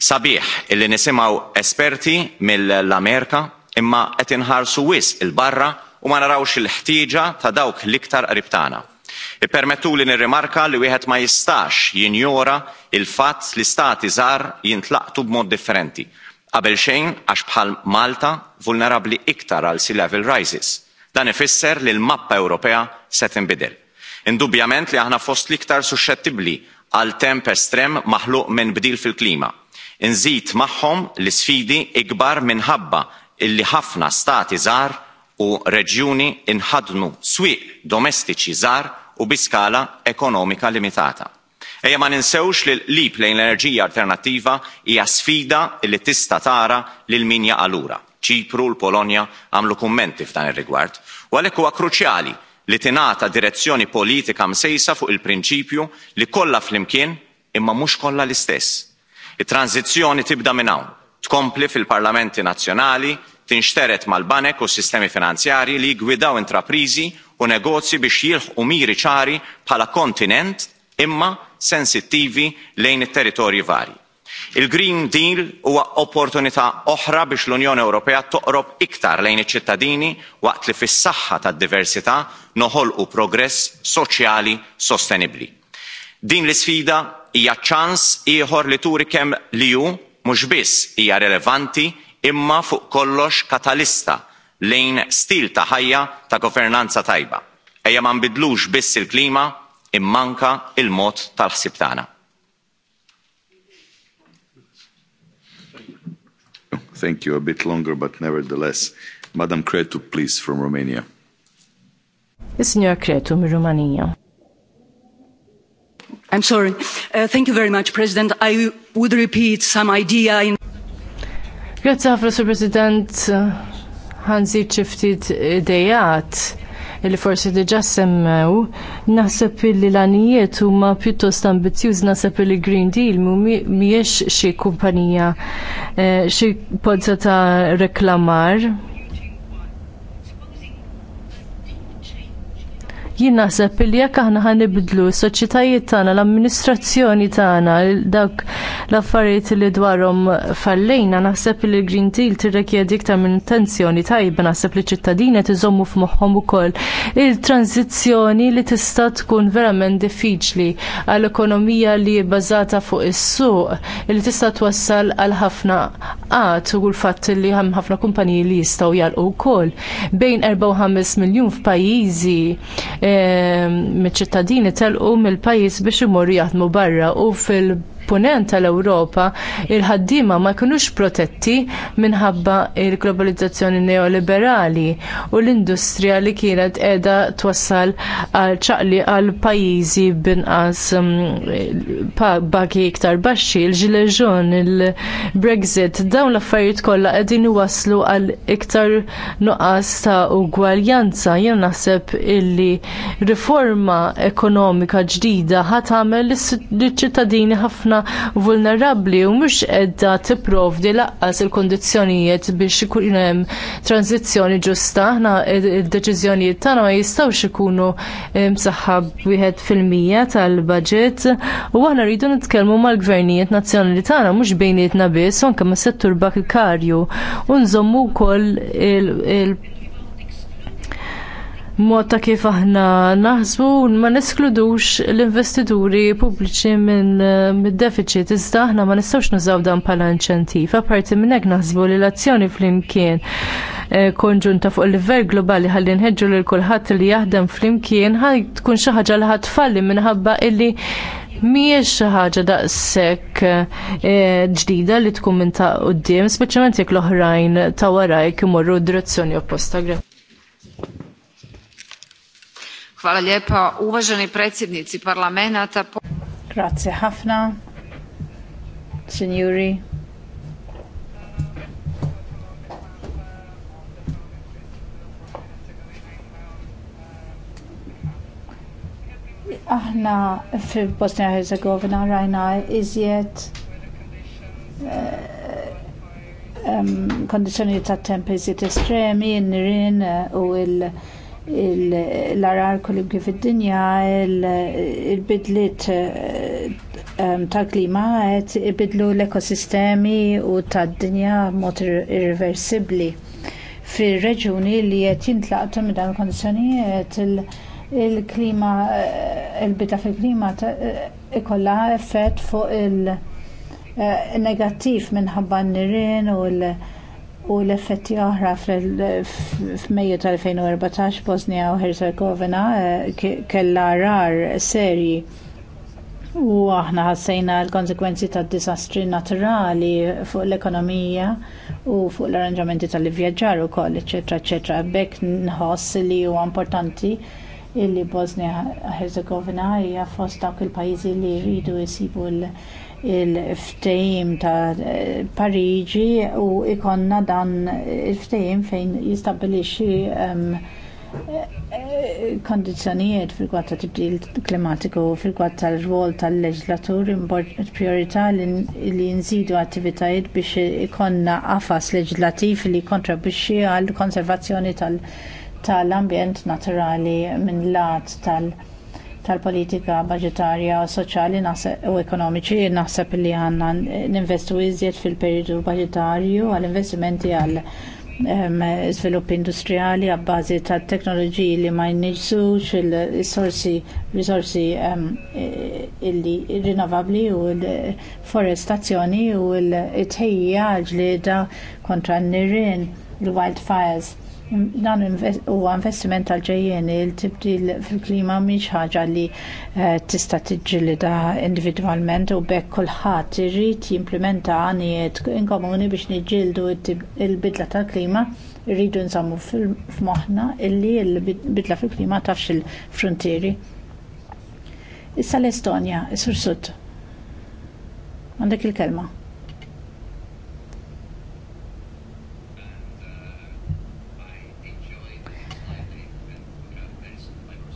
Sabiħ illi nisimgħu esperti mill-Amerika imma qed inħarsu wisq il-barra u ma narawx il-ħtieġa ta' dawk l-iktar qrib tagħna Ippermettuli nirrimarka li wieħed ma jistax jinjora il fatt li stati żgħar jintlaqtu b'mod differenti. Qabel xejn għax bħal Malta vulnerabbli iktar għal sea level rises. Dan ifisser li l-mappa Ewropea se tinbidel. Indubjament li aħna fost l-iktar suscettibbli għal temp estrem maħluq minn bdil fil-klima. Inżid magħhom l isfidi ikbar minħabba illi ħafna stati żgħar u reġjuni inħadnu swieq domestiċi żgħar u bi skala ekonomika limitata. Ejja ma ninsewx li l-lip lejn l-enerġija alternattiva hija sfida li tista tara lil min jaqalura. Ċipru u l-Polonja għamlu kummenti f'dan ir-rigward. U għalhekk huwa kruċjali li tingħata direzzjoni politika msejsa fuq il-prinċipju li kollha flimkien imma mhux kollha l-istess. it transizzjoni tibda minn hawn, tkompli fil-parlamenti nazzjonali, tinxteret mal-banek u s sistemi finanzjarji li jgwidaw intrapriżi u negozji biex jilħqu miri ċari bħala kontinent imma sensittivi lejn it-territorji varji. Il-Green Deal huwa opportunità oħra biex l-Unjoni Ewropea toqrob iktar lejn iċ-ċittadini waqt li fis-saħħa tad-diversità noħolqu progress soċjali sostenibbli. Din l-isfida hija ċans ieħor li turi kemm li hu mhux biss hija relevanti imma fuq kollox katalista lejn stil ta' ħajja ta' governanza tajba. Ejja ma nbidlux biss il-klima immanka il-mod tal-ħsib tagħna. Thank you. A bit longer, but nevertheless. Madam Cretu, please, from Romania. Signor Cretu, Romania. I'm sorry. Uh, thank you very much, President. I would repeat some idea in Grazie ħafna, Sur President, Hansi xi ftit idejat li forsi diġa semmew, naħseb illi l-anijiet huma pjuttost ambizjuż naħseb li Green Deal mhijiex xi kumpanija eh, xi podza ta' reklamar Jien naħseb li jekk aħna ħanibdlu s-soċjetajiet tagħna, l-amministrazzjoni tagħna, dak l-affarijiet li dwarhom fallejna, naħseb li l-Green Deal tirrikjedi iktar minn intenzjoni tajba, naħseb li ċittadini tiżommu f'moħħhom ukoll il-tranzizzjoni li tista' tkun verament diffiċli għall ekonomija li bbażata fuq is-suq li tista' twassal għal ħafna qatt u l-fatt li hemm ħafna kumpaniji li jistgħu jalqu wkoll bejn 4 u 5 miljun f'pajjiżi miċ-ċittadini telqu mill-pajjiż biex imorru jaħdmu barra u fil- fil tal-Ewropa il-ħaddiema ma jkunux protetti minħabba l globalizzazzjoni neoliberali u l-industrija li kienet qiegħda twassal għal ċaqli għal pajjiżi binqas um, bagi iktar baxxi, il-ġileġun, il-Brexit, dawn l-affarijiet kollha qegħdin iwasslu għal iktar nuqqas ta' ugwaljanza. Jien naħseb illi riforma ekonomika ġdida ħat tagħmel liċ-ċittadini ħafna vulnerabbli u mhux qiegħda tipprovdi laqqas il kundizzjonijiet biex ikun hemm tranzizzjoni ġusta. Aħna id-deċiżjonijiet tagħna ma jistgħux ikunu msaħħab wieħed fil-mija tal-budget u aħna rridu nitkellmu mal-gvernijiet nazzjonali tagħna mhux bejnietna biss anke mas-settur bankarju u nżommu wkoll il- mod ta' kif aħna naħsbu ma neskludux l-investituri pubbliċi minn eh, deficit iżda aħna ma nistgħux nużaw dan bħala inċentiv. Apparti minn hekk naħsbu li l-azzjoni flimkien eh, konġunta fuq il-livell globali ħalli nħeġġu lil kulħadd li jaħdem flimkien ħaj tkun xi ħaġa li ħadd falli minħabba illi miex xi ħaġa daqshekk eh, ġdida li tkun minn ta' quddiem, speċjalment jekk l-oħrajn ta' warajk imorru d-direzzjoni opposta. Hvala lijepa. Uvaženi predsjednici parlamenta. Grazie Hafna, Signori. Aħna fil-Bosnia Herzegovina rajna iżjed eh, kondizjoni ta' temp iżjed estremi, n-nirin eh, u il- l-arar kollim kif id-dinja, il-bidlit eh, tal-klima għet ibidlu l-ekosistemi u tad-dinja mot irreversibli. Fir-reġuni li qed jintlaqtu minn dan il il-klima eh, il-bidla fil-klima eh, ikolla effett fuq il-negattiv minħabba n-nirien u l- u l-effetti oħra f'Mejju tal-2014 Bosnia u Herzegovina eh, kellha rar serji u aħna ħassejna l-konsekwenzi tad disastri naturali fuq l-ekonomija u fuq l-arranġamenti tal-vjaġġar ukoll, eċetera, eċetera. Bekk nħoss li huwa importanti illi Bosnia u Herzegovina hija fost dawk il-pajjiżi li jridu jsibu l- il-ftejim ta' Parigi u ikonna dan il-ftejim fejn jistabilixi um, kondizjonijiet fil kwad ta' tibdil klimatiku fil-gwad tal-rwol tal-leġlatur priorità li nżidu attivitajiet biex ikonna għafas leġlativ li kontrabixxi għal konservazzjoni tal-ambjent naturali minn lat tal-, -tal tal-politika budgetarja, soċjali u ekonomiċi naħseb li għandna ninvestu iżjed fil-periodu budgetarju għall-investimenti għal svilupp industrijali għabbażi ta' teknoloġiji li ma jniġżux il-sorsi risorsi illi rinnovabli u l-forestazzjoni u l-tħejja ġlieda kontra n-nirin l-wildfires dan huwa investiment tal ġejjeni il-tibdil fil-klima mhix ħaġa li eh, tista' tiġġilida individwalment u bekk kulħadd irid jimplementa għanijiet inkomuni biex niġġieldu il-bidla tal-klima irridu nżammu f'moħħna illi l-bidla fil-klima tafx il-frontieri. Issa l-Estonja, is-Sursut. Għandek il-kelma.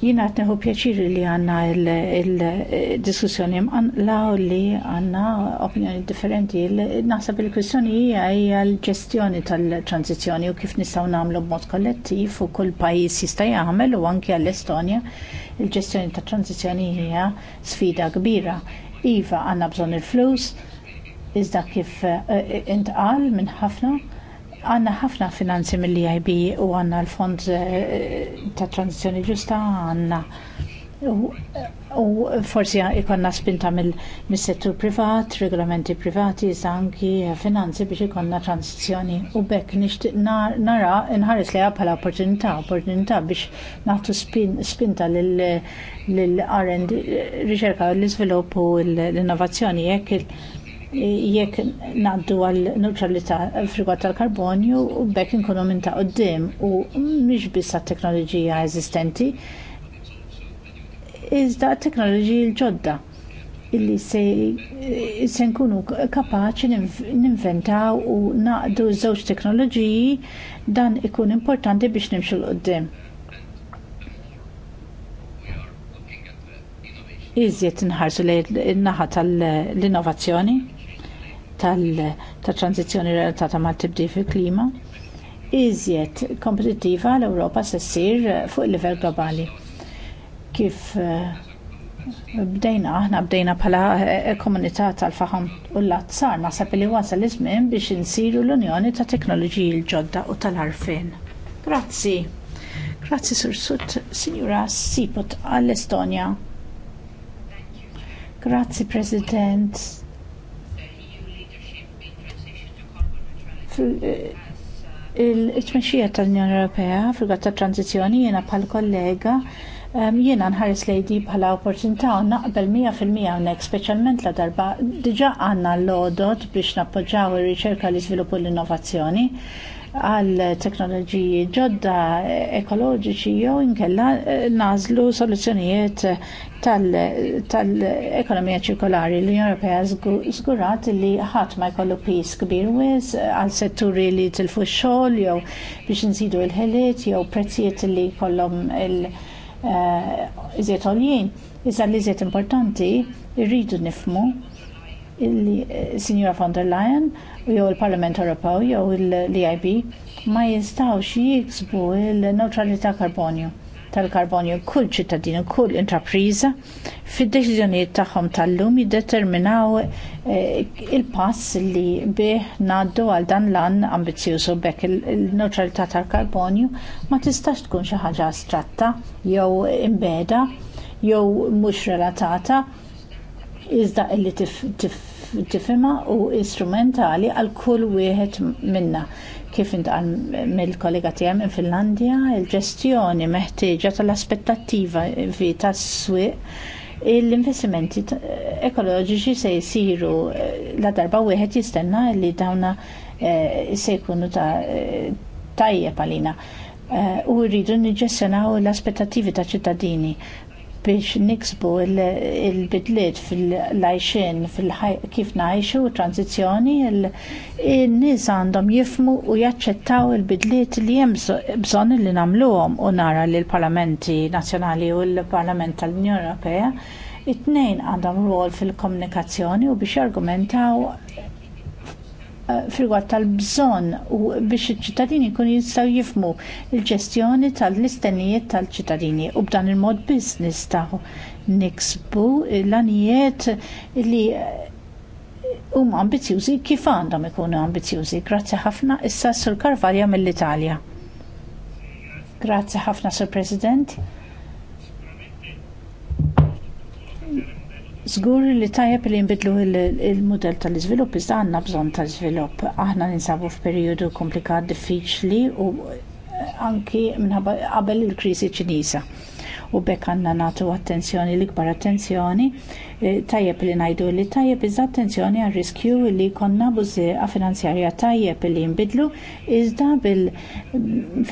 Jina għatneħu pjaċiri li għanna il-diskussjoni mqanqla u li għanna opinjoni differenti. Naħseb il-kwistjoni hija hija l-ġestjoni tal-tranzizjoni u kif nistgħu nagħmlu b'mod kollettiv u kull pajjiż jista' jagħmel u anke għall-Estonja il-ġestjoni tat-tranzizjoni hija sfida kbira. Iva għandna bżonn il-flus, iżda kif eh, intqal minn ħafna għanna ħafna finanzi mill eib u għanna l-fond eh, ta' transizjoni ġusta għanna u forsi ikonna spinta mill-settur privat, regolamenti privati, zanki, finanzi biex ikonna transizjoni u bekk nix nara nħares li bħala opportunità, opportunità biex naħtu spinta lill-R&D, riċerka, l-izvilupp u l-innovazzjoni jekk jekk naddu għal neutralità frigwat tal-karbonju u bekk inkunu minn ta' għoddim u mhix biss teknoloġija eżistenti iżda teknoloġiji l-ġodda illi se, se nkunu kapaċi ninventaw u naqdu żewġ teknoloġiji dan ikun importanti biex nimxu l-qoddim. Iżjed nħarsu lejn in-naħa tal-innovazzjoni tal-tranzizjoni relatata mal tibdil fil-klima. Iżjed kompetittiva l-Ewropa se ssir fuq il-livell globali. Kif eh, Bdejna, aħna bdejna bħala eh, komunità tal-faham u l-azzar naħseb li wasal iż-żmien biex insiru l-Unjoni ta' Teknoloġiji l-ġodda u tal-arfin. Grazzi. Grazzi sur sut, Signora Siput għall-Estonja. Grazzi President il-ċmexxija tal-Unjoni Ewropea fil-gatt tat-tranzizzjoni jiena bħal kollega jiena nħares lejdi bħala opportunità u naqbel 100% hawnhekk speċjalment la darba diġà għandna l-odot biex nappoġġaw ir-riċerka l sviluppu u l-innovazzjoni għal teknoloġiji ġodda ekoloġiċi jew inkella eh, nażlu soluzzjonijiet tal-ekonomija ċirkolari l-Unjoni Ewropea żgurat li ħadd ma jkollu pis kbir wis eh, għal setturi li tilfu xogħol jew biex insidu l ħelit jew prezzijiet li jkollhom il- eh, iżiet għoljien. Iżda li iżiet importanti rridu nifmu il-Signora eh, von der Leyen u jew il-Parlament Ewropew jew l-EIB ma jistawx jiksbu il-neutralità karbonju tal-karbonju kull ċittadin u kull intrapriża fid-deċiżjonijiet tagħhom tal-lum jiddeterminaw eh, il-pass li bih ngħaddu għal dan l-an ambizzjuż u bekk il-neutralità tal-karbonju ma tistax tkun xi ħaġa astratta jew imbeda jew mhux relatata iżda illi tif tifema u instrumentali għal kull wieħed minna. Kif intqal mill-kollega tiegħi minn Finlandja, il-ġestjoni meħtieġa tal-aspettattiva vi tas-swieq l-investimenti ekoloġiċi se jisiru eh, la darba wieħed jistenna li dawna eh, se jkunu ta' eh, tajjeb għalina u rridu niġġessjonaw l-aspettativi ta' ċittadini biex niksbu il-bidliet fil-lajxin, kif najxu, tranzizjoni, il-nis għandhom jifmu u jaċċettaw il-bidliet li jem bżon li namluhom u nara li l-parlamenti nazjonali u l-parlament tal-Unjoni Ewropea it-tnejn għandhom rol fil-komunikazzjoni u biex jargumentaw firwat tal-bżon u biex iċ-ċittadini kun jistaw jifmu il-ġestjoni tal listenijiet tal-ċittadini u b'dan il-mod biss nistaw niksbu l-anijiet li huma ambizjużi kif għandhom ikunu ambizjużi. Grazzi ħafna issa sur Karvalja mill-Italja. Grazzi ħafna sur President. Zgur li tajjeb li nbidlu il mudell tal-iżvilupp, iżda għandna bżonn ta' iżvilupp. Aħna ninsabu f'perjodu komplikat diffiċli u anki minħabba qabel il-kriżi Ċiniża u bekk għandna nagħtu attenzjoni l-ikbar attenzjoni e, tajjeb li ngħidu li tajjeb iżda attenzjoni għal riskju li jkollna bużieqa finanzjarja tajjeb li jinbidlu iżda bil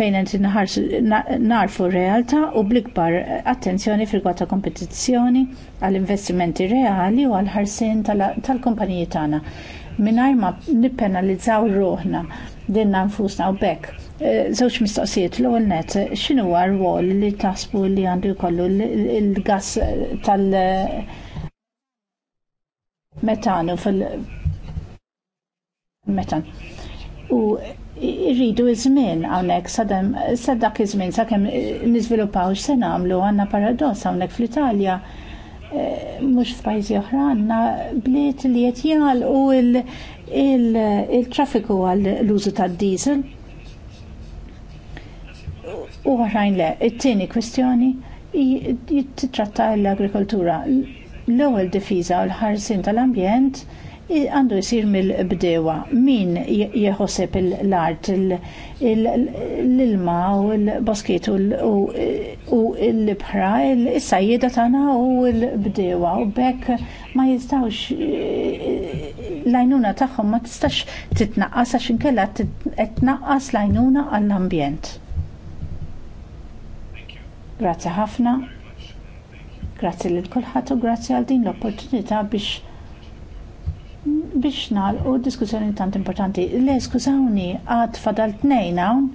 fejn enti narfu realta realtà u bl-ikbar attenzjoni fil ta' kompetizzjoni għall investimenti reali u għall ħarsien tal-kumpaniji tagħna Minnajma nippenalizzaw ruħna dinna nfusna u bekk Żewġ mistoqsijiet l għol net, xinu għar rwol li taħsbu li għandu jkollu il-gas tal- metanu fil- metan. U irridu iż-żmien hawnhekk sadem sa dak iż-żmien sakemm niżviluppaw x'se nagħmlu għandna paradoss hawnhekk fl-Italja eh, mhux f'pajjiżi oħra għandna bliet li qed jagħlqu il-traffiku għall użu tad-diesel u oħrajn le. It-tieni kwistjoni jittratta l-agrikoltura. L-ewwel difiża u l-ħarsin tal-ambjent għandu jisir mill-bdewa. Min jeħoseb l-art, l-ilma u l-boskiet u l-bħra, il-sajjeda tana u l-bdewa. U bekk ma jistawx l-għajnuna tagħhom ma tistax titnaqqas għax inkella titnaqqas l-għajnuna għall-ambjent. Grazzi ħafna. Grazzi lil kulħadd u grazzi għal din l-opportunità biex biex nalqu diskussjoni tant importanti. Le, skużawni, għad fadal nejn hawn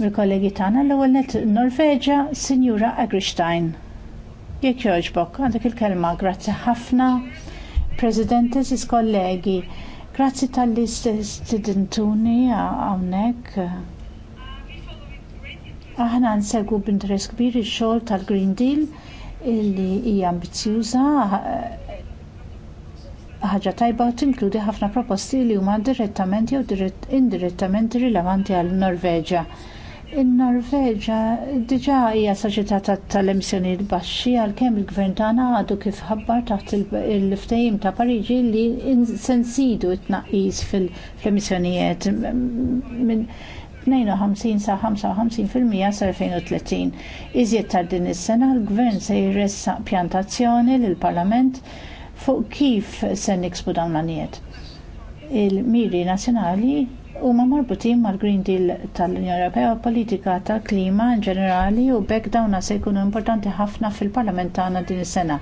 mill-kollegi tagħna l-ewwel net Norveġa, Sinjura Agrishstein. Jekk jogħġbok, għandek il-kelma, grazzi ħafna. President, eżis kollegi, grazzi tal-li stidintuni hawnhekk Aħna nsegwu b'interess kbir ix-xogħol tal-Green Deal illi hija ambizjuża ħaġa tajba tinkludi ħafna proposti li huma direttament jew indirettament rilevanti għal Norveġa. In-Norveġa diġà hija soċjetà tal-emissjonijiet baxxi għalkemm il-gvern tagħna għadu kif ħabbar taħt il-ftehim ta' Pariġi li se nsidu t tnaqqis fil-emissjonijiet 52 sa 55% sa 2030. Iżjed ta' din is-sena l-Gvern se jressaq pjantazzjoni lill parlament fuq kif se niksbu dawn l-għaniet. Il-miri nazzjonali huma marbutin mal-Green Deal tal-Unjoni Ewropea u politika tal-klima in ġenerali u bekk dawna se jkunu importanti ħafna fil-Parlament tagħna din is-sena.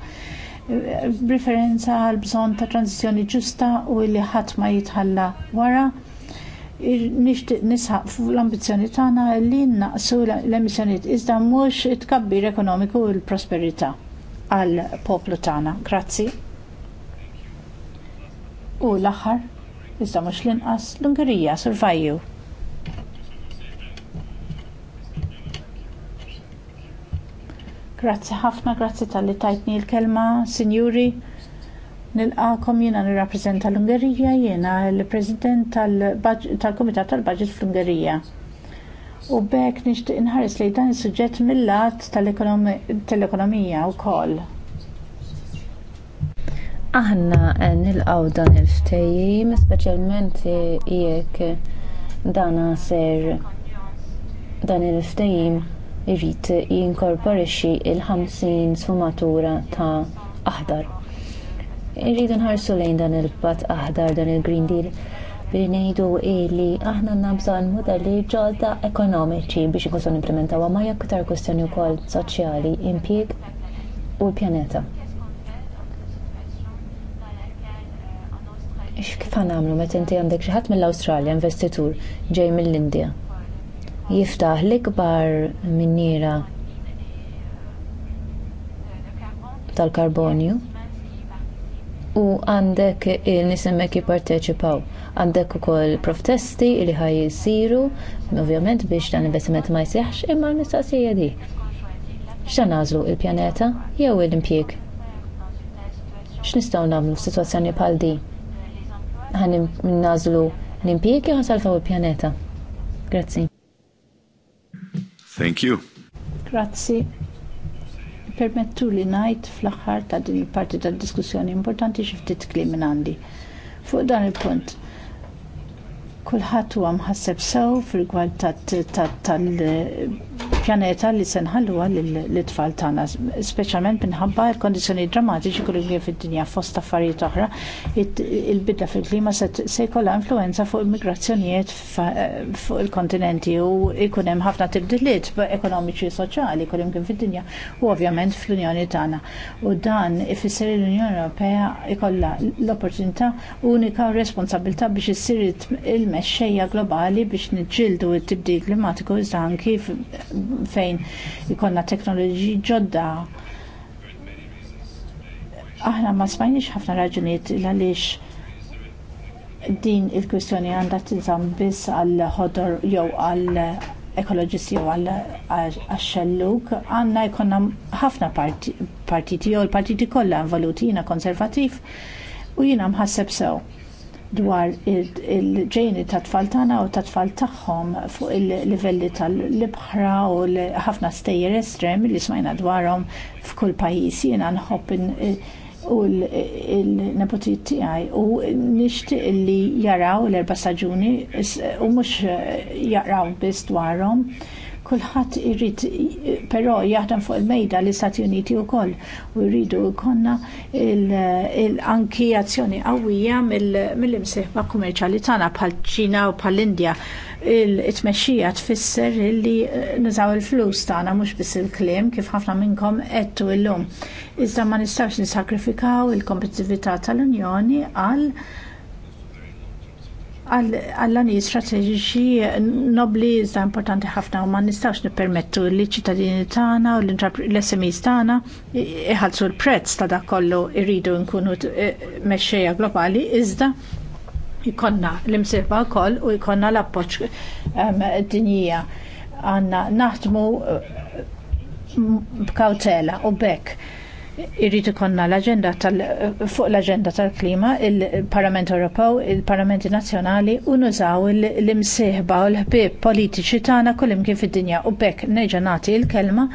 B'riferenza għal bżonn ta' tranzizjoni ġusta u li ħadd ma jitħalla wara nixtieq nisħaq l-ambizzjoni tagħna li naqsu l-emissjonijiet iżda mhux it-tkabbir ekonomiku u l-prosperità għal poplu tagħna. Grazzi. U l-aħħar, iżda mhux l-inqas l-Ungerija survajju. Grazzi ħafna, grazzi tal-li tajtni l-kelma, Sinjuri. Nilqakom jiena nirrappreżenta l-Ungerija, jiena l-President tal-Kumitat tal-Baġit fl-Ungerija. U bekk nixtieq inħares li dan is-suġġett mill-lat tal-ekonomija wkoll. Aħna eh, nilqaw dan il-ftejjim, speċjalment jekk dan ser dan il-ftejjim irrid jinkorporixxi il ħamsin sfumatura ta' aħdar Irridu nħarsu lejn dan il-bat aħdar dan il-Green Deal billi nejdu li aħna nabżon modelli ġolda ekonomiċi biex ikun implementaw ma jaktar kwestjoni wkoll soċjali, impjieg u l-pjaneta. X'kif għamlu meta inti għandek xi ħadd mill-Awstralja investitur ġej mill-Indja. Jiftaħ l-ikbar minnira tal-karbonju u għandek il-nis hemmhekk jipparteċipaw. Għandek ukoll protesti li ħaj jisiru, ovvjament biex dan investiment ma jisiħx imma l-mistaqsija di. X'ta nażlu il-pjaneta jew il impjeg X'nistgħu nagħmlu f'sitwazzjoni bħal di? Ħan nażlu l impjeg jew nsalfaw il-pjaneta? Grazzi. Thank you. Grazzi permettu li ngħid fl-aħħar ta' din il-parti tad-diskussjoni importanti xi ftit kliem minn għandi. Fuq dan il-punt, kulħadd huwa mħasseb sew fil-gwalt tal pjaneta li se nħalluha l-tfal tagħna, speċjalment minħabba l-kondizzjoni drammatiċi kull kien fid-dinja fost affarijiet oħra, il-bidla fil-klima se jkollha influenza fuq il-migrazzjonijiet fuq il-kontinenti u jkun hemm ħafna tibdiliet ekonomiċi u soċjali kull kien fid-dinja u ovvjament fl-Unjoni tagħna. U dan ifisser l-Unjoni Ewropea jkollha l-opportunità unika u responsabilità biex issir il-mexxejja globali biex niġġieldu t-tibdil klimatiku iżda anki fejn ikonna teknoloġi ġodda. Aħna ma smajniex ħafna raġunijiet għaliex din il-kwistjoni għandha tinżam biss għal ħodor jew għal ekoloġisti jew għal xelluk għandna jkollna ħafna partiti jew l-partiti kollha involuti jiena konservattiv u jiena mħasseb sew dwar il-ġejni ta' tfal tagħna u ta' tfal tagħhom fuq il-livelli tal-libħra u ħafna stejjer estrem li smajna dwarhom f'kull pajjiż jiena nħobb u l nepoti tiegħi u nixtieq li jaraw l-erba' staġuni u mhux jaqraw biss dwarhom Kulħadd irid però jaħdem fuq il-mejda l-Istati Uniti wkoll u jridu jkollna anki azzjoni qawwija mill-imsieħba kummerċjali tagħna bħal ċina u bħal Indja il-tmexxija tfisser li eh, nużaw il-flus tagħna mhux biss il-kliem kif ħafna minnkom qedtu illum. Iżda ma nistgħux nisakrifikaw il-kompetitività tal-Unjoni għal għalla ni strateġiċi nobli iżda importanti ħafna u ma nistax nipermettu li ċittadini tagħna u l-SMEs tagħna iħallsu l-prezz ta' dak kollu irridu nkunu e, mexxejja globali iżda jkollna l-imsirba wkoll u jkollna l-appoġġ ehm, dinjija għandna naħdmu b'kawtela u bekk irrid ikonna l-aġenda tal fuq l-aġenda tal-klima il-Parlament Ewropew, il-Parlamenti Nazzjonali u nużaw l-imsieħba u l-ħbieb politiċi tagħna kif fid-dinja u bekk neġanati nagħti l-kelma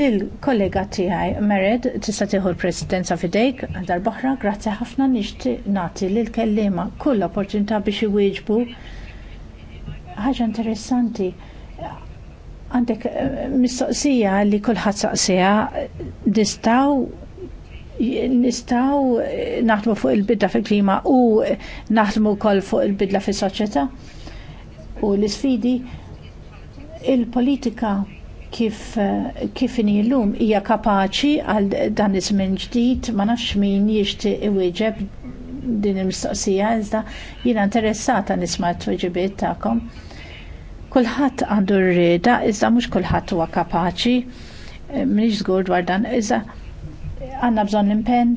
lil kollega tiegħi Mered tista' tieħu l-Presidenza fidejk għal darb'oħra, grazzi ħafna nixtieq nagħti lill kelliema kull opportunità biex iwieġbu ħaġa interessanti Għandek eh, mistoqsija li kullħat saqsija distaw nistaw eh, naħdmu fuq il-bidla fil-klima u eh, naħdmu kol fuq il-bidla fil soċjetà u l-sfidi il-politika kif kif l-lum hija kapaċi għal dan iż-żmien ġdid ma nafx min jixtieq iwieġeb din il-mistoqsija iżda jiena interessata nisma' t-tweġibiet tagħkom. Kulħadd għandu rrieda, iżda mhux kulħadd huwa kapaċi, eh, m'iniex żgur dwar dan, iżda għandna bżonn impenn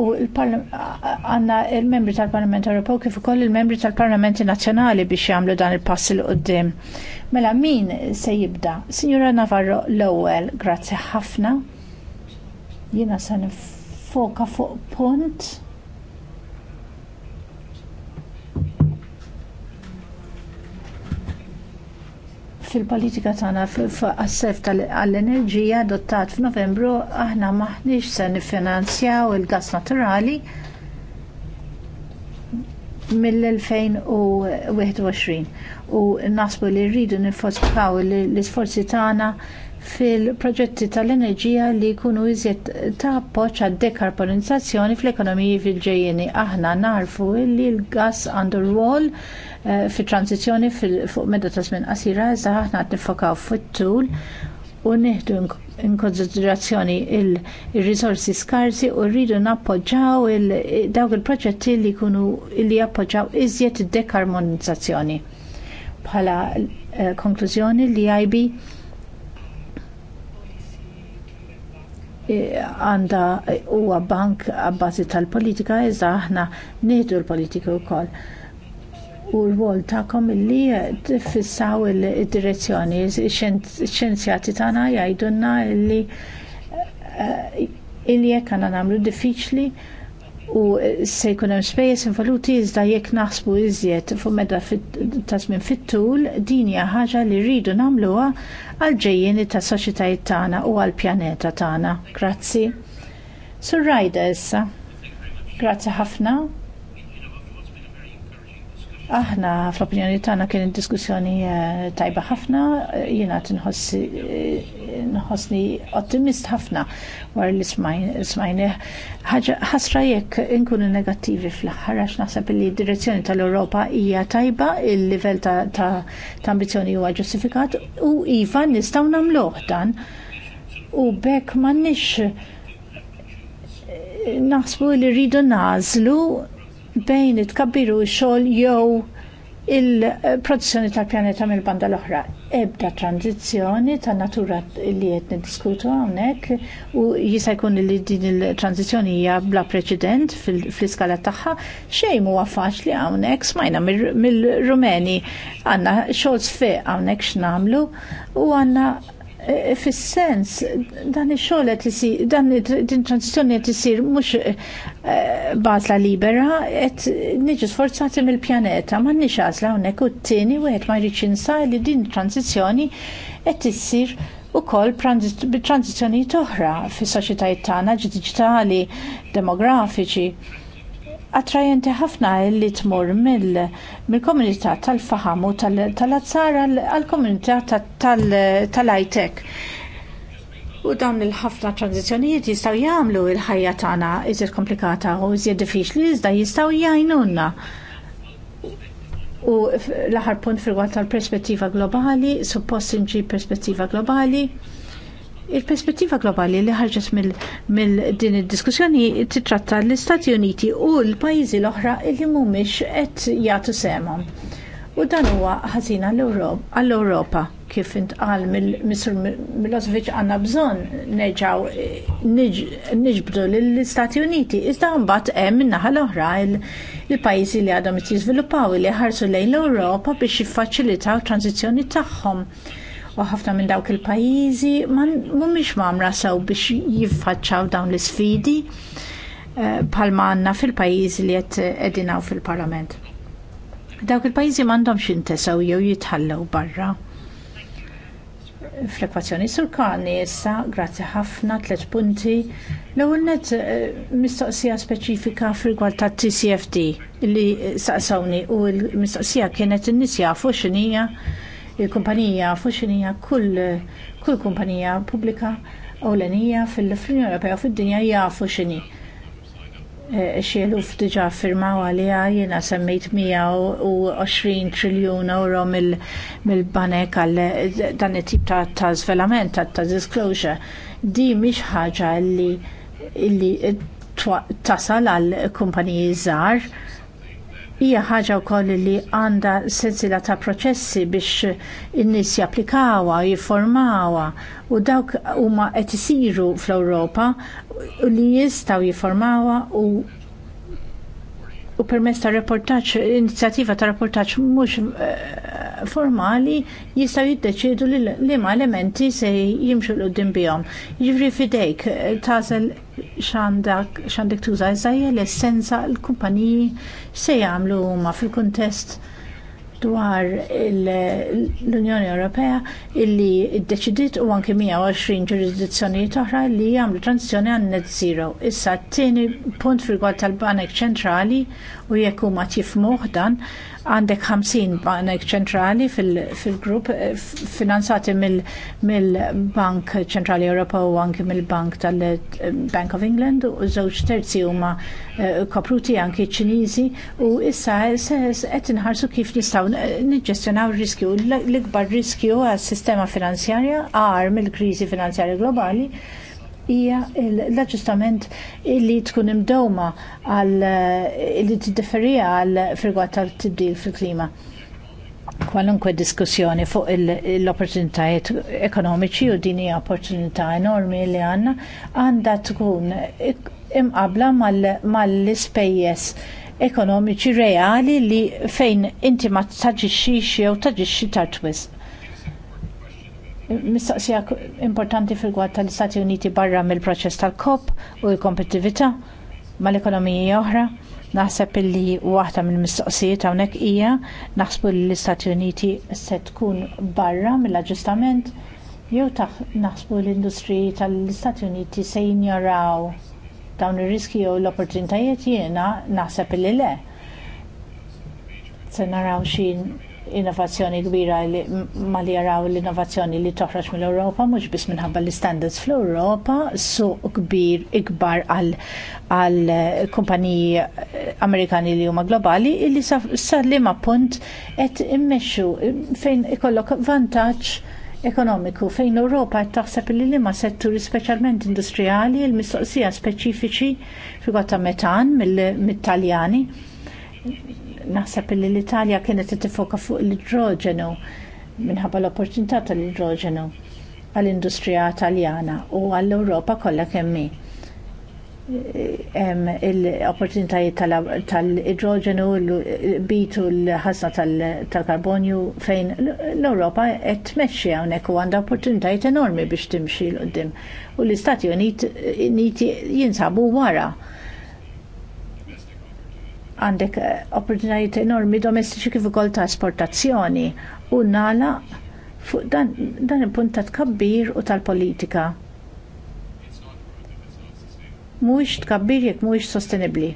u għanna il-membri tal-Parlament Ewropew kif ukoll il-membri tal-Parlamenti Nazzjonali biex jagħmlu dan il-pass il qoddim Mela min se jibda? Signora Navarro l-ewwel, grazzi ħafna. Jiena se nifoka fuq punt fil-politika tagħna f'assess għall-enerġija adottat f'Novembru aħna maħniex se niffinanzjaw il-gas naturali mill-2021 u nasbu li rridu nifosbħaw l-isforzi tagħna fil-proġetti tal-enerġija li jkunu iżjed ta' appoġġ għad dekarbonizzazzjoni fl-ekonomiji fil-ġejjeni. Aħna narfu li l-gas għandu rwol Eh, fit tranzizjoni fuq medda ta' żmien qasira, iżda aħna qed nifokaw fit-tul u nieħdu inkonsiderazzjoni il-risorsi skarsi u rridu nappoġġaw dawk il-proġetti li jkunu li jappoġġaw iżjed id-dekarmonizzazzjoni. Bħala eh, konklużjoni li IB eh, għanda huwa bank għabbażi tal-politika iżda aħna nieħdu l-politika wkoll u l wol tagħkom illi fissaw il-direzzjoni. Xenzjati tagħna jgħidulna illi eh, illi jekk għandna nagħmlu diffiċli u se jkun hemm spejjeż involuti iżda jekk naħsbu iżjed fuq meta ta' żmien fit-tul din hija ħaġa li rridu nagħmluha għall ġejjieni tas soċjetajiet tagħna u għall pjaneta tagħna. Grazzi. Sur rajda issa. Grazzi ħafna. Aħna, fl-opinjoni tagħna kien diskussjoni eh, tajba ħafna, jiena eh, nħossni ottimist ħafna wara li smajni. Ħasra jekk inkunu negattivi fl-aħħar għax naħseb li d-direzzjoni tal-Ewropa hija tajba, il-livell ta' ambizzjoni huwa ġustifikat u iva nistgħu nagħmluh dan. U bekk m'għandniex eh, naħsbu li rridu nażlu bejn it-kabbiru xogħol jew il-produzzjoni tal-pjaneta mill-banda l-oħra. Ebda tranzizjoni ta' natura li qed niddiskutu hawnhekk u jista' jkun li din il-tranzizjoni hija bla preċedent fl-iskala tagħha xejn huwa faċli hawnhekk smajna mill-Rumeni għandna xogħol sfeq hawnhekk x'namlu u għandna Eh, fis-sens dan ix-xogħol qed isir dan din transizzjoni qed isir mhux għażla eh, libera qed niġu sforzati mill-pjaneta m'għandniex għażla hawnhekk u t-tieni wieħed ma jridx insar li din transizzjoni qed issir ukoll bit-transizzjonijiet oħra fis-soċjetajiet tagħna ġi diġitali, demografiċi attrajenti ħafna li tmur mill-komunità mil tal-faham u tal-azzar tal faham u tal azzar tal-ajtek. u dawn il-ħafna tranzizjonijiet jistaw jagħmlu il-ħajja tagħna iżjed komplikata u iżjed diffiċli iżda jistaw jgħinunna. U l-aħħar punt fil tal-perspettiva globali, suppost inġi perspettiva globali, Il-perspettiva globali li ħarġet mill-din id-diskussjoni titratta l-Istati Uniti u l-pajjiżi l-oħra li mhumiex qed jagħtu semhom. U dan huwa ħażin għall-Ewropa kif intqal mill-Misr Milosevic għandna bżonn neġgħu niġbdu lill-Istati Uniti. Iżda mbagħad hemm min-naħa l-oħra l pajjiżi li għadhom jiżviluppaw li ħarsu lejn l-Ewropa biex jiffaċilitaw tranzizzjoni tagħhom u ħafna minn dawk il-pajjiżi mhumiex mamra sew biex jiffaċċaw dawn l-isfidi eh, bħalma għandna fil-pajjiżi li qed edinaw fil-Parlament. Dawk il-pajjiżi m'għandhomx jintesew jew jitħallew barra fl-ekwazzjoni surkani issa, grazzi ħafna, tliet punti. L-ewwel net eh, mistoqsija speċifika fil tat TCFD li saqsawni u l-mistoqsija kienet in-nies jafu x'inhija il-kumpanija fuxinija kull kull kumpanija pubblika ewlenija fil-Unjoni Ewropea fid-dinja jafu e, x'inhi. diġa' f'diġa firmaw għalija jena semmejt 120 triljun euro mill-banek għal dan it-tip ta' zvelament, ta' disclosure. Di miex ħaġa li tasal għal kumpaniji żgħar hija ħaġa koll li għandha sezzila ta' proċessi biex in-nies japplikawha, jifformawha u dawk huma qed isiru fl-Ewropa li jistgħu jifformawha u u permess ta' reportaċ, inizjattiva ta' reportaċ mhux eh, formali jista' jiddeċidu li, li ma' elementi se jimxu l uddin bijom. Ġifri fidejk, eh, tażel xandek tuża eżajja l-essenza l-kumpaniji se jagħmlu huma fil-kuntest dwar l-Unjoni Ewropea illi ddeċidiet u anke 120 ġurisdizzjoni oħra li jagħmlu transizjoni għan net zero. Issa t-tieni punt fil tal-Banek Ċentrali u jekk huma tifmuh dan għandek 50 banek ċentrali fil-grupp eh, finanzati mill-Bank ċentrali Ewropa u anki mill-Bank tal-Bank eh, of England u żewġ terzi huma eh, kopruti anki ċiniżi u issa qed inħarsu kif nistgħu niġġestjonaw riskju l-ikbar riskju għas-sistema finanzjarja għar mill-kriżi finanzjarja globali hija l-aġġustament li tkun imdowma għal li tiddiferija għal frigwat tal-tibdil fil-klima. Kwalunkwe diskussjoni fuq l-opportunitajiet ekonomiċi u din hija opportunità enormi li għandna għandha tkun imqabla mal-ispejjeż ekonomiċi reali li fejn inti ma taġixxix jew taġixxi tartwis mistaqsija importanti fil-gwad tal-Istati Uniti barra mill-proċess tal-COP u l-kompetitività mal-ekonomija oħra. Naħseb illi waħda mill-mistoqsijiet hawnhekk hija naħsbu li l-Istati Uniti se tkun barra mill-aġġustament jew naħsbu l-industriji tal-Istati Uniti se jinjoraw dawn ir-riski jew l-opportunitajiet jiena naħseb illi le se naraw xi innovazzjoni kbira li ma li jaraw l-innovazzjoni li toħroġ mill-Ewropa mhux biss minħabba l-standards fl-Ewropa suq kbir ikbar għal għal kumpaniji eh, Amerikani li huma globali li ma punt qed immexxu fejn ikollok vantaġġ ekonomiku fejn Ewropa qed taħseb li liema setturi speċjalment industrijali l-mistoqsija speċifiċi fil ta' metan mill-Taljani naħseb li l-Italja kienet tifoka fuq l-idroġenu minħabba l-opportunità tal-idroġenu għall-industrija taljana u għall-Ewropa kollha kemm hemm l-opportunitajiet tal-idroġenu bitu l-ħasna tal-karbonju fejn l-Ewropa qed tmexxi hawnhekk u għandha opportunitajiet enormi biex timxi l qudiem u l-Istati Uniti jinsabu wara għandek eh, opportunajiet enormi domestiċi kif ukoll ta' esportazzjoni u nala fuq dan, dan il-punt ta' tkabbir u tal-politika. Mhuwiex tkabbir jekk mhuwiex sostenibbli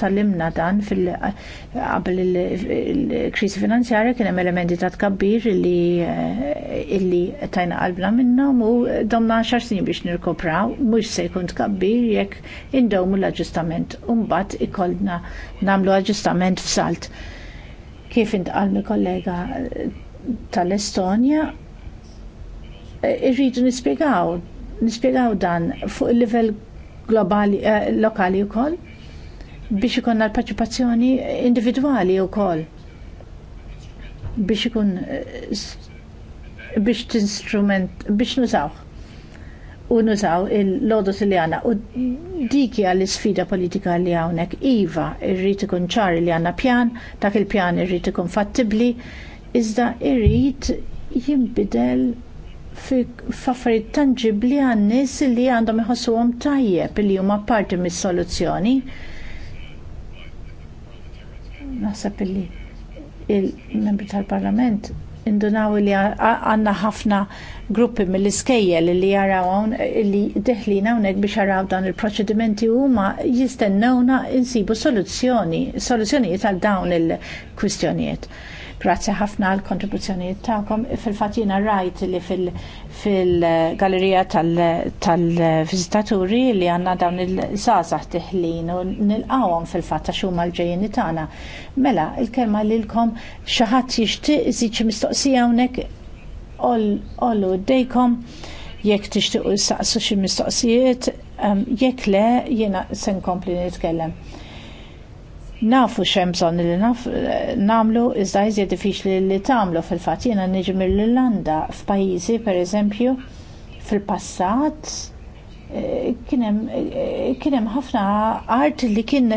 tal imna dan fil-qabel il-kriżi finanzjarja kien hemm elementi ta' tkabbir eh, illi tajna qalbna minnhom u domna xar snin biex nirkopraw mhux se jkun tkabbir jekk indowmu l-aġġustament u mbagħad ikollna nagħmlu aġġustament f'salt. Kif intqal kollega tal-Estonja eh, irridu nispjegaw nispjegaw dan fuq il-livell globali, eh, lokali u koll, biex ikonna l-parċipazzjoni individwali wkoll biex ikun eh, biex t-instrument, biex nużaw u nużaw il lodos li għanna. u diki għall sfida politika li għawnek Iva irrit ikun ċar li għanna pjan, dak il-pjan irrit ikun fattibli, iżda irrit jimbidel f'affarijiet tangibli għan-nies li għandhom iħossuhom tajjeb li huma parti mis-soluzzjoni naħseb illi il-membri tal-parlament indunaw li għanna ħafna gruppi mill-iskejjel li jaraw li deħlin hawnhekk biex jaraw dan il-proċedimenti huma jistennewna insibu soluzzjoni, soluzzjonijiet għal dawn il-kwistjonijiet. Grazzi ħafna għal kontribuzzjoni ta'kom. Fil-fatina rajt li fil-gallerija tal-vizitaturi li għanna dawn il-żazax tiħlin u nil-qawom fil ta' xumma l-ġejjeni tagħna. Mela, il-kelma lilkom xaħat jixtieq iżid xi mistoqsija hawnhekk ollu dejkom jekk tixtiequ saqsu xi mistoqsijiet, jekk le jiena se nkompli nitkellem nafu xem bżon li nagħmlu iżda jżied diffiċli li tagħmlu fil-fatt jiena niġi mill-Irlanda f'pajjiżi pereżempju fil-passat eh, eh, kien hemm ħafna art li kien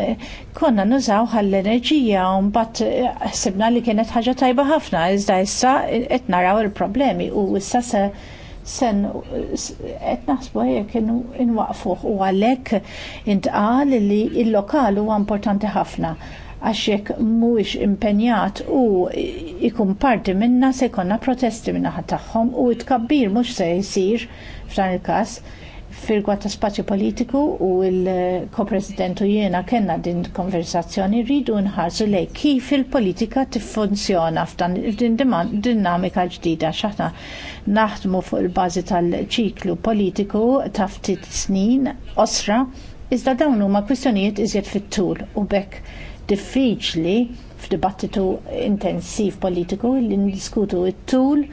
konna nużaw għall-enerġija u mbagħad eh, ħsibna li kienet ħaġa tajba ħafna iżda issa qed naraw il-problemi u issa se sen qed naħsbu jekk inwaqfuh u għalhekk intqal li l-lokal huwa importanti ħafna għax jekk mhuwiex impenjat u ikun parti minna se jkollna protesti minna tagħhom u tkabbir mhux se jsir f'dan il-każ firgwa ta' spazju politiku u il-ko-presidentu jena kena din konversazzjoni rridu nħarsu lej kif il-politika tiffunzjona f'dan dinamika ġdida xaħna naħdmu fuq il-bazi tal-ċiklu politiku ta' ftit snin osra iżda dawn huma kwistjonijiet iżjed fit-tul u bekk diffiċli f'dibattitu intensiv politiku li ndiskutu it-tul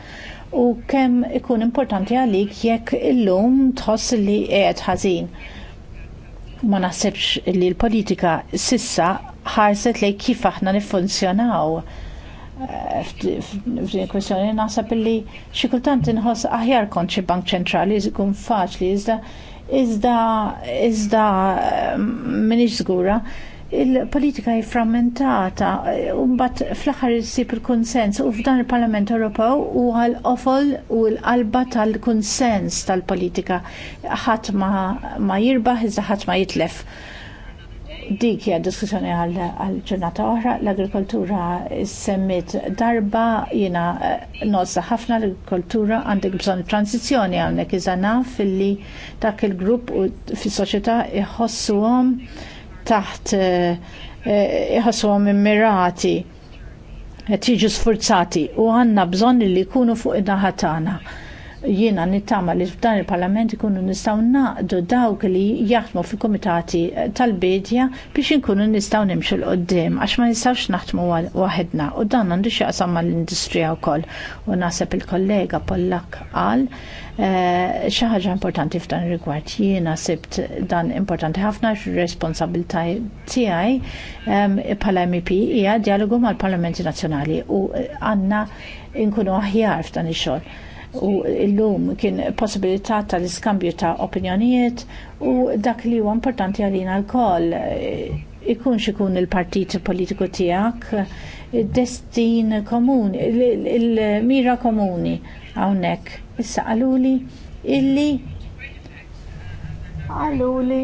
u kemm ikun importanti għalik jekk illum tħoss li qiegħed ħażin. Ma naħsibx li l-politika sissa ħarset lejn kif aħna niffunzjonaw. Eh, f'din kwestjoni naħseb li xi kultant inħoss aħjar kont xi bank ċentrali jkun faċli iżda iżda iżda eh, minix żgura il-politika jiframmentata, frammentata eh, mbagħad fl-aħħar issib il-konsens u f'dan il-Parlament Ewropew huwa l-ofol u l-qalba tal-konsens tal-politika ħadd ma jirbaħ iżda ħadd ma jitlef dik hija diskussjoni għal ġurnata oħra, l-agrikoltura semmit darba jiena eh, nozza ħafna l-agrikoltura għandek bżonn transizjoni hawnhekk iżda naf li dak il-grupp u fis-soċjetà iħossuhom taħt eh, eh, iħossom immirati qed sfurzati u għandna bżon li jkunu fuq id naħatana jiena nittama li f'dan il-Parlament ikunu nistgħu naqdu dawk li jaħdmu fil-kumitati eh, tal-bidja biex inkunu nistgħu nimxu l qoddim għax ma nistawx naħdmu waħedna u dan għandu xi mal-industrija wkoll u naħseb il-kollega Pollak qal eh, xi ħaġa importanti f'dan rigward jiena sibt dan importanti ħafna responsabilità tiegħi bħala MEP hija dialogu mal-Parlamenti Nazzjonali u eh, għandna inkunu aħjar f'dan ix-xogħol u llum kien possibilità tal-iskambju ta' opinjonijiet u dak li huwa importanti għalina l-koll ikun xikun il-partit politiku tiegħek destin komuni, il-mira komuni hawnhekk. Issa għaluli illi għaluli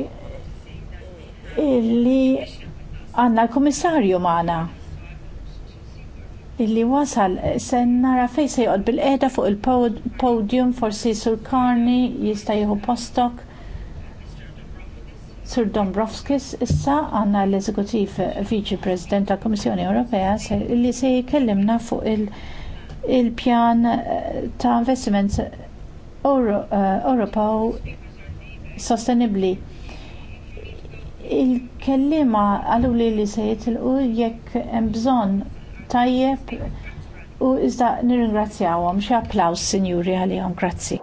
illi għanna l-komissarju maħna illi wasal eh, se nara fejn se joqgħod bil-qeda fuq il-podium forsi sur Karni jista' jieħu postok. Sur Dombrovskis issa għandna l-Eżekutiv Viċi President tal Kummissjoni Ewropea li se jkellimna fuq il-pjan il eh, ta' investiment Ewropew eh, sostenibbli. Il-kellima għalu li li se jitilqu jekk hemm bżonn tajjeb u iżda nirringrazzjawhom xi applaws sinjuri għalihom grazzi.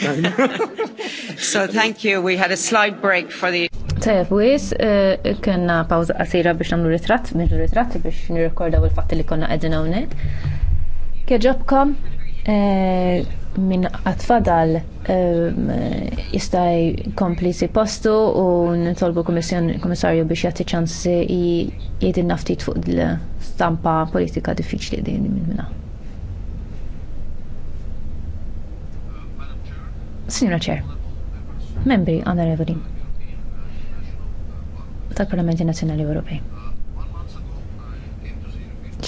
long so thank you. We had a slight break for the Tajab, wis, eh, kena pawza qasira biex namlu ritratt, minnu ritratt biex nirrekordaw il-fatt li konna għedin hawnhekk. Kieġobkom eh, minn għatfadal eh, jistaj kompli si postu u nitolbu komissarju biex jagħti ċans jedin naftit fuq l-stampa politika diffiċli din minna. Signora Chair, membri onorevoli tal-Parlamenti Nazzjonali Ewropej.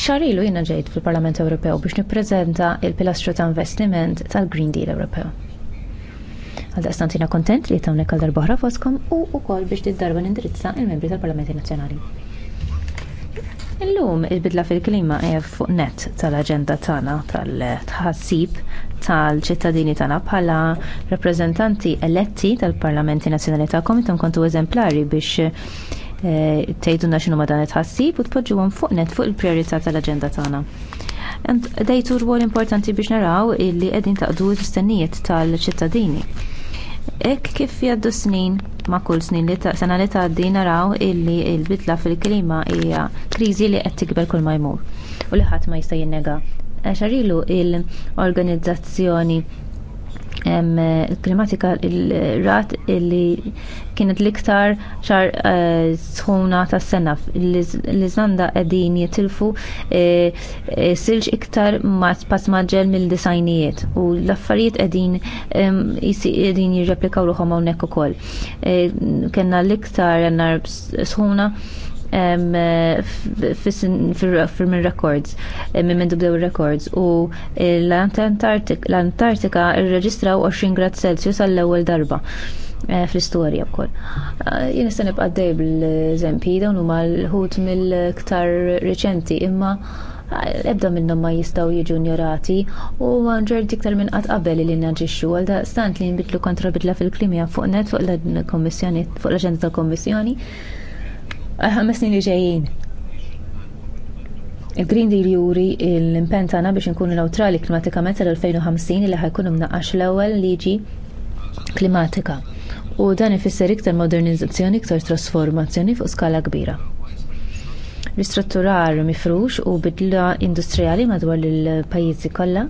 Xarilu jina ġejt fil-Parlament Ewropew biex nippreżenta il-pilastru ta' investiment tal-Green Deal Ewropew. għal kontent li ta' unek għal-darbohra foskom u u kol biex tiddarba nindirizza il-membri tal-Parlamenti Nazzjonali. Illum il-bidla fil-klima hija fuq net tal-aġenda tagħna tal-tħassib tal-ċittadini tagħna bħala rappreżentanti eletti tal-Parlamenti Nazzjonali tagħkom intom kontu eżemplari biex eh, tgħidulna x'inhu ma dan it-ħassib u tpoġġuhom fuq net fuq il-prijorità tal-aġenda tagħna. Dejtu rwol importanti biex naraw illi qegħdin taqdu l-istennijiet tal-ċittadini. Hekk kif jgħaddu snin ma' kull snin li ta' sena li tgħaddi naraw illi l-bidla fil-klima hija kriżi li qed tikber kull ma jmur u li ħadd ma jista' jinnega. Għax ilu l-organizzazzjoni il-klimatika il-rat li kienet l-iktar xar eh, sħuna ta' sena l-Iżlanda qegħdin jitilfu eh, eh, silġ iktar pass maġġel mill-disajnijiet u l-affarijiet qegħdin qegħdin jirreplikaw ruħhom hawnhekk ukoll. kol l-iktar nar sħuna Eh, fil records eh, minn mendu bdew records u eh, l-Antartika irreġistraw 20 grad Celsius għall-ewwel darba fl-istorja wkoll. Jien nista' nibqa' dej bl-eżempji dawn huma l-ħut mill-iktar riċenti imma ebda minnhom ma jistgħu jiġu njorati u ġerd iktar minn qatt qabel li naġixxu għal daqstant li nbidlu kontra bidla fil klimija fuq net fuq l komissjoni fuq l-Aġenda tal-Kommissjoni ħames snin li ġejjin. Il-Green Deal juri l-impen tagħna biex inkunu neutrali klimatikament sal-2050 li ħajkun imnaqqax l-ewwel liġi klimatika. U dan ifisser iktar modernizzazzjoni, iktar trasformazzjoni fuq skala kbira. Ristrutturar mifrux u bidla industrijali madwar il-pajjiżi kollha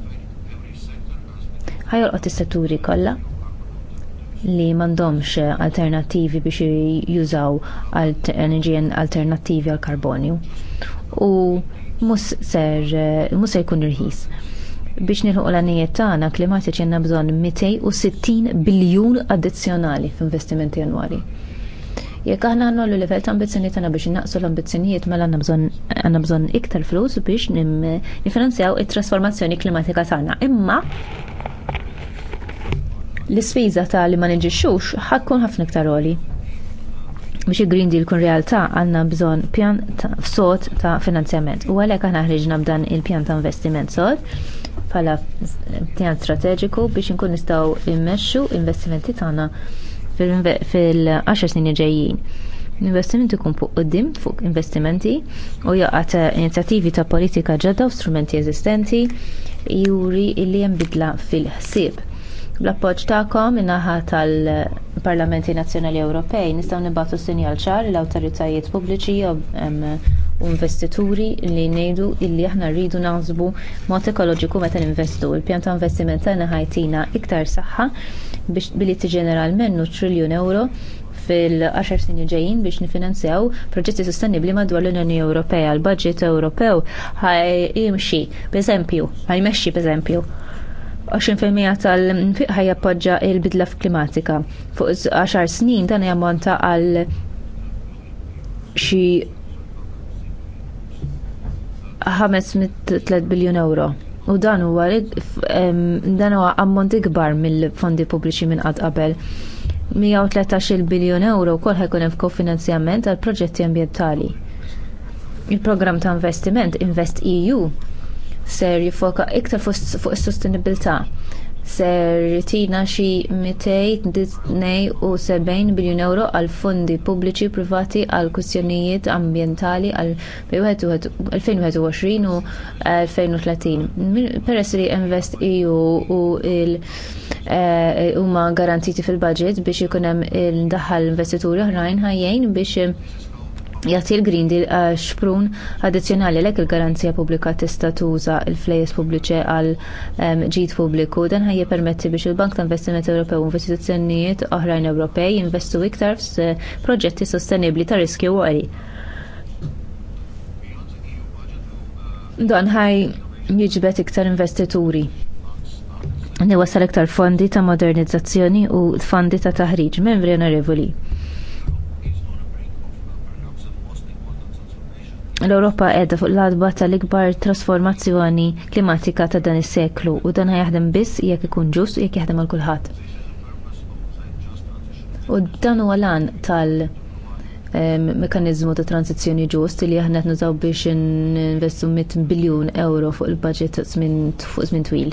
ħajolqot is-setturi kollha li m'għandhomx alternattivi biex jużaw enerġija alternattivi għall karbonju u mhux se jkun irħis biex nilħuq l-għanijiet tagħna klimatiċi għandna bżonn 260 biljun addizzjonali f'investimenti annwali. Jekk aħna għandna l-livell ta' ambizzjoni tagħna biex innaqsu l-ambizzjonijiet mela għandna bżonn iktar flus biex nifinanzjaw it-trasformazzjoni klimatika tagħna. Imma l-ispiża ta' li ma neġixxux ħakkun ħafna iktar oli. Biex il-Green Deal kun realtà għandna bżonn pjan sod ta' finanzjament. U għalhekk għana ħriġna b'dan il-pjan ta' investiment sod bħala pjan strateġiku biex inkun nistaw immexxu investimenti tagħna fil-10 snin ġejjin. L-investiment ikun fuq qoddim fuq investimenti u jaqgħet inizjattivi ta' politika ġodda u strumenti eżistenti juri li hemm bidla fil-ħsieb Bl-appoġġ tagħkom in-naħa tal-Parlamenti Nazzjonali Ewropej nistgħu nibgħatu sinjal ċar l-awtoritajiet pubbliċi jew investituri li ngħidu illi aħna rridu naħsbu mod ekoloġiku meta ninvestu. Il-pjan ta' investiment tagħna ħajtina iktar saħħa biex billi tiġenera almenu triljun euro fil-10 snin ġejjin biex nifinanzjaw proġetti sostenibbli madwar l-Unjoni Ewropea. L-budget Ewropew ħaj jimxi, per eżempju, ħajmexxi per eżempju, 20% tal-fiqħa jappoġġa il-bidla klimatika. Fuq 10 snin dan jammonta għal xi 503 biljun euro. U dan huwa dan huwa ammont ikbar mill-fondi pubbliċi minn qatt qabel. 113 biljun euro wkoll ħajkun hemm kofinanzjament għal proġetti ambjentali. Il-programm ta' investiment Invest EU ser jifoka iktar fuq is-sostenibilità ser tina xi 272 biljun euro għal fondi pubbliċi privati għal kwistjonijiet ambjentali għal 2021 u 2030. Peress li Invest EU u il huma garantiti fil-budget biex ikun hemm il-daħal investituri oħrajn ħajjin biex jagħti l-Green Deal uh, xprun addizzjonali lek il-garanzija pubblika tista' tuża l-flejes pubbliċi għal ehm, ġid pubbliku dan ħaj permetti biex il-Bank ta' Investiment Ewropew u investizzjonijiet oħrajn Ewropej jinvestu iktar f'proġetti eh, sostenibbli ta' riskju għali. Dan ħaj jiġbet iktar investituri niwasal iktar fondi ta' modernizzazzjoni u fondi ta' taħriġ membri onorevoli l-Europa edha fuq l-adba tal-ikbar trasformazzjoni klimatika ta' dan is-seklu u dan jaħdem biss jekk ikun ġust jekk jaħdem għal kulħadd. U dan huwa lan tal- mekanizmu ta' transizzjoni ġust li aħna qed nużaw biex investu 100 biljun euro fuq il-budget fuq żmien twil.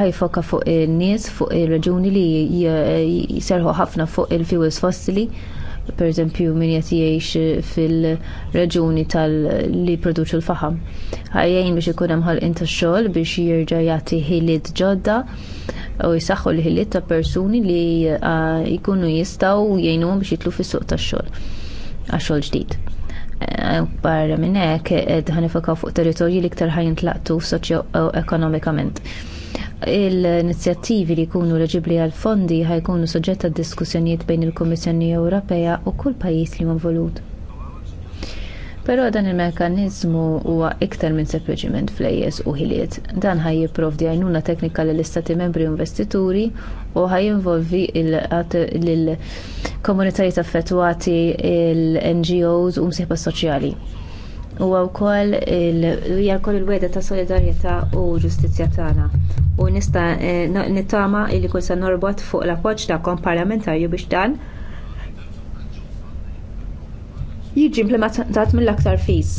Ħajfoka fuq in-nies, fuq ir-raġuni li jserħu ħafna fuq il-fuels fossili per eżempju min qed jgħix fil-reġuni tal li produċu l-faħam. Ħajjejn biex ikun hemm ħolqien tax-xogħol biex jirġa' jagħti ħiliet ġodda u jsaħħu l-ħiliet ta' persuni li jkunu jistgħu jgħinuhom biex jitlu fis-suq tax-xogħol għax-xogħol ġdid. Eh, barra minn hekk qed eh, ħanifakaw fuq territorji li iktar tlaqtu soċjo-ekonomikament. Eh, Il-inizjattivi li jkunu reġibli għal fondi ħajkunu soġġett għad diskussjonijiet bejn il-Kummissjoni Ewropea u kull pajjiż li involut. Però dan il-mekanizmu huwa iktar minn sempliċiment flejjes u ħiliet. Dan ħaj jipprovdi għajnuna teknika lill istati membri u investituri u ħaj involvi l-komunitajiet affettwati l-NGOs u msieħba soċjali u wkoll il wkoll il-weda ta' solidarjetà u ġustizzja tagħna. U nista' eh, nittama li kull sa norbot fuq l ta' kom parlamentarju biex dan jiġi implementat mill-aktar fis.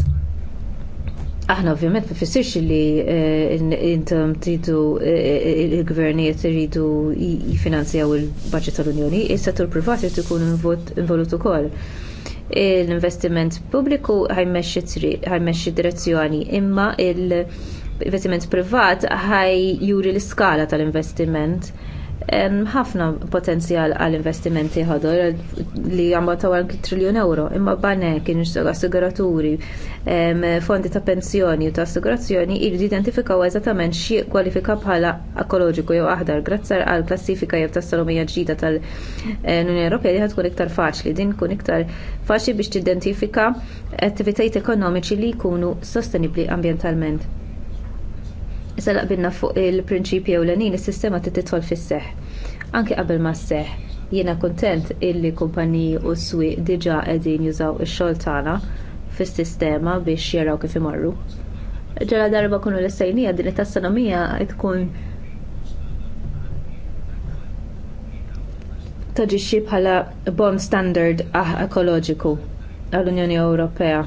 Aħna ovvjament ma fissirx li eh, intom tridu eh, il-gvernijiet iridu jifinanzjaw il-budget tal-Unjoni, is-settur privat irid ikunu involut ukoll l-investiment pubbliku ħajmexxi direzzjoni imma l investiment privat ħaj juri l-iskala tal-investiment ħafna potenzjal għal investimenti ħador li jambotaw għal triljon euro imma banek assiguraturi fondi ta' pensjoni u ta' assigurazzjoni jridu identifikaw eżattament xie kwalifika bħala ekoloġiku jew aħdar grazzar għal klassifika jew tas-salomija ġdida tal-Unjoni Ewropea li ħatkun iktar faċli din kun iktar faċli biex tidentifika attivitajiet ekonomiċi li jkunu sostenibbli ambjentalment. Issa laqbilna fuq il-prinċipju ewlenin is-sistema titħol fis-seħ. Anke qabel ma seħ jiena kuntent illi kumpaniji u s-swieq diġà qegħdin jużaw ix-xogħol tagħna fis-sistema biex jaraw kif imorru. Ġara darba kunu l din it-tassonomija tkun taġixxi bħala bond standard ekoloġiku għall-Unjoni Ewropea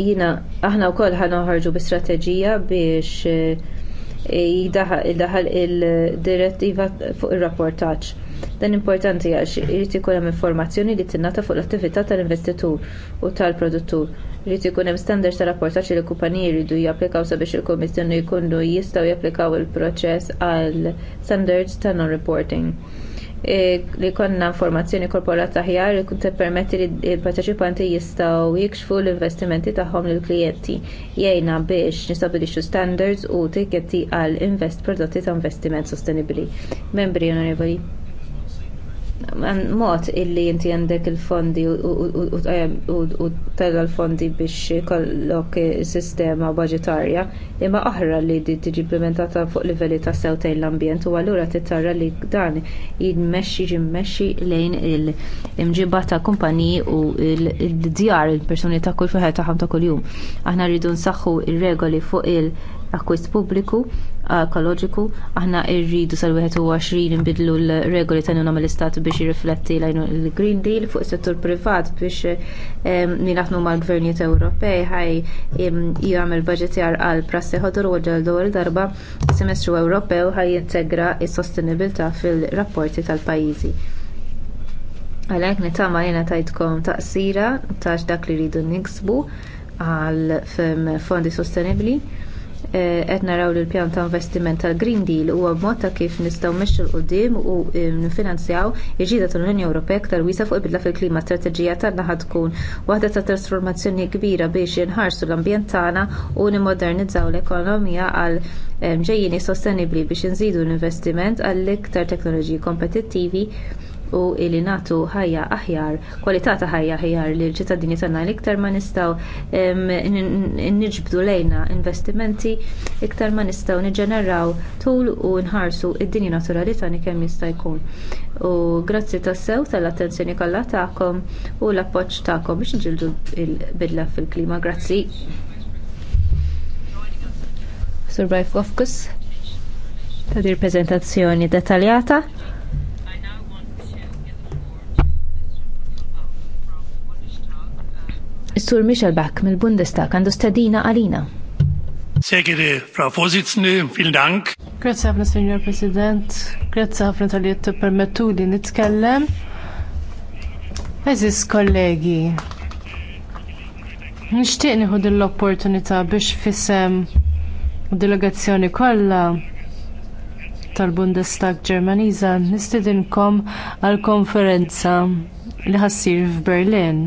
Jina, aħna u koll ħana ħarġu bi-strategija biex eh, jidaħal il-direttiva fuq il-rapportaċ. Dan importanti għax irrit ikun hemm informazzjoni li tinnata fuq l-attività tal-investitur u tal-produttur. Irrit ikun hemm standards ta' rapportaċ li l kumpaniji jridu japplikaw sabiex il kummissjoni jkunu jistgħu japplikaw il-proċess għal standards ta' non-reporting E, li konna informazzjoni korporat aħjar li kunti permetti li l-parteċipanti jistaw jikxfu l-investimenti tagħhom lill klijenti jgħinna biex nistabilixxu standards u tiketti għal invest prodotti ta' investiment sostenibbli. Membri onorevoli, mod illi inti għandek il-fondi u ehm, tella l-fondi biex kollok sistema budgetarja imma oħra li tiġi implementata fuq livelli ta' sew tejn l-ambjent u allura tittara li dan jimexxi mmexxi lejn il-imġiba ta' kumpaniji u l-djar il-persuni ta' kull fil ta' ħam ta' kuljum. Aħna rridu nsaħħu r regoli fuq il- akkwist pubbliku, ekoloġiku, aħna rridu sal-21 nbidlu l-regoli ta' nagħmel l-istat biex jirrifletti l-Green Deal fuq is-settur privat biex nilaħnu mal-gvernijiet Ewropej ħaj budget budgetjar għal prassi ħodur u ġel darba semestru Ewropew ħaj jintegra s-sostenibilità fil-rapporti tal-pajjiżi. Għalek nitama jena tajtkom taqsira taċ dak li rridu niksbu għal fondi sostenibli Eh, qed naraw li l-pjan ta' investiment tal-Green Deal huwa b'mod ta' kif nistgħu mexxu l-qudiem u eh, nfinanzjaw iġida tal-Unjoni Ewropea aktar wiesa fuq il-bidla fil-klima strateġija tagħna ħad tkun waħda ta' trasformazzjoni kbira biex jinħarsu l-ambjent tagħna u nimmodernizzaw l-ekonomija għal eh, ġejjini sostenibbli biex inżidu l-investiment għall-iktar teknoloġiji kompetittivi u li nagħtu ħajja aħjar, kwalità ta' ħajja aħjar li l-ċittadini tagħna l-iktar ma nistgħu niġbdu lejna investimenti, iktar ma nistgħu niġġeneraw tul u nħarsu id-dinja naturali tagħna kemm jista' jkun. U grazzi tassew tal-attenzjoni kollha tagħkom u l-appoġġ tagħkom biex niġildu il-bidla fil-klima. Grazzi. Survive Kofkus, ta' dir prezentazzjoni dettaljata. sur Michel Bach mill-Bundestag għandu stadina għalina. Sehr geehrte Frau Vorsitzende, vielen Dank. Grazie ħafna, Signor President. Grazie ħafna per me tu di nitkellem. Eżis kollegi, nixtieq nieħu din l-opportunità biex fisem delegazzjoni kollha tal-Bundestag Ġermaniża nistidinkom għal konferenza li ħassir f'Berlin.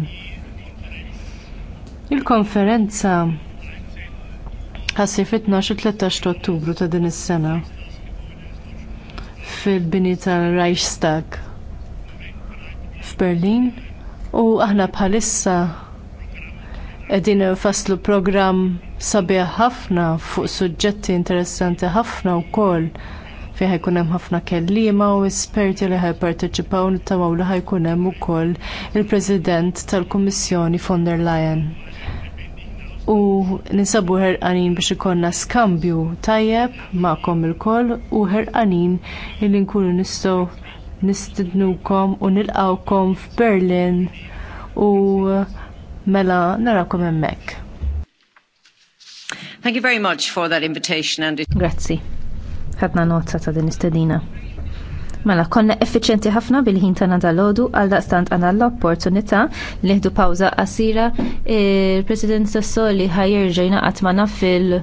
Il-konferenza ħassir fit-12 13 ottubru ta' din is-sena fil-bini tal-Reichstag f'Berlin u aħna bħalissa qegħdin faslu programm sabiħ ħafna fuq suġġetti interessanti ħafna wkoll fejn jkun hemm ħafna kelliema u esperti li ħajparteċipaw nittamaw li jkun hemm ukoll il-President tal-Kummissjoni von der Leyen u ninsabu ħerqanin biex ikonna skambju tajjeb ma'kom il-koll u ħerqanin illi nkunu nistgħu nistidnukom u nilqawkom f'Berlin u mela narakom hemmhekk. Thank you very much for that invitation and Grazzi. Ħadna nozza ta' din istedina. Mela, konna effiċenti ħafna bil-ħin ta' nadal ħodu għal daqstant għandna l-opportunità li ħdu pawża qasira il-President Sassoli ħajjerġa ġejna għatmana fil-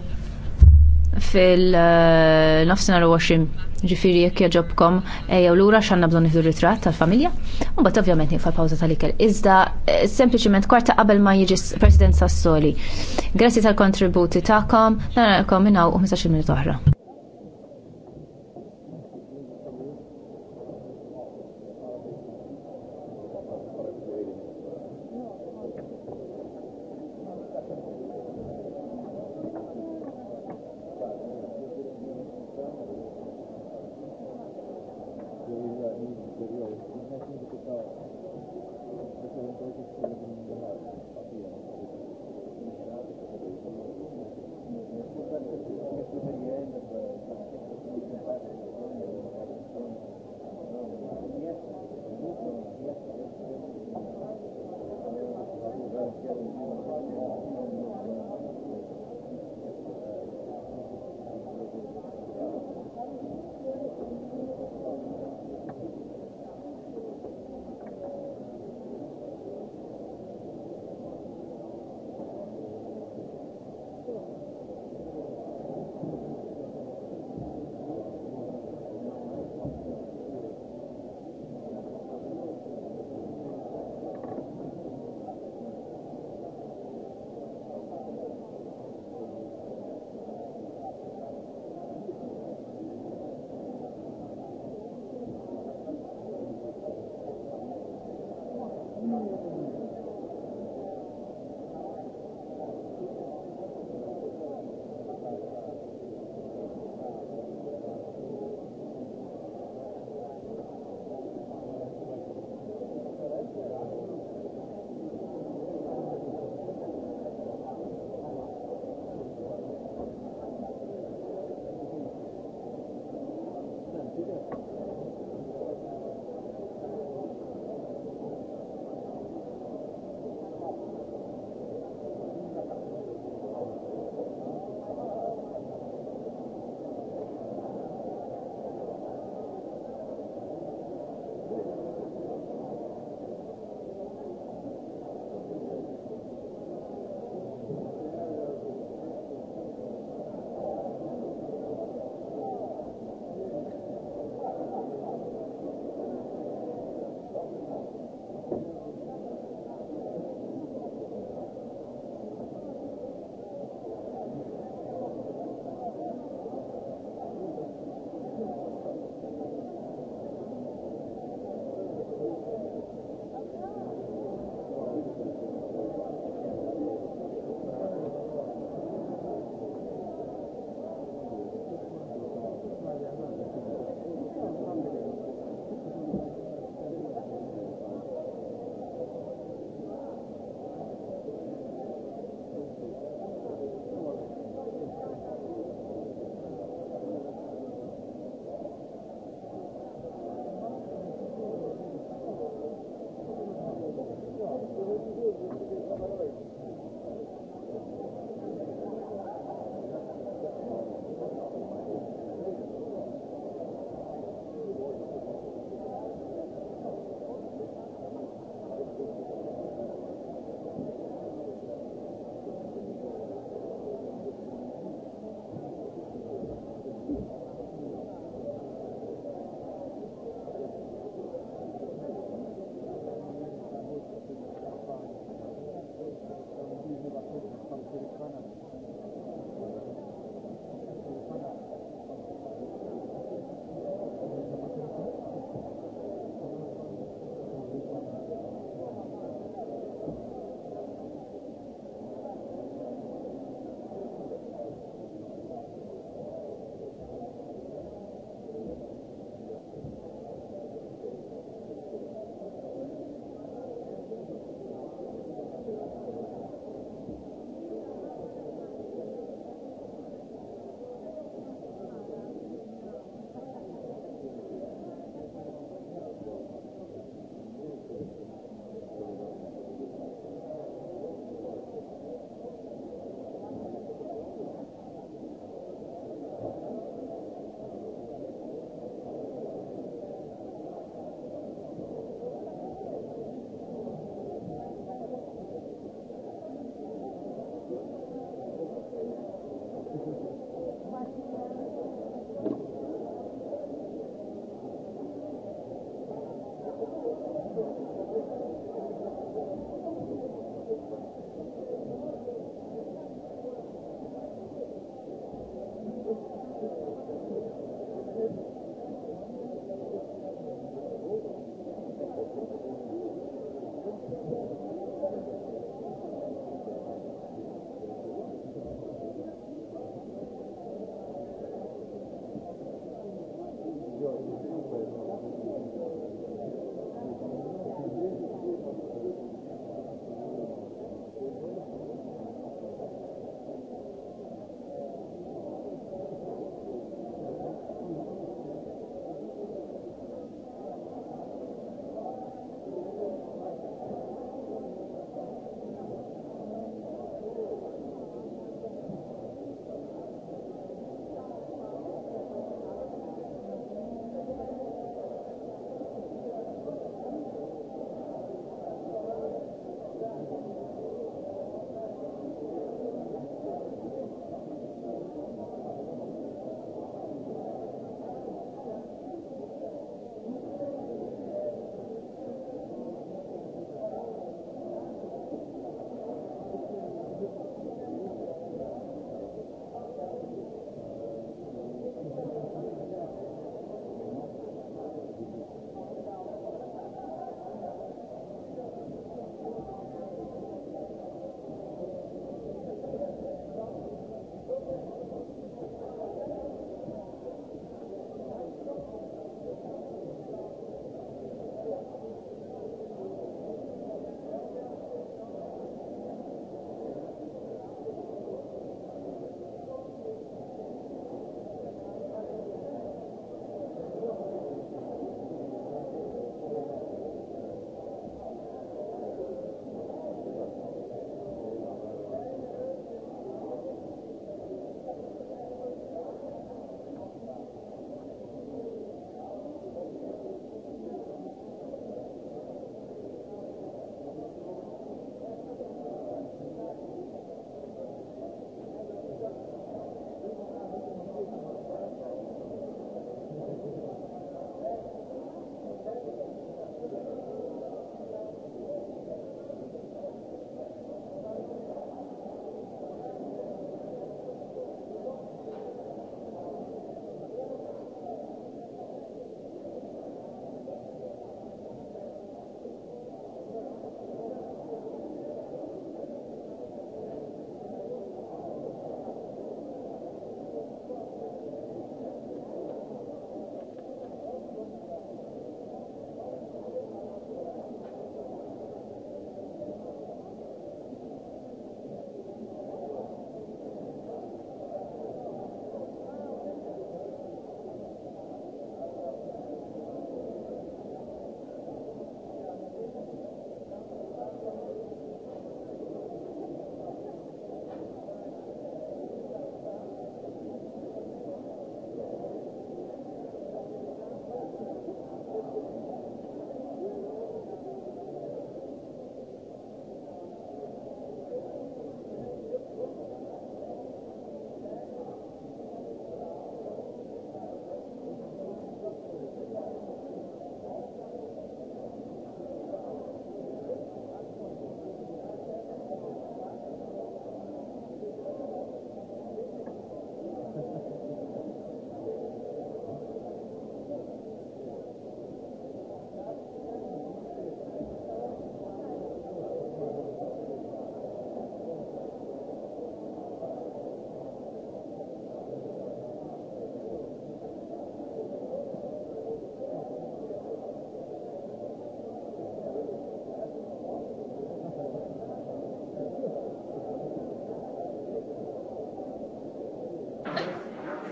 fil-nofsinhar eh, 20 ġifiri jekk jaġobkom ejjew lura x'għandna bżonn nieħdu ritratt tal-familja. U bat ovvjament nieqfa pawża tal-ikel. Iżda eh, sempliciment, kwarta qabel ma jiġi President Sassoli. Grazzi tal-kontributi tagħkom, narakom minnaw 15-il minuta oħra.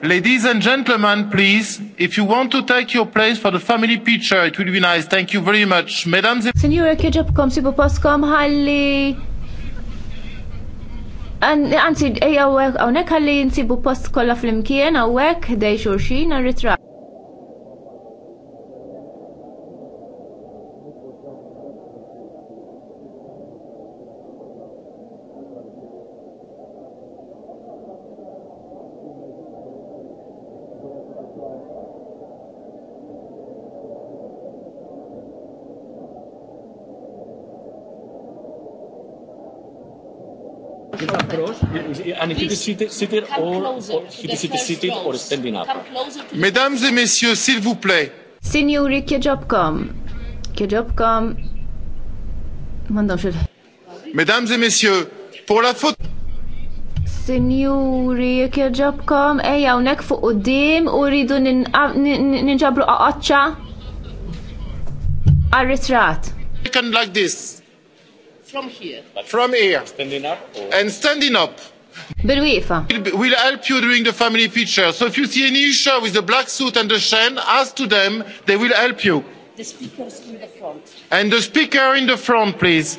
Ladies and gentlemen, please, if you want to take your place for the family picture, it will be nice. Thank you very much. Mesdames et... Signora, si può poskom halli? Anzi, eja għawnek ħalli nsibu post kolla fl-imkien, għawek, dei xurxin, għarritra. can he be seated, or, or he seated, or standing up? Mesdames et messieurs, s'il vous plaît. Signori, kieġobkom. Kieġobkom. Mandomx il Mesdames et messieurs, pour la faute... Signori, kieġobkom. Ejja, unek fuq u dim u rridu ninġabru għaqqa għal Like this. From here. From here. Standing up. And standing up. Bil-wifa. We'll help you during the family picture. So if you see any issue with the black suit and the shen, ask to them, they will help you. The speakers in the front. And the speaker in the front, please.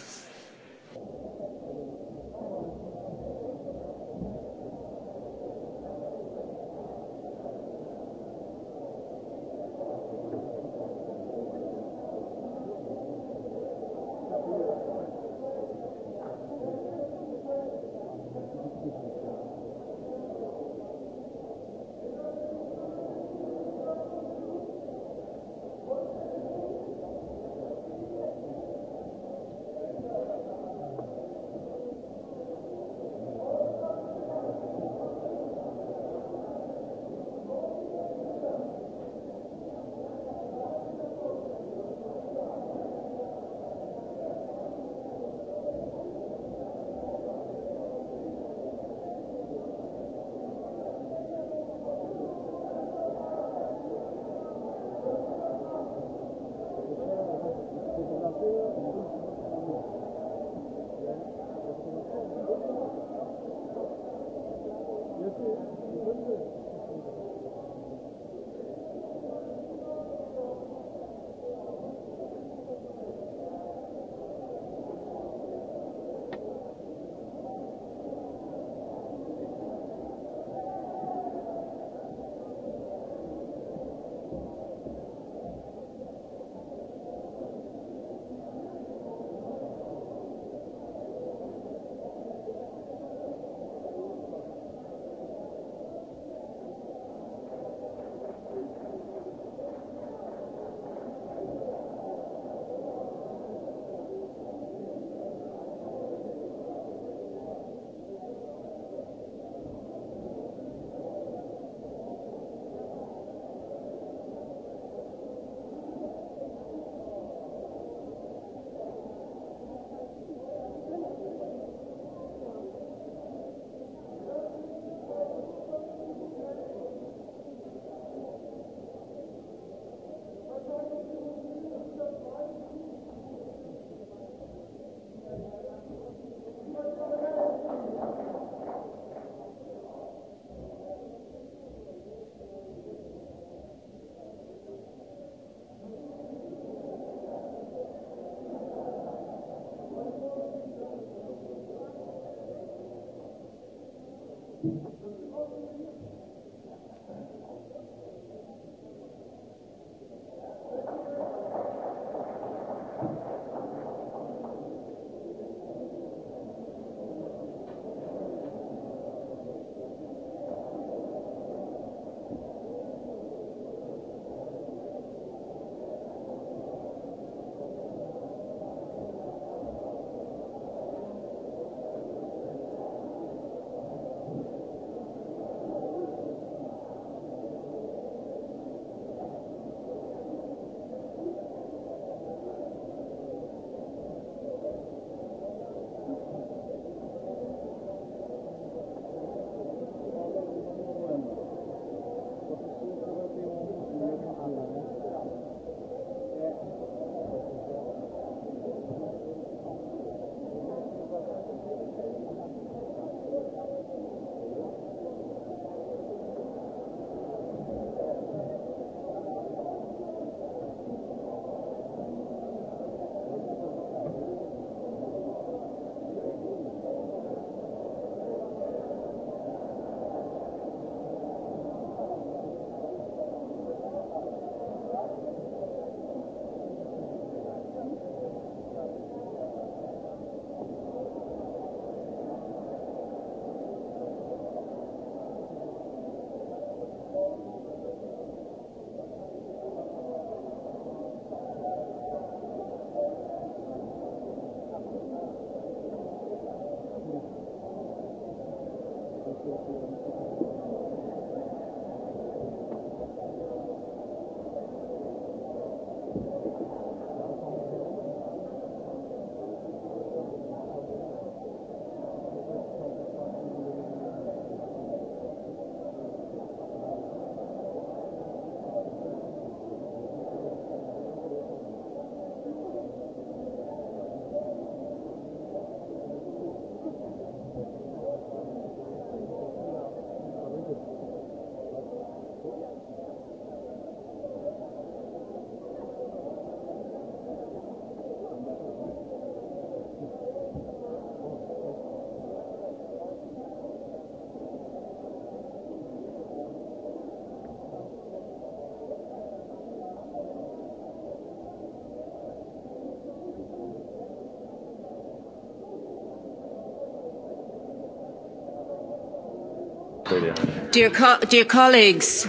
Dear, co dear colleagues,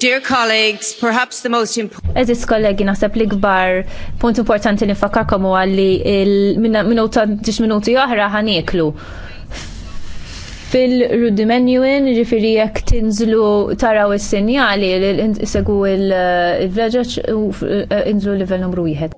Dear colleagues, perhaps the most important... Eżis kollegi, naħseb li kbar punt importanti li nfakarkom u għalli minuta ġiġ minuti oħra ħanieklu. Fil-rudimenjuin, ġifiri jek tinżlu taraw il-sinjali, segwu uh, il-vleġaċ, uh, inżlu level numru 1.